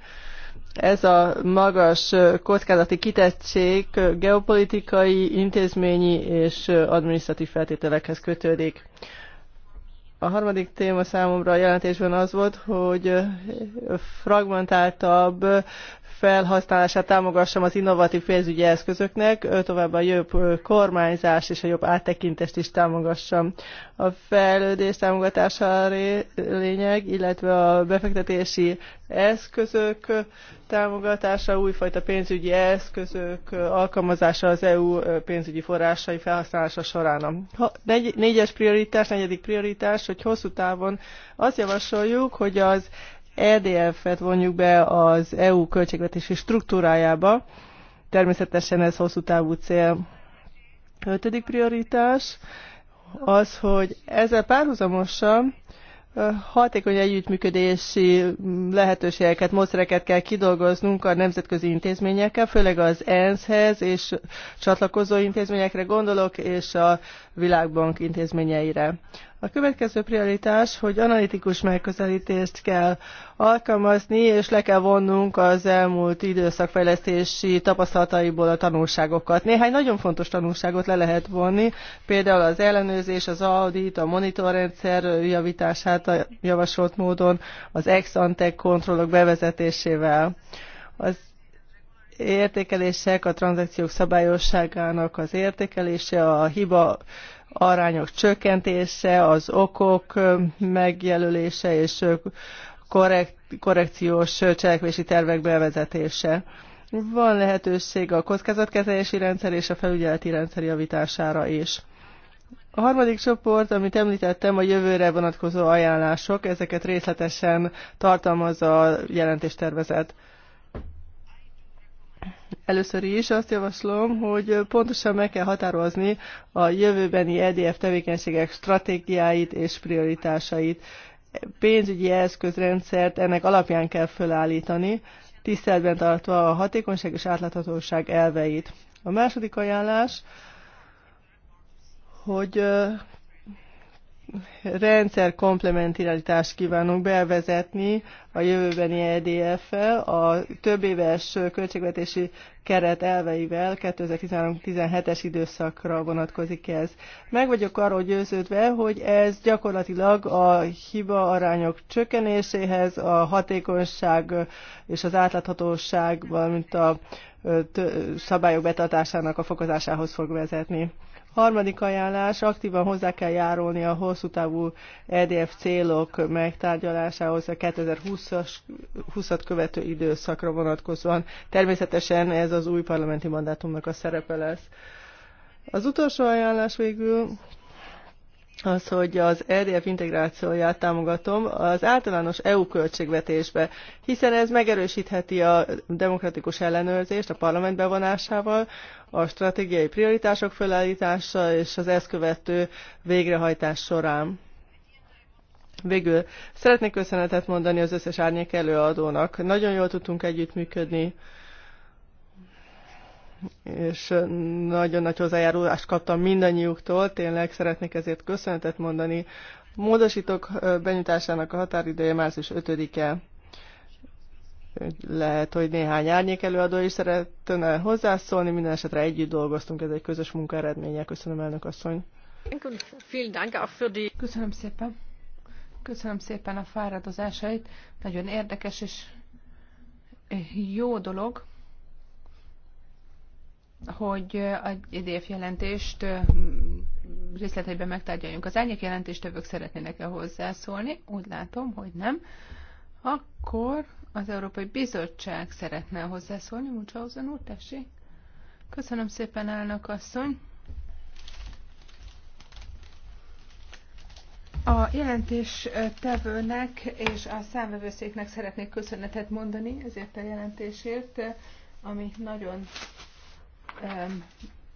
Ez a magas kockázati kitettség geopolitikai, intézményi és adminisztratív feltételekhez kötődik. A harmadik téma számomra a jelentésben az volt, hogy fragmentáltabb felhasználását támogassam az innovatív pénzügyi eszközöknek, továbbá a jobb kormányzás és a jobb áttekintést is támogassam. A fejlődés támogatása lényeg, illetve a befektetési eszközök támogatása, újfajta pénzügyi eszközök alkalmazása az EU pénzügyi forrásai felhasználása során. A négyes prioritás, negyedik prioritás, hogy hosszú távon azt javasoljuk, hogy az EDF-et vonjuk be az EU költségvetési struktúrájába. Természetesen ez hosszú távú cél. Ötödik prioritás az, hogy ezzel párhuzamosan hatékony együttműködési mm, lehetőségeket, módszereket kell kidolgoznunk a nemzetközi intézményekkel, főleg az ENSZ-hez és csatlakozó intézményekre gondolok, és a Világbank intézményeire. A következő prioritás, hogy analitikus megközelítést kell alkalmazni, és le kell vonnunk az elmúlt időszakfejlesztési tapasztalataiból a tanulságokat. Néhány nagyon fontos tanulságot le lehet vonni, például az ellenőrzés, az audit, a monitorrendszer javítását a javasolt módon, az ex-ante kontrollok bevezetésével. Az értékelések, a tranzakciók szabályosságának az értékelése, a hiba arányok csökkentése, az okok megjelölése és korrekciós cselekvési tervek bevezetése. Van lehetőség a kockázatkezelési rendszer és a felügyeleti rendszer javítására is. A harmadik csoport, amit említettem, a jövőre vonatkozó ajánlások, ezeket részletesen tartalmazza a jelentéstervezet. tervezet. Először is azt javaslom, hogy pontosan meg kell határozni a jövőbeni EDF tevékenységek stratégiáit és prioritásait. Pénzügyi eszközrendszert ennek alapján kell fölállítani, tiszteletben tartva a hatékonyság és átláthatóság elveit. A második ajánlás, hogy rendszer komplementaritást kívánunk bevezetni a jövőbeni EDF-fel, a több éves költségvetési keret elveivel 2013-17-es időszakra vonatkozik ez. Meg vagyok arról győződve, hogy ez gyakorlatilag a hiba arányok csökkenéséhez, a hatékonyság és az átláthatóság, valamint a szabályok betartásának a fokozásához fog vezetni. Harmadik ajánlás, aktívan hozzá kell járulni a hosszú távú EDF célok megtárgyalásához a 2020-at követő időszakra vonatkozóan. Természetesen ez az új parlamenti mandátumnak a szerepe lesz. Az utolsó ajánlás végül az, hogy az RDF integrációját támogatom az általános EU költségvetésbe, hiszen ez megerősítheti a demokratikus ellenőrzést a parlament bevonásával, a stratégiai prioritások felállítása és az ezt követő végrehajtás során. Végül szeretnék köszönetet mondani az összes árnyék előadónak. Nagyon jól tudtunk együttműködni és nagyon nagy hozzájárulást kaptam mindannyiuktól. Tényleg szeretnék ezért köszönetet mondani. Módosítók benyújtásának a határideje március 5-e. Lehet, hogy néhány árnyék előadó is szeretne hozzászólni, minden esetre együtt dolgoztunk, ez egy közös munka eredménye. Köszönöm, elnök asszony. Köszönöm szépen. Köszönöm szépen a fáradozásait. Nagyon érdekes és jó dolog hogy a EDF jelentést részleteiben megtárgyaljunk. Az árnyék jelentéstevők szeretnének-e hozzászólni? Úgy látom, hogy nem. Akkor az Európai Bizottság szeretne hozzászólni. Munchausen úr, tessék. Köszönöm szépen, elnök asszony. A jelentés tevőnek és a számvevőszéknek szeretnék köszönetet mondani ezért a jelentésért, ami nagyon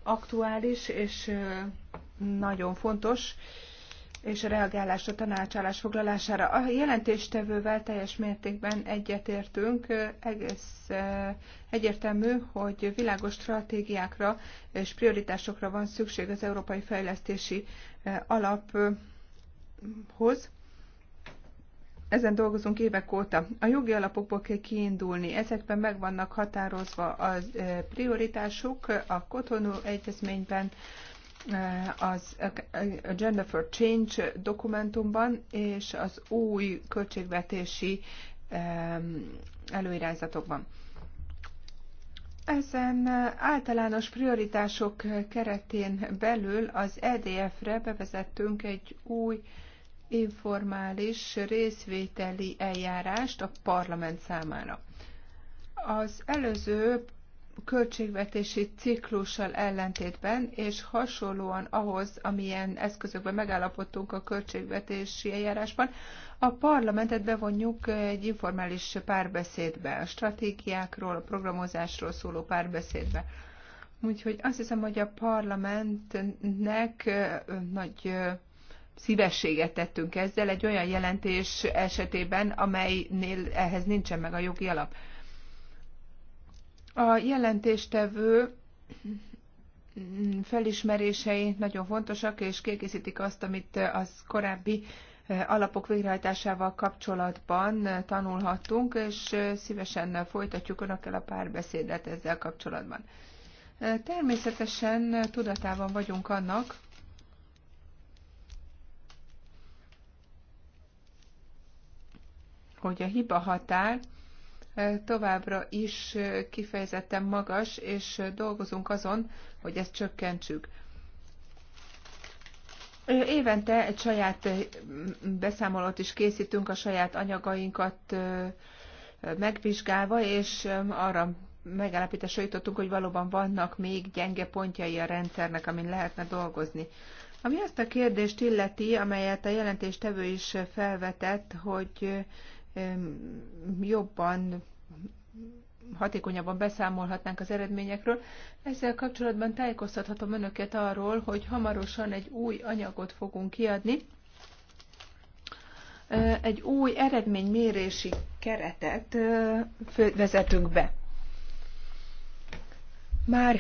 aktuális és nagyon fontos, és a reagálás a tanácsállás foglalására. A jelentéstevővel teljes mértékben egyetértünk, egész egyértelmű, hogy világos stratégiákra és prioritásokra van szükség az Európai Fejlesztési Alaphoz ezen dolgozunk évek óta. A jogi alapokból kell kiindulni. Ezekben meg vannak határozva a prioritások a kotonu Egyezményben, az Agenda for Change dokumentumban és az új költségvetési előirányzatokban. Ezen általános prioritások keretén belül az EDF-re bevezettünk egy új informális részvételi eljárást a parlament számára. Az előző költségvetési ciklussal ellentétben, és hasonlóan ahhoz, amilyen eszközökben megállapodtunk a költségvetési eljárásban, a parlamentet bevonjuk egy informális párbeszédbe, a stratégiákról, a programozásról szóló párbeszédbe. Úgyhogy azt hiszem, hogy a parlamentnek nagy szívességet tettünk ezzel egy olyan jelentés esetében, amelynél ehhez nincsen meg a jogi alap. A jelentéstevő felismerései nagyon fontosak, és kiegészítik azt, amit az korábbi alapok végrehajtásával kapcsolatban tanulhattunk, és szívesen folytatjuk Önökkel a párbeszédet ezzel kapcsolatban. Természetesen tudatában vagyunk annak, hogy a hiba határ továbbra is kifejezetten magas, és dolgozunk azon, hogy ezt csökkentsük. Évente egy saját beszámolót is készítünk, a saját anyagainkat megvizsgálva, és arra megállapításra jutottunk, hogy valóban vannak még gyenge pontjai a rendszernek, amin lehetne dolgozni. Ami azt a kérdést illeti, amelyet a jelentéstevő is felvetett, hogy jobban, hatékonyabban beszámolhatnánk az eredményekről. Ezzel kapcsolatban tájékoztathatom önöket arról, hogy hamarosan egy új anyagot fogunk kiadni, egy új eredménymérési keretet vezetünk be. Már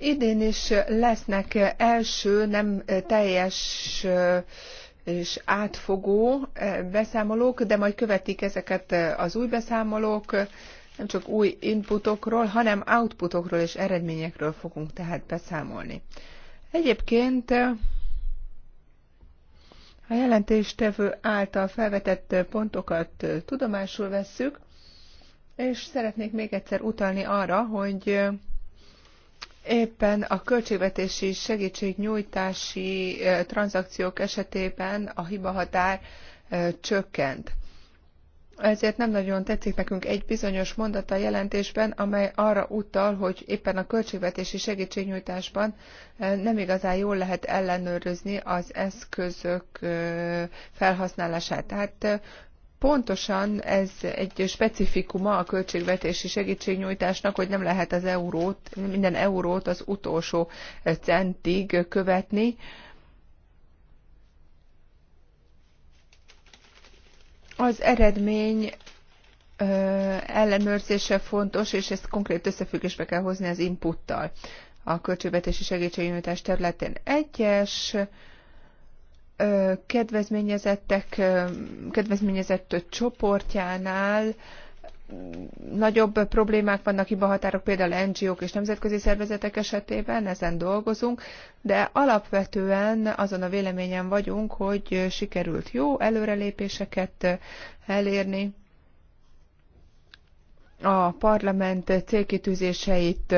idén is lesznek első nem teljes és átfogó eh, beszámolók, de majd követik ezeket eh, az új beszámolók, eh, nem csak új inputokról, hanem outputokról és eredményekről fogunk tehát beszámolni. Egyébként a jelentéstevő által felvetett pontokat tudomásul vesszük, és szeretnék még egyszer utalni arra, hogy Éppen a költségvetési segítségnyújtási tranzakciók esetében a hibahatár csökkent. Ezért nem nagyon tetszik nekünk egy bizonyos mondat a jelentésben, amely arra utal, hogy éppen a költségvetési segítségnyújtásban nem igazán jól lehet ellenőrizni az eszközök felhasználását. Tehát pontosan ez egy specifikuma a költségvetési segítségnyújtásnak, hogy nem lehet az eurót, minden eurót az utolsó centig követni. Az eredmény ellenőrzése fontos, és ezt konkrét összefüggésbe kell hozni az inputtal a költségvetési segítségnyújtás területén. Egyes kedvezményezettek, kedvezményezett csoportjánál nagyobb problémák vannak hibahatárok, például NGO-k és nemzetközi szervezetek esetében, ezen dolgozunk, de alapvetően azon a véleményen vagyunk, hogy sikerült jó előrelépéseket elérni, a parlament célkitűzéseit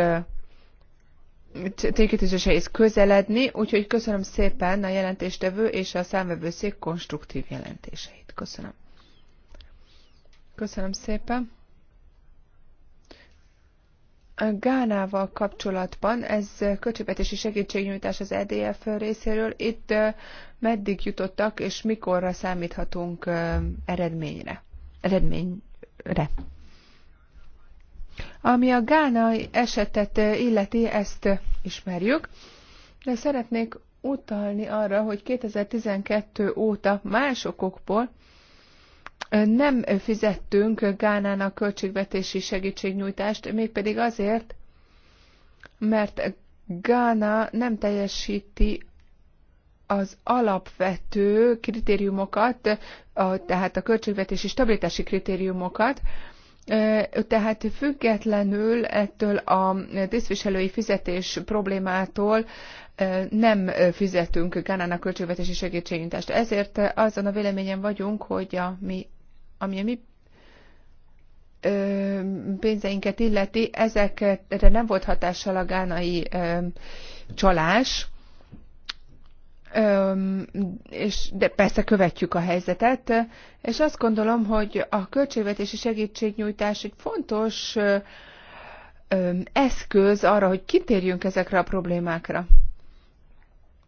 célkitűzésehez közeledni, úgyhogy köszönöm szépen a jelentéstevő és a számvevőszék konstruktív jelentéseit. Köszönöm. Köszönöm szépen. A Gánával kapcsolatban ez költségvetési segítségnyújtás az EDF részéről. Itt meddig jutottak, és mikorra számíthatunk eredményre? Eredményre. Ami a gánai esetet eh, illeti, ezt eh, ismerjük, de szeretnék utalni arra, hogy 2012 óta más okokból eh, nem fizettünk Gánának költségvetési segítségnyújtást, mégpedig azért, mert Gána nem teljesíti az alapvető kritériumokat, a, tehát a költségvetési stabilitási kritériumokat, tehát függetlenül ettől a tisztviselői fizetés problémától nem fizetünk a költségvetési segítségnyújtást. Ezért azon a véleményen vagyunk, hogy a mi, ami a mi pénzeinket illeti, ezekre nem volt hatással a gánai csalás, és de persze követjük a helyzetet, és azt gondolom, hogy a költségvetési segítségnyújtás egy fontos eszköz arra, hogy kitérjünk ezekre a problémákra.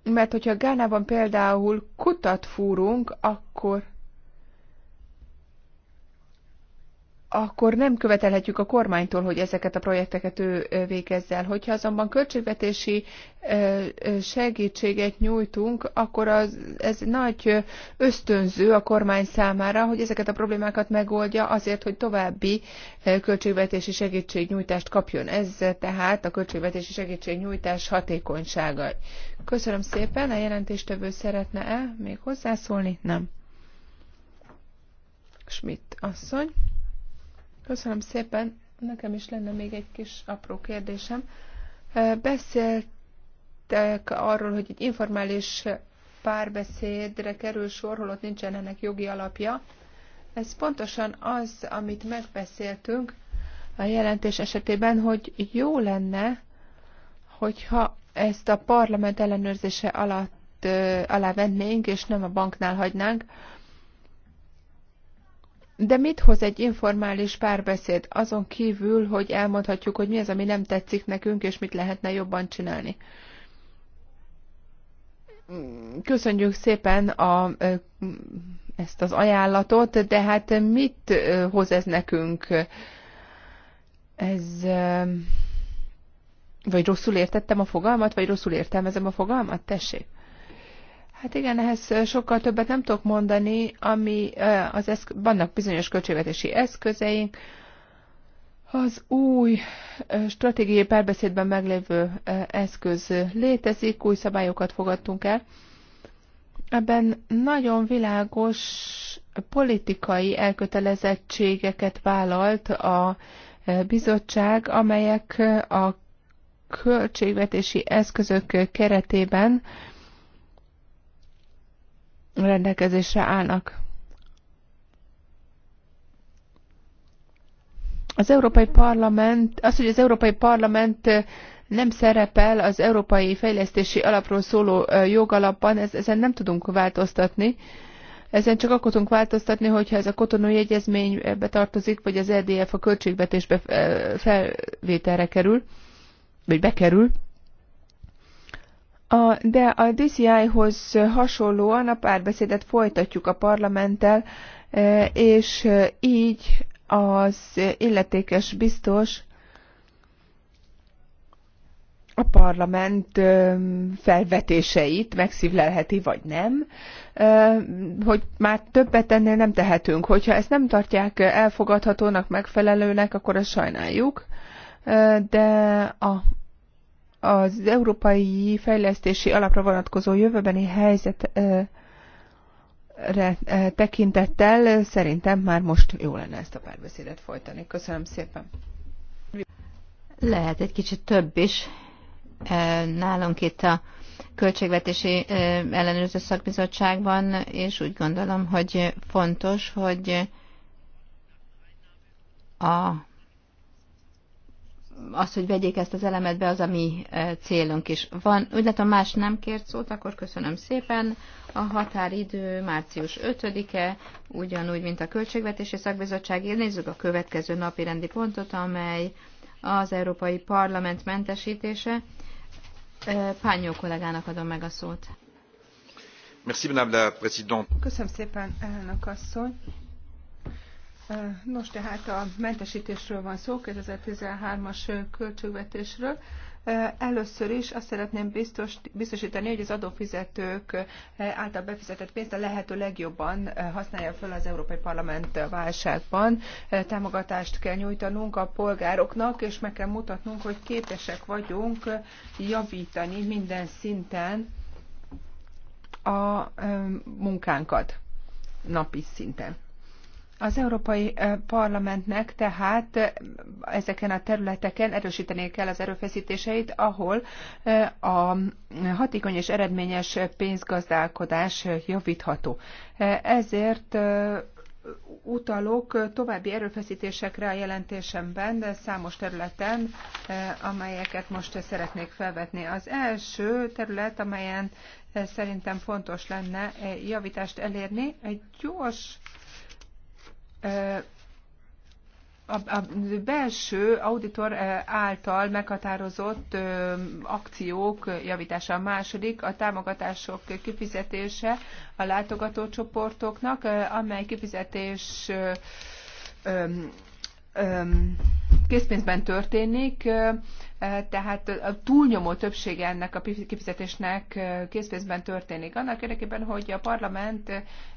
Mert hogyha Gánában például kutat fúrunk, akkor akkor nem követelhetjük a kormánytól, hogy ezeket a projekteket ő végezze el. Hogyha azonban költségvetési segítséget nyújtunk, akkor az, ez nagy ösztönző a kormány számára, hogy ezeket a problémákat megoldja azért, hogy további költségvetési segítségnyújtást kapjon. Ez tehát a költségvetési segítségnyújtás hatékonysága. Köszönöm szépen. A jelentéstevő szeretne-e még hozzászólni? Nem. Schmidt asszony. Köszönöm szépen. Nekem is lenne még egy kis apró kérdésem. Beszéltek arról, hogy egy informális párbeszédre kerül sor, holott nincsen ennek jogi alapja. Ez pontosan az, amit megbeszéltünk a jelentés esetében, hogy jó lenne, hogyha ezt a parlament ellenőrzése alatt alá vennénk, és nem a banknál hagynánk, de mit hoz egy informális párbeszéd azon kívül, hogy elmondhatjuk, hogy mi az, ami nem tetszik nekünk, és mit lehetne jobban csinálni? Köszönjük szépen a, ezt az ajánlatot, de hát mit hoz ez nekünk? Ez vagy rosszul értettem a fogalmat, vagy rosszul értelmezem a fogalmat? Tessék. Hát igen, ehhez sokkal többet nem tudok mondani, ami az eszk- vannak bizonyos költségvetési eszközeink, az új stratégiai párbeszédben meglévő eszköz létezik, új szabályokat fogadtunk el. Ebben nagyon világos politikai elkötelezettségeket vállalt a bizottság, amelyek a költségvetési eszközök keretében rendelkezésre állnak. Az Európai Parlament, az, hogy az Európai Parlament nem szerepel az Európai Fejlesztési Alapról szóló jogalapban, ezen nem tudunk változtatni. Ezen csak akkor tudunk változtatni, hogyha ez a kotonói egyezménybe tartozik, vagy az EDF a költségvetésbe felvételre kerül, vagy bekerül. A, de a DCI-hoz hasonlóan a párbeszédet folytatjuk a parlamenttel, e, és így az illetékes biztos a parlament e, felvetéseit megszívlelheti, vagy nem, e, hogy már többet ennél nem tehetünk. Hogyha ezt nem tartják elfogadhatónak, megfelelőnek, akkor ezt sajnáljuk, de a az Európai Fejlesztési Alapra vonatkozó jövőbeni helyzetre tekintettel szerintem már most jó lenne ezt a párbeszédet folytani. Köszönöm szépen. Lehet egy kicsit több is. Nálunk itt a Költségvetési Ellenőrző Szakbizottságban, és úgy gondolom, hogy fontos, hogy a az, hogy vegyék ezt az elemet be, az a mi e, célunk is. Van, úgy a más nem kért szót, akkor köszönöm szépen. A határidő március 5-e, ugyanúgy, mint a Költségvetési Szakbizottság. Nézzük a következő napi rendi pontot, amely az Európai Parlament mentesítése. E, Pányó kollégának adom meg a szót. Merci, Madame la Présidente. Köszönöm szépen, elnök asszony. Nos, tehát a mentesítésről van szó, 2013-as költségvetésről. Először is azt szeretném biztos, biztosítani, hogy az adófizetők által befizetett pénzt a lehető legjobban használja fel az Európai Parlament válságban. Támogatást kell nyújtanunk a polgároknak, és meg kell mutatnunk, hogy képesek vagyunk javítani minden szinten a munkánkat, napi szinten. Az Európai Parlamentnek tehát ezeken a területeken erősítenie kell az erőfeszítéseit, ahol a hatékony és eredményes pénzgazdálkodás javítható. Ezért utalok további erőfeszítésekre a jelentésemben, de számos területen, amelyeket most szeretnék felvetni. Az első terület, amelyen szerintem fontos lenne javítást elérni, egy gyors a, belső auditor által meghatározott akciók javítása. A második a támogatások kifizetése a látogatócsoportoknak, amely kifizetés készpénzben történik, tehát a túlnyomó többsége ennek a kifizetésnek készpénzben történik. Annak érdekében, hogy a parlament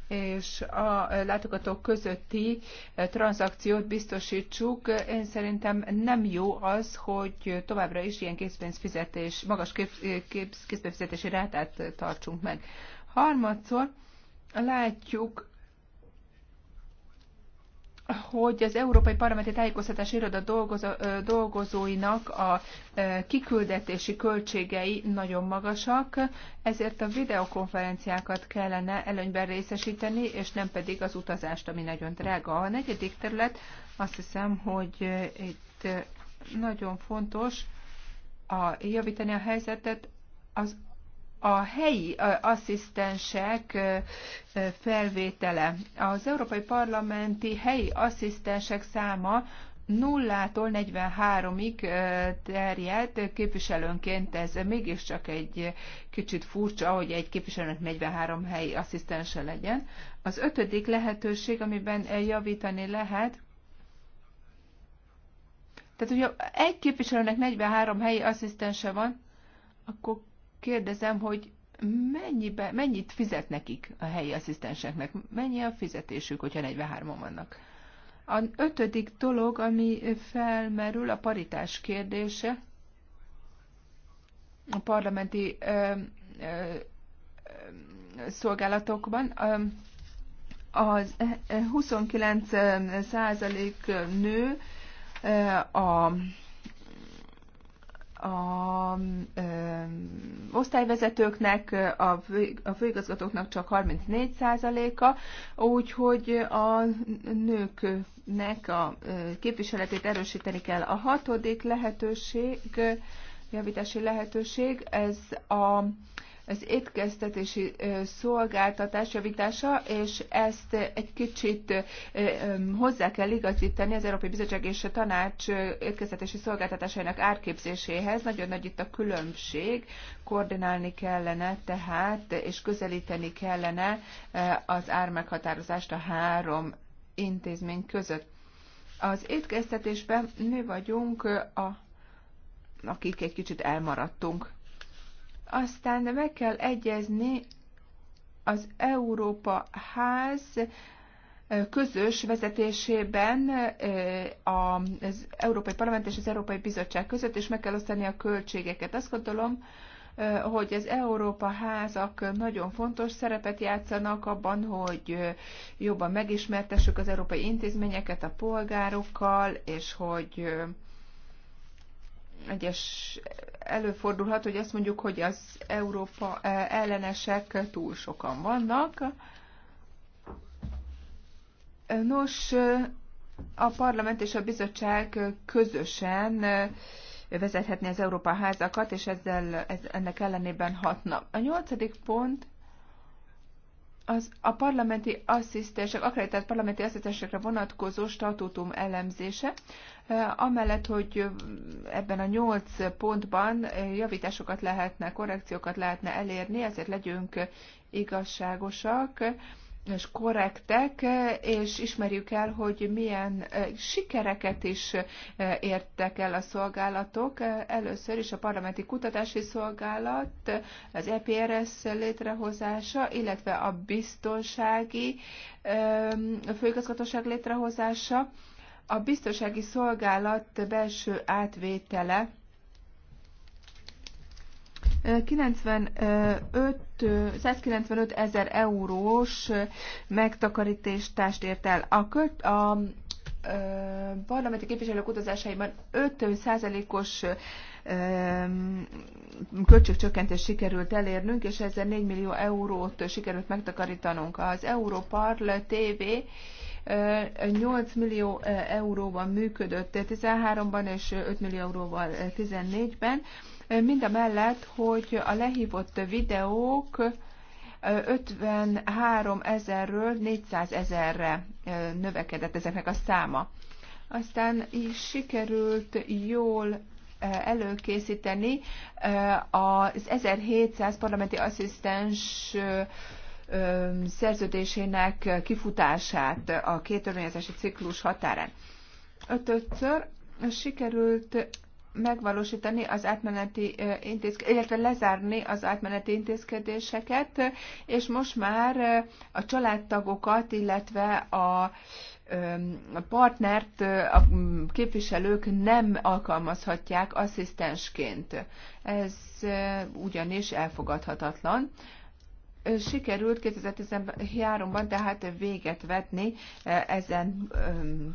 és a látogatók közötti tranzakciót biztosítsuk, én szerintem nem jó az, hogy továbbra is ilyen készpénzfizetés, magas készpénzfizetési rátát tartsunk meg. Harmadszor látjuk hogy az Európai Parlamenti Tájékoztatási Iroda dolgozó, dolgozóinak a kiküldetési költségei nagyon magasak, ezért a videokonferenciákat kellene előnyben részesíteni, és nem pedig az utazást, ami nagyon drága. A negyedik terület azt hiszem, hogy itt nagyon fontos a, javítani a helyzetet, az a helyi asszisztensek felvétele. Az Európai Parlamenti helyi asszisztensek száma nullától 43-ig terjed képviselőnként, ez mégiscsak egy kicsit furcsa, hogy egy képviselőnek 43 helyi asszisztense legyen. Az ötödik lehetőség, amiben javítani lehet, tehát, hogyha egy képviselőnek 43 helyi asszisztense van, akkor kérdezem, hogy mennyibe, mennyit fizet nekik a helyi asszisztenseknek? Mennyi a fizetésük, hogyha 43-on vannak? A ötödik dolog, ami felmerül, a paritás kérdése. A parlamenti ö, ö, szolgálatokban. Az 29 százalék nő a a ö, osztályvezetőknek, a, fő, a főigazgatóknak csak 34%-a, úgyhogy a nőknek a képviseletét erősíteni kell. A hatodik lehetőség, javítási lehetőség, ez a az étkeztetési szolgáltatás javítása, és ezt egy kicsit hozzá kell igazítani az Európai Bizottság és a Tanács étkeztetési szolgáltatásainak árképzéséhez. Nagyon nagy itt a különbség, koordinálni kellene tehát, és közelíteni kellene az ármeghatározást a három intézmény között. Az étkeztetésben mi vagyunk, a, akik egy kicsit elmaradtunk aztán meg kell egyezni az Európa Ház közös vezetésében az Európai Parlament és az Európai Bizottság között, és meg kell osztani a költségeket. Azt gondolom, hogy az Európa házak nagyon fontos szerepet játszanak abban, hogy jobban megismertessük az európai intézményeket a polgárokkal, és hogy egyes előfordulhat, hogy azt mondjuk, hogy az Európa eh, ellenesek túl sokan vannak. Nos, eh, a parlament és a bizottság közösen eh, vezethetni az Európa házakat, és ezzel ez, ennek ellenében hatna. A nyolcadik pont az a parlamenti asszisztensek, akreditált parlamenti asszisztensekre vonatkozó statútum elemzése, amellett, hogy ebben a nyolc pontban javításokat lehetne, korrekciókat lehetne elérni, ezért legyünk igazságosak és korrektek, és ismerjük el, hogy milyen sikereket is értek el a szolgálatok. Először is a Parlamenti Kutatási Szolgálat, az EPRS létrehozása, illetve a biztonsági főigazgatóság létrehozása, a biztonsági szolgálat belső átvétele, 95, 195 ezer eurós megtakarítást ért el. A, költ, a parlamenti képviselők utazásaiban 5%-os költségcsökkentés sikerült elérnünk, és ezzel 4 millió eurót sikerült megtakarítanunk. Az Európarl TV 8 millió euróban működött 13-ban, és 5 millió euróval 14-ben mind a mellett, hogy a lehívott videók 53 ezerről 400 ezerre növekedett ezeknek a száma. Aztán is sikerült jól előkészíteni az 1700 parlamenti asszisztens szerződésének kifutását a két törvényezési ciklus határán. Ötötször sikerült megvalósítani az átmeneti intézkedéseket, illetve lezárni az átmeneti intézkedéseket, és most már a családtagokat, illetve a a partnert a képviselők nem alkalmazhatják asszisztensként. Ez ugyanis elfogadhatatlan. Sikerült 2013-ban tehát véget vetni ezen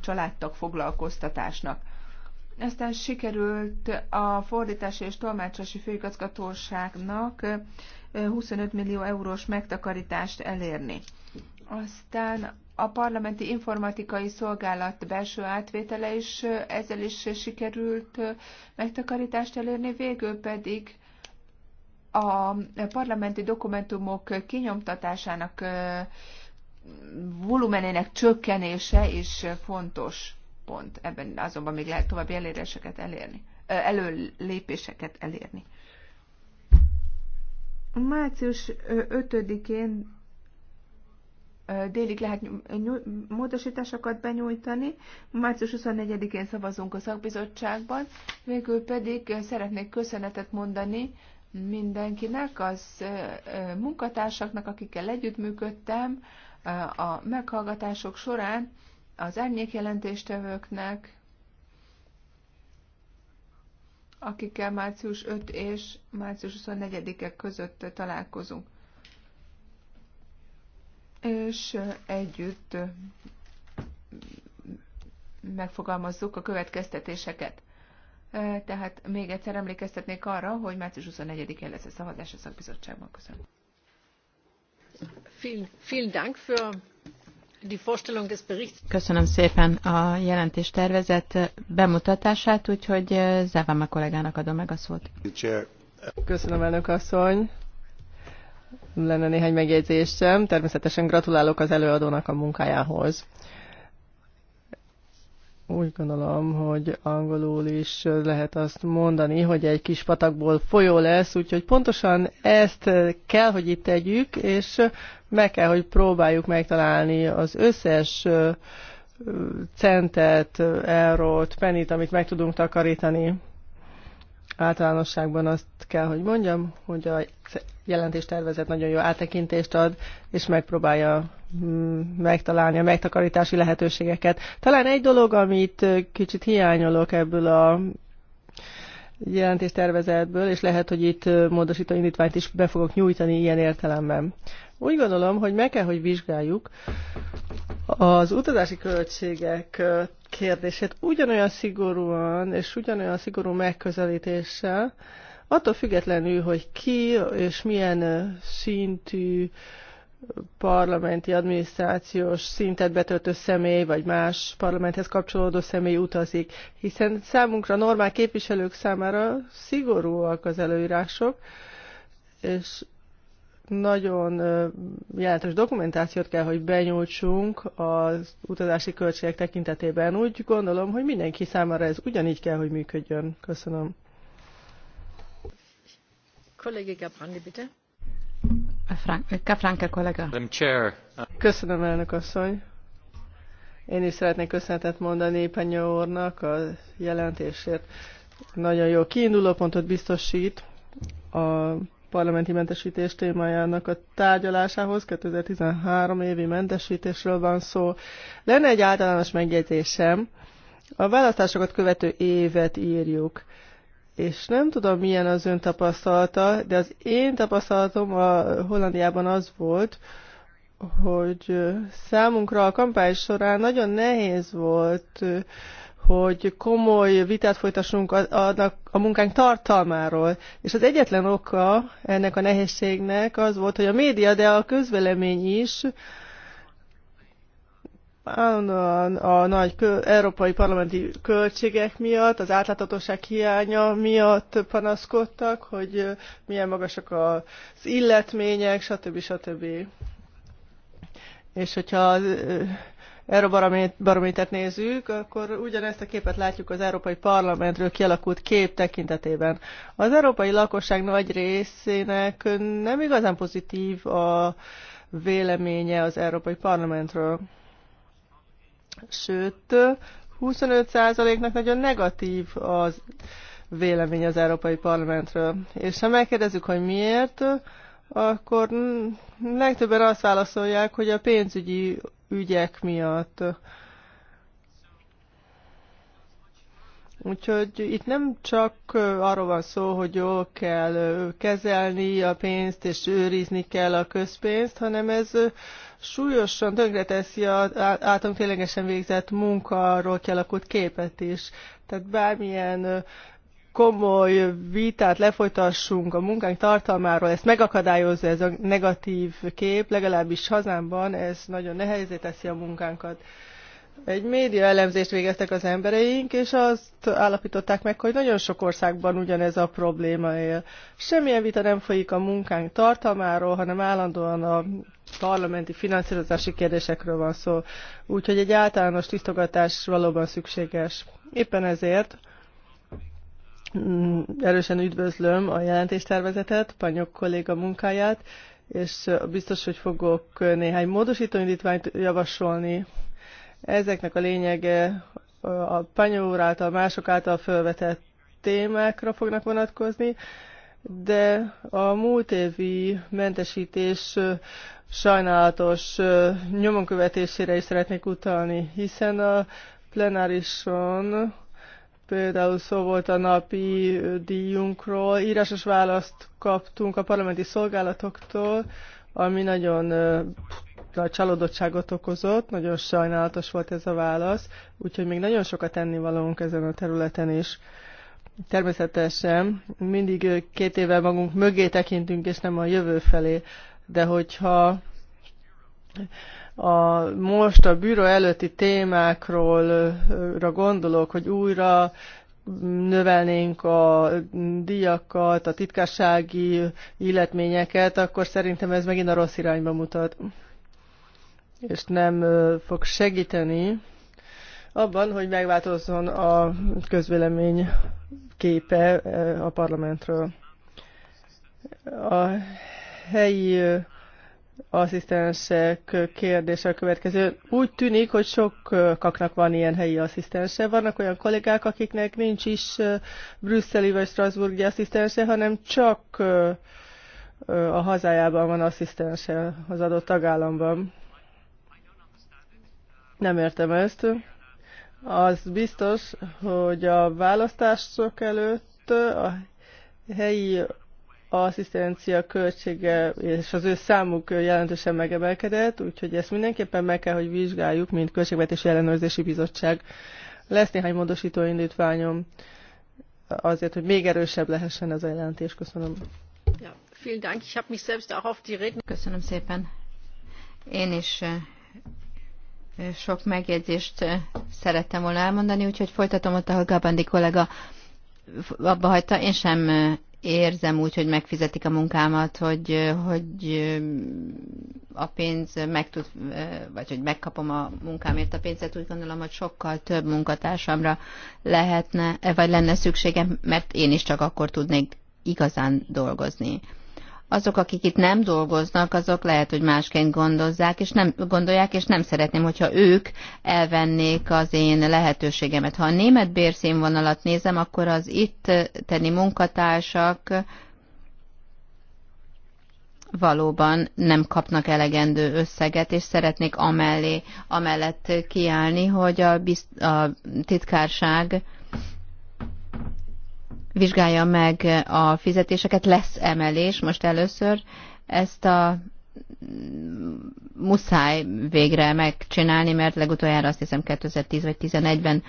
családtag foglalkoztatásnak. Aztán sikerült a fordítási és tolmácsosi főigazgatóságnak 25 millió eurós megtakarítást elérni. Aztán a parlamenti informatikai szolgálat belső átvétele is ezzel is sikerült megtakarítást elérni, végül pedig a parlamenti dokumentumok kinyomtatásának volumenének csökkenése is fontos pont. Ebben azonban még lehet további eléréseket elérni, előlépéseket elérni. Március 5-én délig lehet módosításokat benyújtani. Március 24-én szavazunk a szakbizottságban. Végül pedig szeretnék köszönetet mondani mindenkinek, az munkatársaknak, akikkel együttműködtem a meghallgatások során az árnyékjelentéstevőknek, jelentéstevőknek, akikkel március 5 és március 24 ek között találkozunk. És együtt megfogalmazzuk a következtetéseket. Tehát még egyszer emlékeztetnék arra, hogy március 24-én lesz a szavazás a szakbizottságban. Köszönöm. Vielen Dank für Köszönöm szépen a jelentés tervezett bemutatását, úgyhogy eh, Závama kollégának adom meg a szót. Köszönöm, elnök asszony. Lenne néhány megjegyzésem. Természetesen gratulálok az előadónak a munkájához. Úgy gondolom, hogy angolul is lehet azt mondani, hogy egy kis patakból folyó lesz, úgyhogy pontosan ezt kell, hogy itt tegyük, és meg kell, hogy próbáljuk megtalálni az összes centet, eurót, penit, amit meg tudunk takarítani. Általánosságban azt kell, hogy mondjam, hogy a jelentéstervezet nagyon jó áttekintést ad, és megpróbálja mm, megtalálni a megtakarítási lehetőségeket. Talán egy dolog, amit kicsit hiányolok ebből a jelentéstervezetből, és lehet, hogy itt módosító indítványt is be fogok nyújtani ilyen értelemben. Úgy gondolom, hogy meg kell, hogy vizsgáljuk az utazási költségek kérdését ugyanolyan szigorúan és ugyanolyan szigorú megközelítéssel, attól függetlenül, hogy ki és milyen szintű uh, parlamenti adminisztrációs szintet betöltő személy, vagy más parlamenthez kapcsolódó személy utazik, hiszen számunkra, normál képviselők számára szigorúak az előírások, és nagyon jelentős dokumentációt kell, hogy benyújtsunk az utazási költségek tekintetében. Úgy gondolom, hogy mindenki számára ez ugyanígy kell, hogy működjön. Köszönöm. Kollégika Brandi, bitte. Kafranke kollega. Uh, Köszönöm, elnök asszony. Én is szeretnék köszönetet mondani Penyó úrnak a jelentésért. Nagyon jó kiinduló pontot biztosít a parlamenti mentesítés témájának a tárgyalásához. 2013 évi mentesítésről van szó. Lenne egy általános megjegyzésem. A választásokat követő évet írjuk és nem tudom, milyen az ön tapasztalata, de az én tapasztalatom a Hollandiában az volt, hogy számunkra a kampány során nagyon nehéz volt, hogy komoly vitát folytassunk a, a munkánk tartalmáról. És az egyetlen oka ennek a nehézségnek az volt, hogy a média, de a közvelemény is állandóan a nagy európai parlamenti költségek miatt, az átláthatóság hiánya miatt panaszkodtak, hogy milyen magasak az illetmények, stb. stb. És hogyha az Eurobarométert nézzük, akkor ugyanezt a képet látjuk az Európai Parlamentről kialakult kép tekintetében. Az európai lakosság nagy részének nem igazán pozitív a véleménye az Európai Parlamentről. Sőt, 25%-nak nagyon negatív az vélemény az Európai Parlamentről. És ha megkérdezzük, hogy miért, akkor legtöbben azt válaszolják, hogy a pénzügyi ügyek miatt. Úgyhogy itt nem csak arról van szó, hogy jól kell kezelni a pénzt, és őrizni kell a közpénzt, hanem ez súlyosan tönkreteszi az általunk ténylegesen végzett munkáról kialakult képet is. Tehát bármilyen komoly vitát lefolytassunk a munkánk tartalmáról, ezt megakadályozza ez a negatív kép, legalábbis hazámban ez nagyon nehezé teszi a munkánkat. Egy média elemzést végeztek az embereink, és azt állapították meg, hogy nagyon sok országban ugyanez a probléma él. Semmilyen vita nem folyik a munkánk tartalmáról, hanem állandóan a parlamenti finanszírozási kérdésekről van szó. Úgyhogy egy általános tisztogatás valóban szükséges. Éppen ezért mm, erősen üdvözlöm a jelentéstervezetet, Panyok kolléga munkáját, és biztos, hogy fogok néhány módosítóindítványt javasolni Ezeknek a lényege a Panyó úr által, mások által felvetett témákra fognak vonatkozni, de a múlt évi mentesítés sajnálatos nyomon követésére is szeretnék utalni, hiszen a plenárison például szó volt a napi díjunkról, írásos választ kaptunk a parlamenti szolgálatoktól, ami nagyon csalódottságot okozott, nagyon sajnálatos volt ez a válasz, úgyhogy még nagyon sokat tenni valónk ezen a területen is. Természetesen mindig két évvel magunk mögé tekintünk, és nem a jövő felé, de hogyha a, most a bűró előtti témákról gondolok, hogy újra növelnénk a díjakat, a titkársági illetményeket, akkor szerintem ez megint a rossz irányba mutat és nem fog segíteni abban, hogy megváltozzon a közvélemény képe a parlamentről. A helyi asszisztensek kérdése a következő. Úgy tűnik, hogy sokaknak van ilyen helyi asszisztense. Vannak olyan kollégák, akiknek nincs is brüsszeli vagy strasburgi asszisztense, hanem csak a hazájában van asszisztense az adott tagállamban. Nem értem ezt. Az biztos, hogy a választások előtt a helyi asszisztencia költsége és az ő számuk jelentősen megemelkedett, úgyhogy ezt mindenképpen meg kell, hogy vizsgáljuk, mint Költségvetési Ellenőrzési Bizottság. Lesz néhány módosító indítványom azért, hogy még erősebb lehessen ez a jelentés. Köszönöm. Ja, vielen Dank. Ich habe mich selbst auch auf die Reden... Köszönöm szépen. Én is eh, sok megjegyzést eh, szerettem volna elmondani, úgyhogy folytatom ott, ahol Gabandi kollega abba hagyta. Én sem eh, érzem úgy, hogy megfizetik a munkámat, hogy, eh, hogy a pénz meg tud, vagy hogy megkapom a munkámért a pénzet, úgy gondolom, hogy sokkal több munkatársamra lehetne, vagy lenne szükségem, mert én is csak akkor tudnék igazán dolgozni azok, akik itt nem dolgoznak, azok lehet, hogy másként gondozzák, és nem, gondolják, és nem szeretném, hogyha ők elvennék az én lehetőségemet. Ha a német bérszínvonalat nézem, akkor az itt tenni munkatársak valóban nem kapnak elegendő összeget, és szeretnék amellé, amellett kiállni, hogy a, bizt, a titkárság vizsgálja meg a fizetéseket, lesz emelés most először, ezt a muszáj végre megcsinálni, mert legutoljára azt hiszem 2010 vagy 2011-ben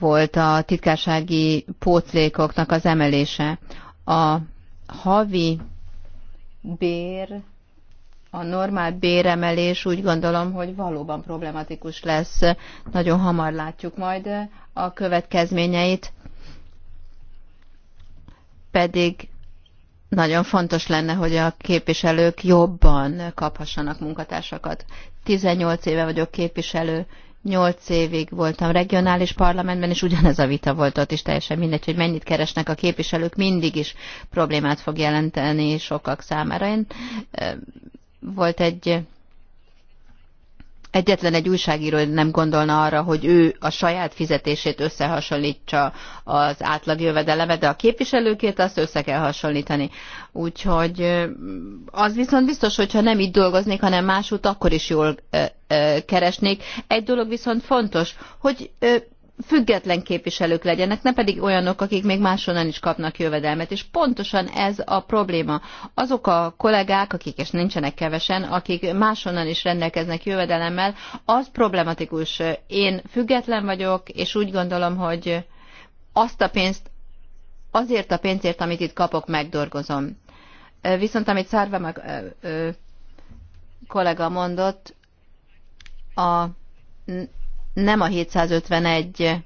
volt a titkársági pótlékoknak az emelése. A havi bér a normál béremelés úgy gondolom, hogy valóban problematikus lesz. Nagyon hamar látjuk majd a következményeit, pedig nagyon fontos lenne, hogy a képviselők jobban kaphassanak munkatársakat. 18 éve vagyok képviselő, 8 évig voltam regionális parlamentben, és ugyanez a vita volt ott is, teljesen mindegy, hogy mennyit keresnek a képviselők, mindig is problémát fog jelenteni sokak számára. Én volt egy Egyetlen egy újságíró nem gondolna arra, hogy ő a saját fizetését összehasonlítsa az átlag jövedeleme, de a képviselőkét azt össze kell hasonlítani. Úgyhogy az viszont biztos, hogyha nem így dolgoznék, hanem másút, akkor is jól ö, ö, keresnék. Egy dolog viszont fontos, hogy ö, független képviselők legyenek, ne pedig olyanok, akik még máshonnan is kapnak jövedelmet. És pontosan ez a probléma. Azok a kollégák, akik, és nincsenek kevesen, akik máshonnan is rendelkeznek jövedelemmel, az problematikus. Én független vagyok, és úgy gondolom, hogy azt a pénzt, azért a pénzért, amit itt kapok, megdorgozom. Viszont amit Szárva meg kollega mondott, a nem a 751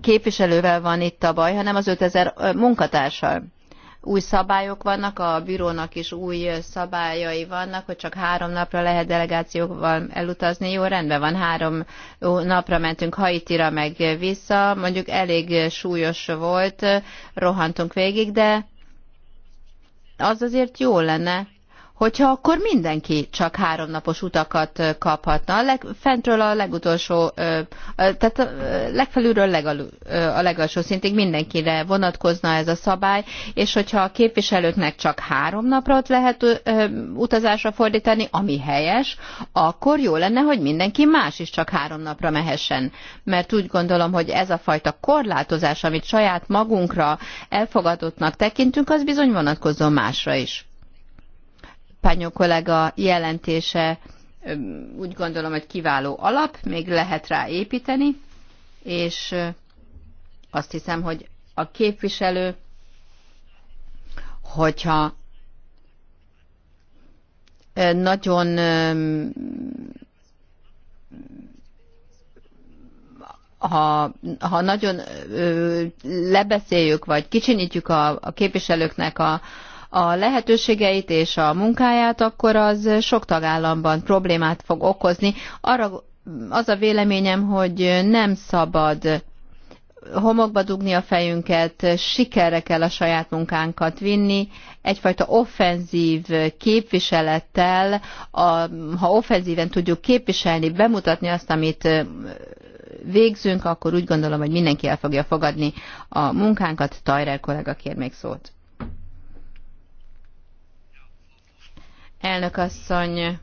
képviselővel van itt a baj, hanem az 5000 munkatársal. Új szabályok vannak, a bürónak is új szabályai vannak, hogy csak három napra lehet delegációval elutazni. Jó, rendben van, három napra mentünk Haitira meg vissza, mondjuk elég súlyos volt, rohantunk végig, de az azért jó lenne, hogyha akkor mindenki csak háromnapos utakat kaphatna. A leg, fentről a legutolsó, tehát a legfelülről legalul, a legalsó szintig mindenkire vonatkozna ez a szabály, és hogyha a képviselőknek csak három napot lehet utazásra fordítani, ami helyes, akkor jó lenne, hogy mindenki más is csak három napra mehessen. Mert úgy gondolom, hogy ez a fajta korlátozás, amit saját magunkra elfogadottnak tekintünk, az bizony vonatkozó másra is. Pányó kollega jelentése úgy gondolom, hogy kiváló alap, még lehet rá építeni, és azt hiszem, hogy a képviselő, hogyha nagyon ha, ha nagyon lebeszéljük, vagy kicsinyítjük a, a képviselőknek a, a lehetőségeit és a munkáját, akkor az sok tagállamban problémát fog okozni. Arra az a véleményem, hogy nem szabad homokba dugni a fejünket, sikerre kell a saját munkánkat vinni, egyfajta offenzív képviselettel, a, ha offenzíven tudjuk képviselni, bemutatni azt, amit végzünk, akkor úgy gondolom, hogy mindenki el fogja fogadni a munkánkat. Tajrel kollega kér még szót. Elnök asszony,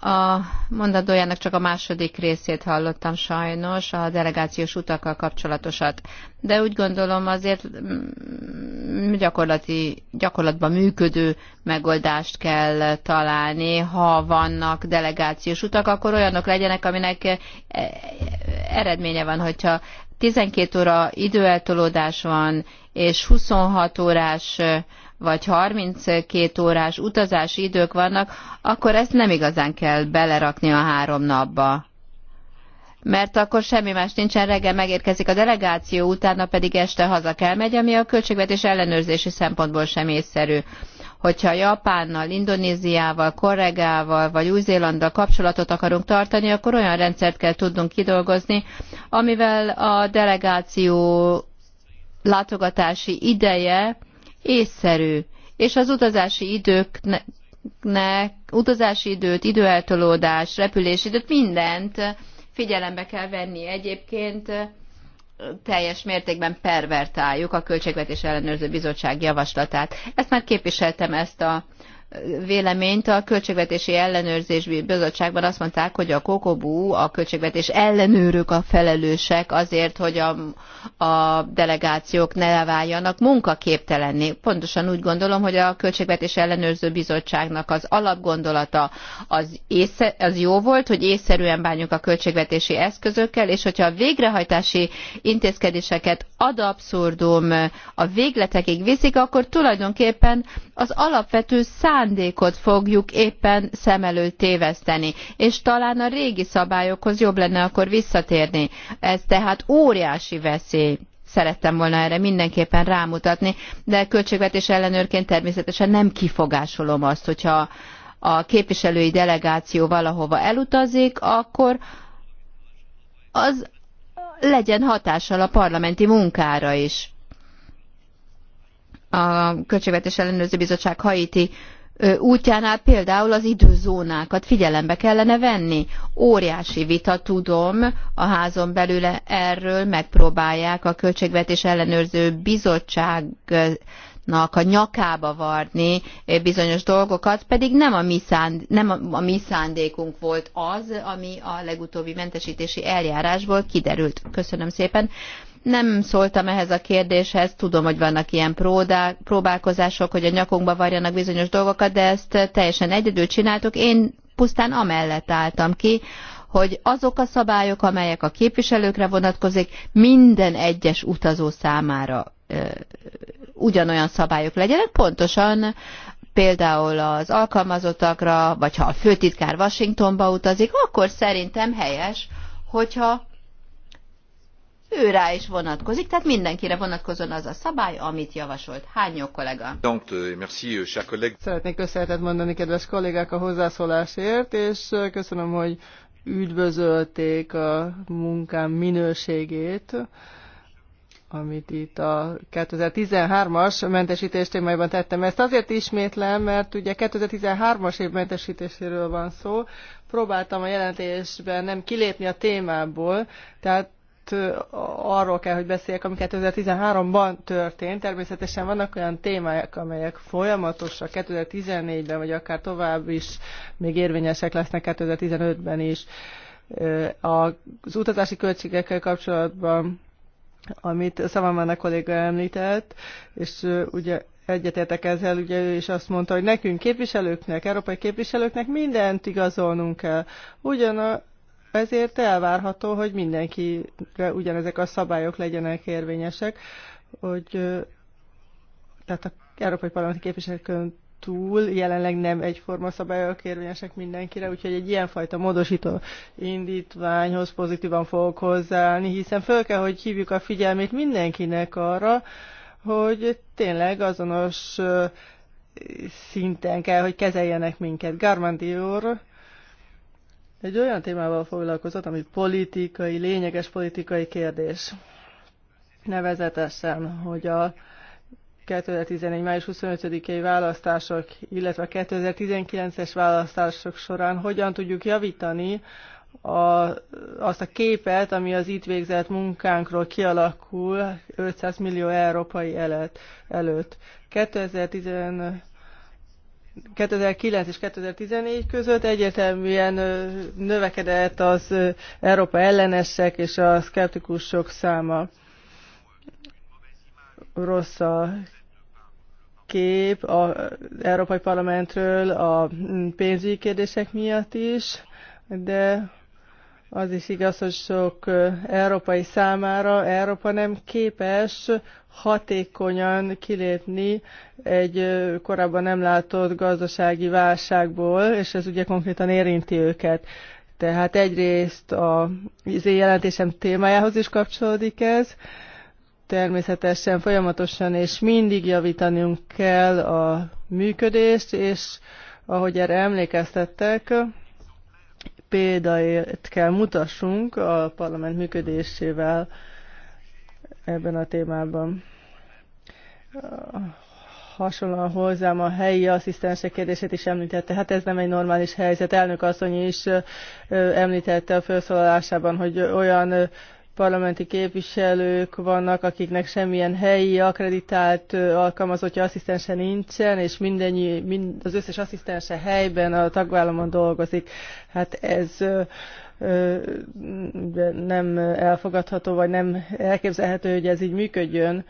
a mondandójának csak a második részét hallottam sajnos, a delegációs utakkal kapcsolatosat. De úgy gondolom azért mm, gyakorlati, gyakorlatban működő megoldást kell találni. Ha vannak delegációs utak, akkor olyanok legyenek, aminek e, e, eredménye van, hogyha 12 óra időeltolódás van, és 26 órás vagy 32 órás utazási idők vannak, akkor ezt nem igazán kell belerakni a három napba. Mert akkor semmi más nincsen, reggel megérkezik a delegáció, utána pedig este haza kell megy, ami a költségvetés ellenőrzési szempontból sem észszerű hogyha Japánnal, Indonéziával, Korregával vagy Új-Zélanddal kapcsolatot akarunk tartani, akkor olyan rendszert kell tudnunk kidolgozni, amivel a delegáció látogatási ideje észszerű, és az utazási időknek, utazási időt, időeltolódás, repülésidőt, mindent figyelembe kell venni. Egyébként teljes mértékben pervertáljuk a Költségvetés Ellenőrző Bizottság javaslatát. Ezt már képviseltem ezt a véleményt a Költségvetési ellenőrzés Bizottságban azt mondták, hogy a kokobú, a költségvetés ellenőrök a felelősek azért, hogy a, a delegációk ne váljanak munkaképtelenni. Pontosan úgy gondolom, hogy a Költségvetés Ellenőrző Bizottságnak az alapgondolata az, észre, az jó volt, hogy észszerűen bánjuk a költségvetési eszközökkel, és hogyha a végrehajtási intézkedéseket ad abszurdum a végletekig viszik, akkor tulajdonképpen az alapvető szám szándékot fogjuk éppen szem előtt téveszteni, és talán a régi szabályokhoz jobb lenne akkor visszatérni. Ez tehát óriási veszély szerettem volna erre mindenképpen rámutatni, de költségvetés ellenőrként természetesen nem kifogásolom azt, hogyha a képviselői delegáció valahova elutazik, akkor az legyen hatással a parlamenti munkára is. A Költségvetés Ellenőrző Bizottság Haiti útjánál például az időzónákat figyelembe kellene venni. Óriási vita tudom, a házon belül erről megpróbálják a Költségvetés Ellenőrző Bizottságnak a nyakába varni bizonyos dolgokat, pedig nem a mi, szánd, nem a, a mi szándékunk volt az, ami a legutóbbi mentesítési eljárásból kiderült. Köszönöm szépen. Nem szóltam ehhez a kérdéshez, tudom, hogy vannak ilyen próbálkozások, hogy a nyakunkba varjanak bizonyos dolgokat, de ezt teljesen egyedül csináltuk. Én pusztán amellett álltam ki, hogy azok a szabályok, amelyek a képviselőkre vonatkozik, minden egyes utazó számára ö, ugyanolyan szabályok legyenek, pontosan például az alkalmazottakra, vagy ha a főtitkár Washingtonba utazik, akkor szerintem helyes, hogyha ő rá is vonatkozik, tehát mindenkire vonatkozon az a szabály, amit javasolt. Hány jó kollega? Euh, Szeretnék köszönetet mondani, kedves kollégák, a hozzászólásért, és euh, köszönöm, hogy üdvözölték a munkám minőségét amit itt a 2013-as mentesítés témájában tettem. Ezt azért ismétlem, mert ugye 2013-as év mentesítéséről van szó. Próbáltam a jelentésben nem kilépni a témából, tehát arról kell, hogy beszéljek, ami 2013-ban történt. Természetesen vannak olyan témák, amelyek folyamatosak 2014-ben, vagy akár tovább is még érvényesek lesznek 2015-ben is. Az utazási költségekkel kapcsolatban, amit a kolléga említett, és ugye egyetértek ezzel, ugye ő is azt mondta, hogy nekünk képviselőknek, európai képviselőknek mindent igazolnunk kell. Ugyan a ezért elvárható, hogy mindenkire ugyanezek a szabályok legyenek érvényesek, hogy tehát a Európai Parlamenti képviselőkön túl jelenleg nem egyforma szabályok érvényesek mindenkire, úgyhogy egy ilyenfajta módosító indítványhoz pozitívan fogok hozzáállni, hiszen föl kell, hogy hívjuk a figyelmét mindenkinek arra, hogy tényleg azonos szinten kell, hogy kezeljenek minket. Garmandi úr, egy olyan témával foglalkozott, ami politikai, lényeges politikai kérdés. Nevezetesen, hogy a 2014. május 25-i választások, illetve a 2019-es választások során hogyan tudjuk javítani a, azt a képet, ami az itt végzett munkánkról kialakul 500 millió európai előtt. 2010 2009 és 2014 között egyértelműen növekedett az Európa ellenesek és a szkeptikusok száma. Rossz a kép az Európai Parlamentről a pénzügyi kérdések miatt is, de az is igaz, hogy sok európai számára Európa nem képes hatékonyan kilépni egy korábban nem látott gazdasági válságból, és ez ugye konkrétan érinti őket. Tehát egyrészt a jelentésem témájához is kapcsolódik ez, természetesen folyamatosan és mindig javítanunk kell a működést, és ahogy erre emlékeztettek, példait kell mutassunk a parlament működésével ebben a témában. Hasonlóan hozzám a helyi asszisztensek kérdését is említette. Hát ez nem egy normális helyzet. Elnök asszony is említette a felszólalásában, hogy olyan parlamenti képviselők vannak, akiknek semmilyen helyi akkreditált alkalmazottja, asszisztense nincsen, és mindennyi, mind, az összes asszisztense helyben a tagvállamon dolgozik. Hát ez ö, ö, nem elfogadható, vagy nem elképzelhető, hogy ez így működjön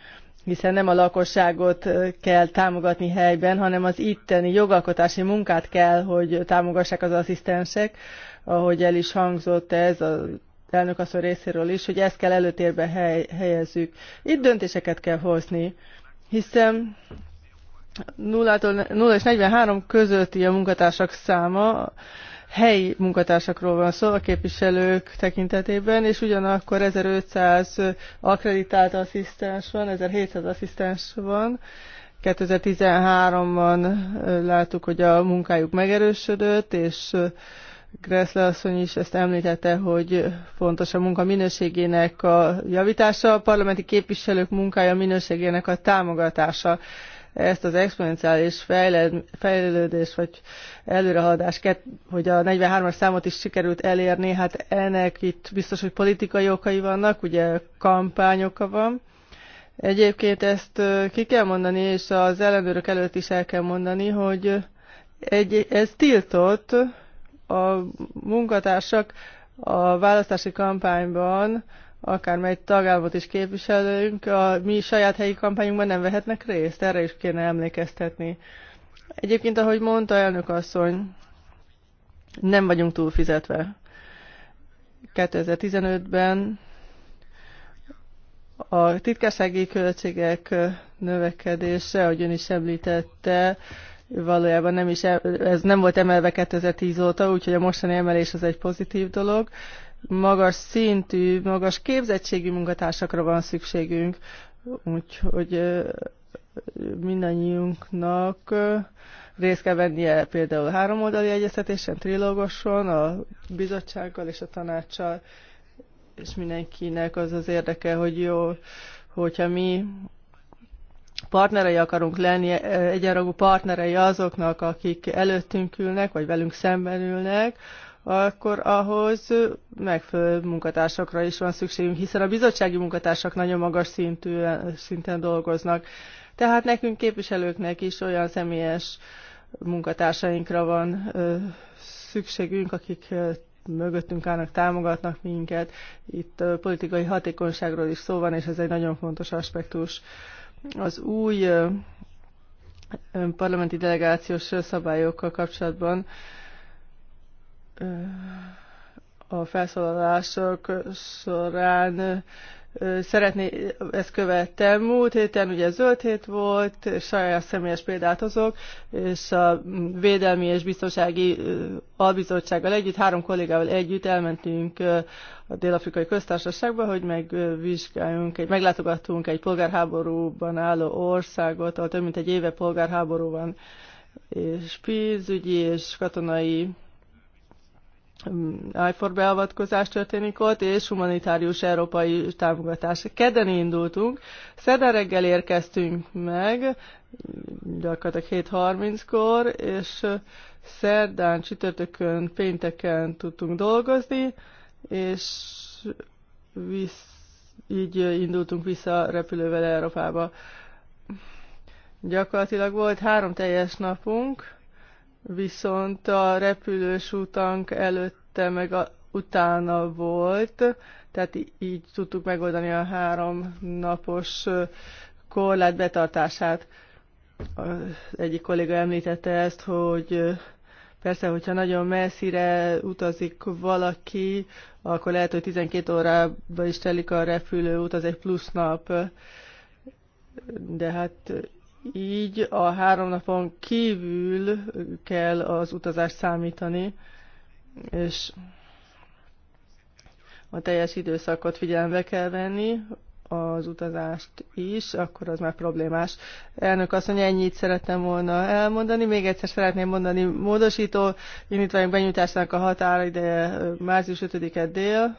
hiszen nem a lakosságot kell támogatni helyben, hanem az itteni jogalkotási munkát kell, hogy támogassák az asszisztensek, ahogy el is hangzott ez, a elnök asszony részéről is, hogy ezt kell előtérbe hely, helyezzük. Itt döntéseket kell hozni, hiszen 0-tól és 43 közötti a munkatársak száma, helyi munkatársakról van szó a képviselők tekintetében, és ugyanakkor 1500 akreditált asszisztens van, 1700 asszisztens van. 2013-ban láttuk, hogy a munkájuk megerősödött, és Gressle asszony is ezt említette, hogy fontos a munka minőségének a javítása, a parlamenti képviselők munkája minőségének a támogatása. Ezt az exponenciális fejlődés vagy előrehaladás, hogy a 43-as számot is sikerült elérni, hát ennek itt biztos, hogy politikai okai vannak, ugye kampányoka van. Egyébként ezt ki kell mondani, és az ellenőrök előtt is el kell mondani, hogy egy, ez tiltott, a munkatársak a választási kampányban, akármely tagállamot is képviselünk, a mi saját helyi kampányunkban nem vehetnek részt, erre is kéne emlékeztetni. Egyébként, ahogy mondta elnök asszony, nem vagyunk túl fizetve. 2015-ben a titkársági költségek növekedése, ahogy ön is említette, valójában nem is, ez nem volt emelve 2010 óta, úgyhogy a mostani emelés az egy pozitív dolog. Magas szintű, magas képzettségű munkatársakra van szükségünk, úgyhogy mindannyiunknak részt kell vennie például háromoldali egyeztetésen, trilógoson, a bizottsággal és a tanácssal, és mindenkinek az az érdeke, hogy jó, hogyha mi partnerei akarunk lenni, e, egyenrangú partnerei azoknak, akik előttünk ülnek, vagy velünk szemben ülnek, akkor ahhoz megfelelő munkatársakra is van szükségünk, hiszen a bizottsági munkatársak nagyon magas szintű, szinten dolgoznak. Tehát nekünk képviselőknek is olyan személyes munkatársainkra van szükségünk, akik mögöttünk állnak, támogatnak minket. Itt politikai hatékonyságról is szó van, és ez egy nagyon fontos aspektus az új parlamenti delegációs szabályokkal kapcsolatban a felszólalások során szeretné, ezt követtem. Múlt héten ugye zöld hét volt, saját személyes példát hozok, és a Védelmi és Biztonsági Albizottsággal együtt, három kollégával együtt elmentünk a Dél-Afrikai Köztársaságba, hogy megvizsgáljunk, egy, meglátogattunk egy polgárháborúban álló országot, ahol több mint egy éve polgárháború van, és pénzügyi és katonai IFOR beavatkozás történik ott, és humanitárius európai támogatás. Kedden indultunk, szerdán reggel érkeztünk meg, gyakorlatilag 7.30-kor, és szerdán, csütörtökön, pénteken tudtunk dolgozni, és visz, így indultunk vissza repülővel Európába. Gyakorlatilag volt három teljes napunk, viszont a repülős utank előtte meg a, utána volt, tehát így tudtuk megoldani a három napos korlát betartását. Az egyik kolléga említette ezt, hogy persze, hogyha nagyon messzire utazik valaki, akkor lehet, hogy 12 órába is telik a repülő az egy plusz nap, de hát így a három napon kívül kell az utazást számítani, és a teljes időszakot figyelembe kell venni, az utazást is, akkor az már problémás. Elnök azt mondja, ennyit szerettem volna elmondani. Még egyszer szeretném mondani, módosító indítványok benyújtásának a határa ideje március 5-e dél,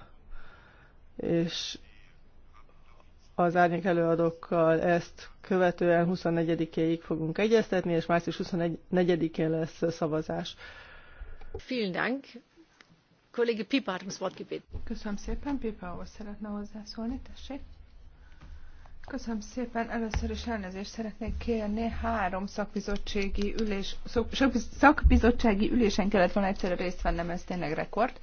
és az árnyék előadókkal ezt követően 24-éig fogunk egyeztetni, és március 24-én lesz szavazás. Vielen Dank. Kollege Pipa hat das Wort gebeten. Köszönöm szépen. Pipa úr szeretne hozzászólni, tessék. Köszönöm szépen. Először is elnézést szeretnék kérni. Három szakbizottsági ülés, szakbizottsági ülésen kellett volna egyszerre részt vennem, ez tényleg rekord.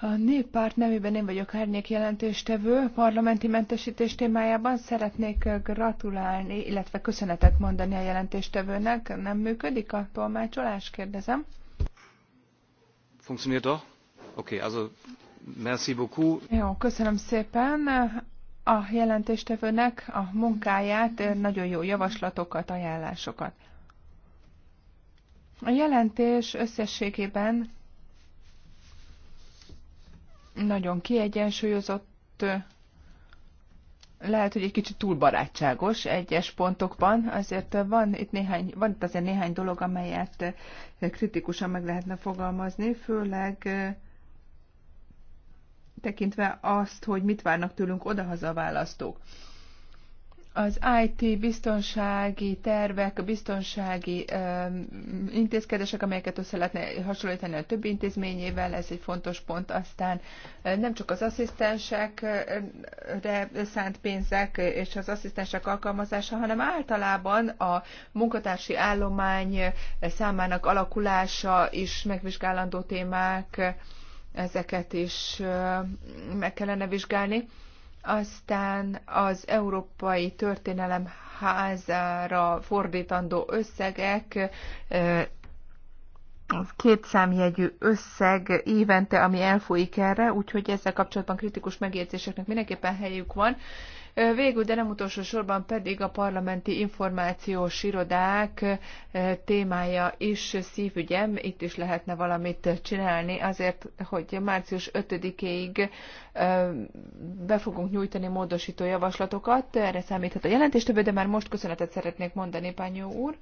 A néppárt nevében én vagyok árnyék jelentéstevő parlamenti mentesítés témájában. Szeretnék gratulálni, illetve köszönetet mondani a jelentéstevőnek. Nem működik a tolmácsolás? Kérdezem. Funkcionált doch? Oké, okay, also merci beaucoup. Jó, köszönöm szépen a jelentéstevőnek a munkáját, nagyon jó javaslatokat, ajánlásokat. A jelentés összességében nagyon kiegyensúlyozott, lehet, hogy egy kicsit túl barátságos egyes pontokban, azért van itt, néhány, van itt azért néhány dolog, amelyet kritikusan meg lehetne fogalmazni, főleg tekintve azt, hogy mit várnak tőlünk odahaza a választók az IT biztonsági tervek, biztonsági um, intézkedések, amelyeket össze lehetne hasonlítani a többi intézményével, ez egy fontos pont. Aztán nem csak az asszisztensekre szánt pénzek és az asszisztensek alkalmazása, hanem általában a munkatársi állomány számának alakulása is megvizsgálandó témák, ezeket is meg kellene vizsgálni aztán az Európai Történelem házára fordítandó összegek két számjegyű összeg évente, ami elfolyik erre, úgyhogy ezzel kapcsolatban kritikus megjegyzéseknek mindenképpen helyük van, Végül, de nem utolsó sorban pedig a parlamenti információs irodák témája is szívügyem. Itt is lehetne valamit csinálni azért, hogy március 5-ig be fogunk nyújtani módosító javaslatokat. Erre számíthat a jelentést, de már most köszönetet szeretnék mondani, Pányó úr.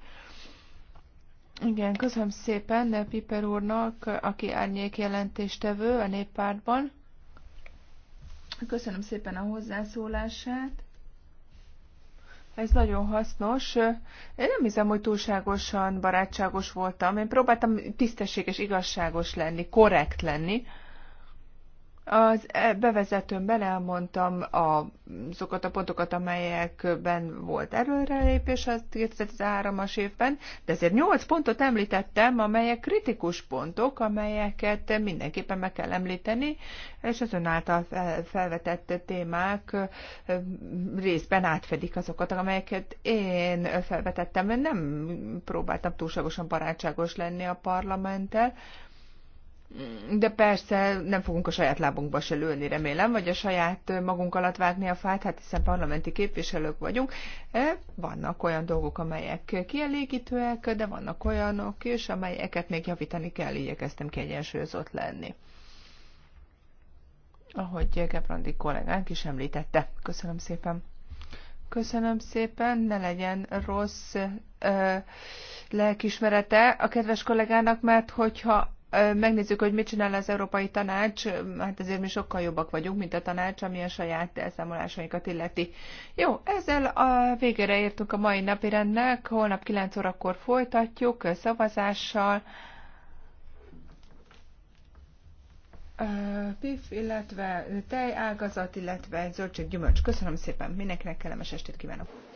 Igen, köszönöm szépen Piper úrnak, aki árnyék jelentéstevő a néppártban. Köszönöm szépen a hozzászólását. Ez nagyon hasznos. Én nem hiszem, hogy túlságosan barátságos voltam. Én próbáltam tisztességes, igazságos lenni, korrekt lenni. Az e, bevezetőmben elmondtam azokat a pontokat, amelyekben volt erőrelépés az 2013-as évben, de ezért 8 pontot említettem, amelyek kritikus pontok, amelyeket mindenképpen meg kell említeni, és az ön által felvetett témák részben átfedik azokat, amelyeket én felvetettem. mert nem próbáltam túlságosan barátságos lenni a parlamenttel, de persze nem fogunk a saját lábunkba se lőni, remélem, vagy a saját magunk alatt vágni a fát, hát hiszen parlamenti képviselők vagyunk. E, vannak olyan dolgok, amelyek kielégítőek, de vannak olyanok is, amelyeket még javítani kell, igyekeztem kiegyensúlyozott lenni. Ahogy Gebrandi kollégánk is említette. Köszönöm szépen. Köszönöm szépen, ne legyen rossz ö, lelkismerete a kedves kollégának, mert hogyha megnézzük, hogy mit csinál az Európai Tanács, hát ezért mi sokkal jobbak vagyunk, mint a tanács, ami a saját elszámolásainkat illeti. Jó, ezzel a végére értünk a mai napi rendnek, holnap 9 órakor folytatjuk szavazással. PIF, illetve tejágazat, illetve gyümölcs. Köszönöm szépen, mindenkinek kellemes estét kívánok!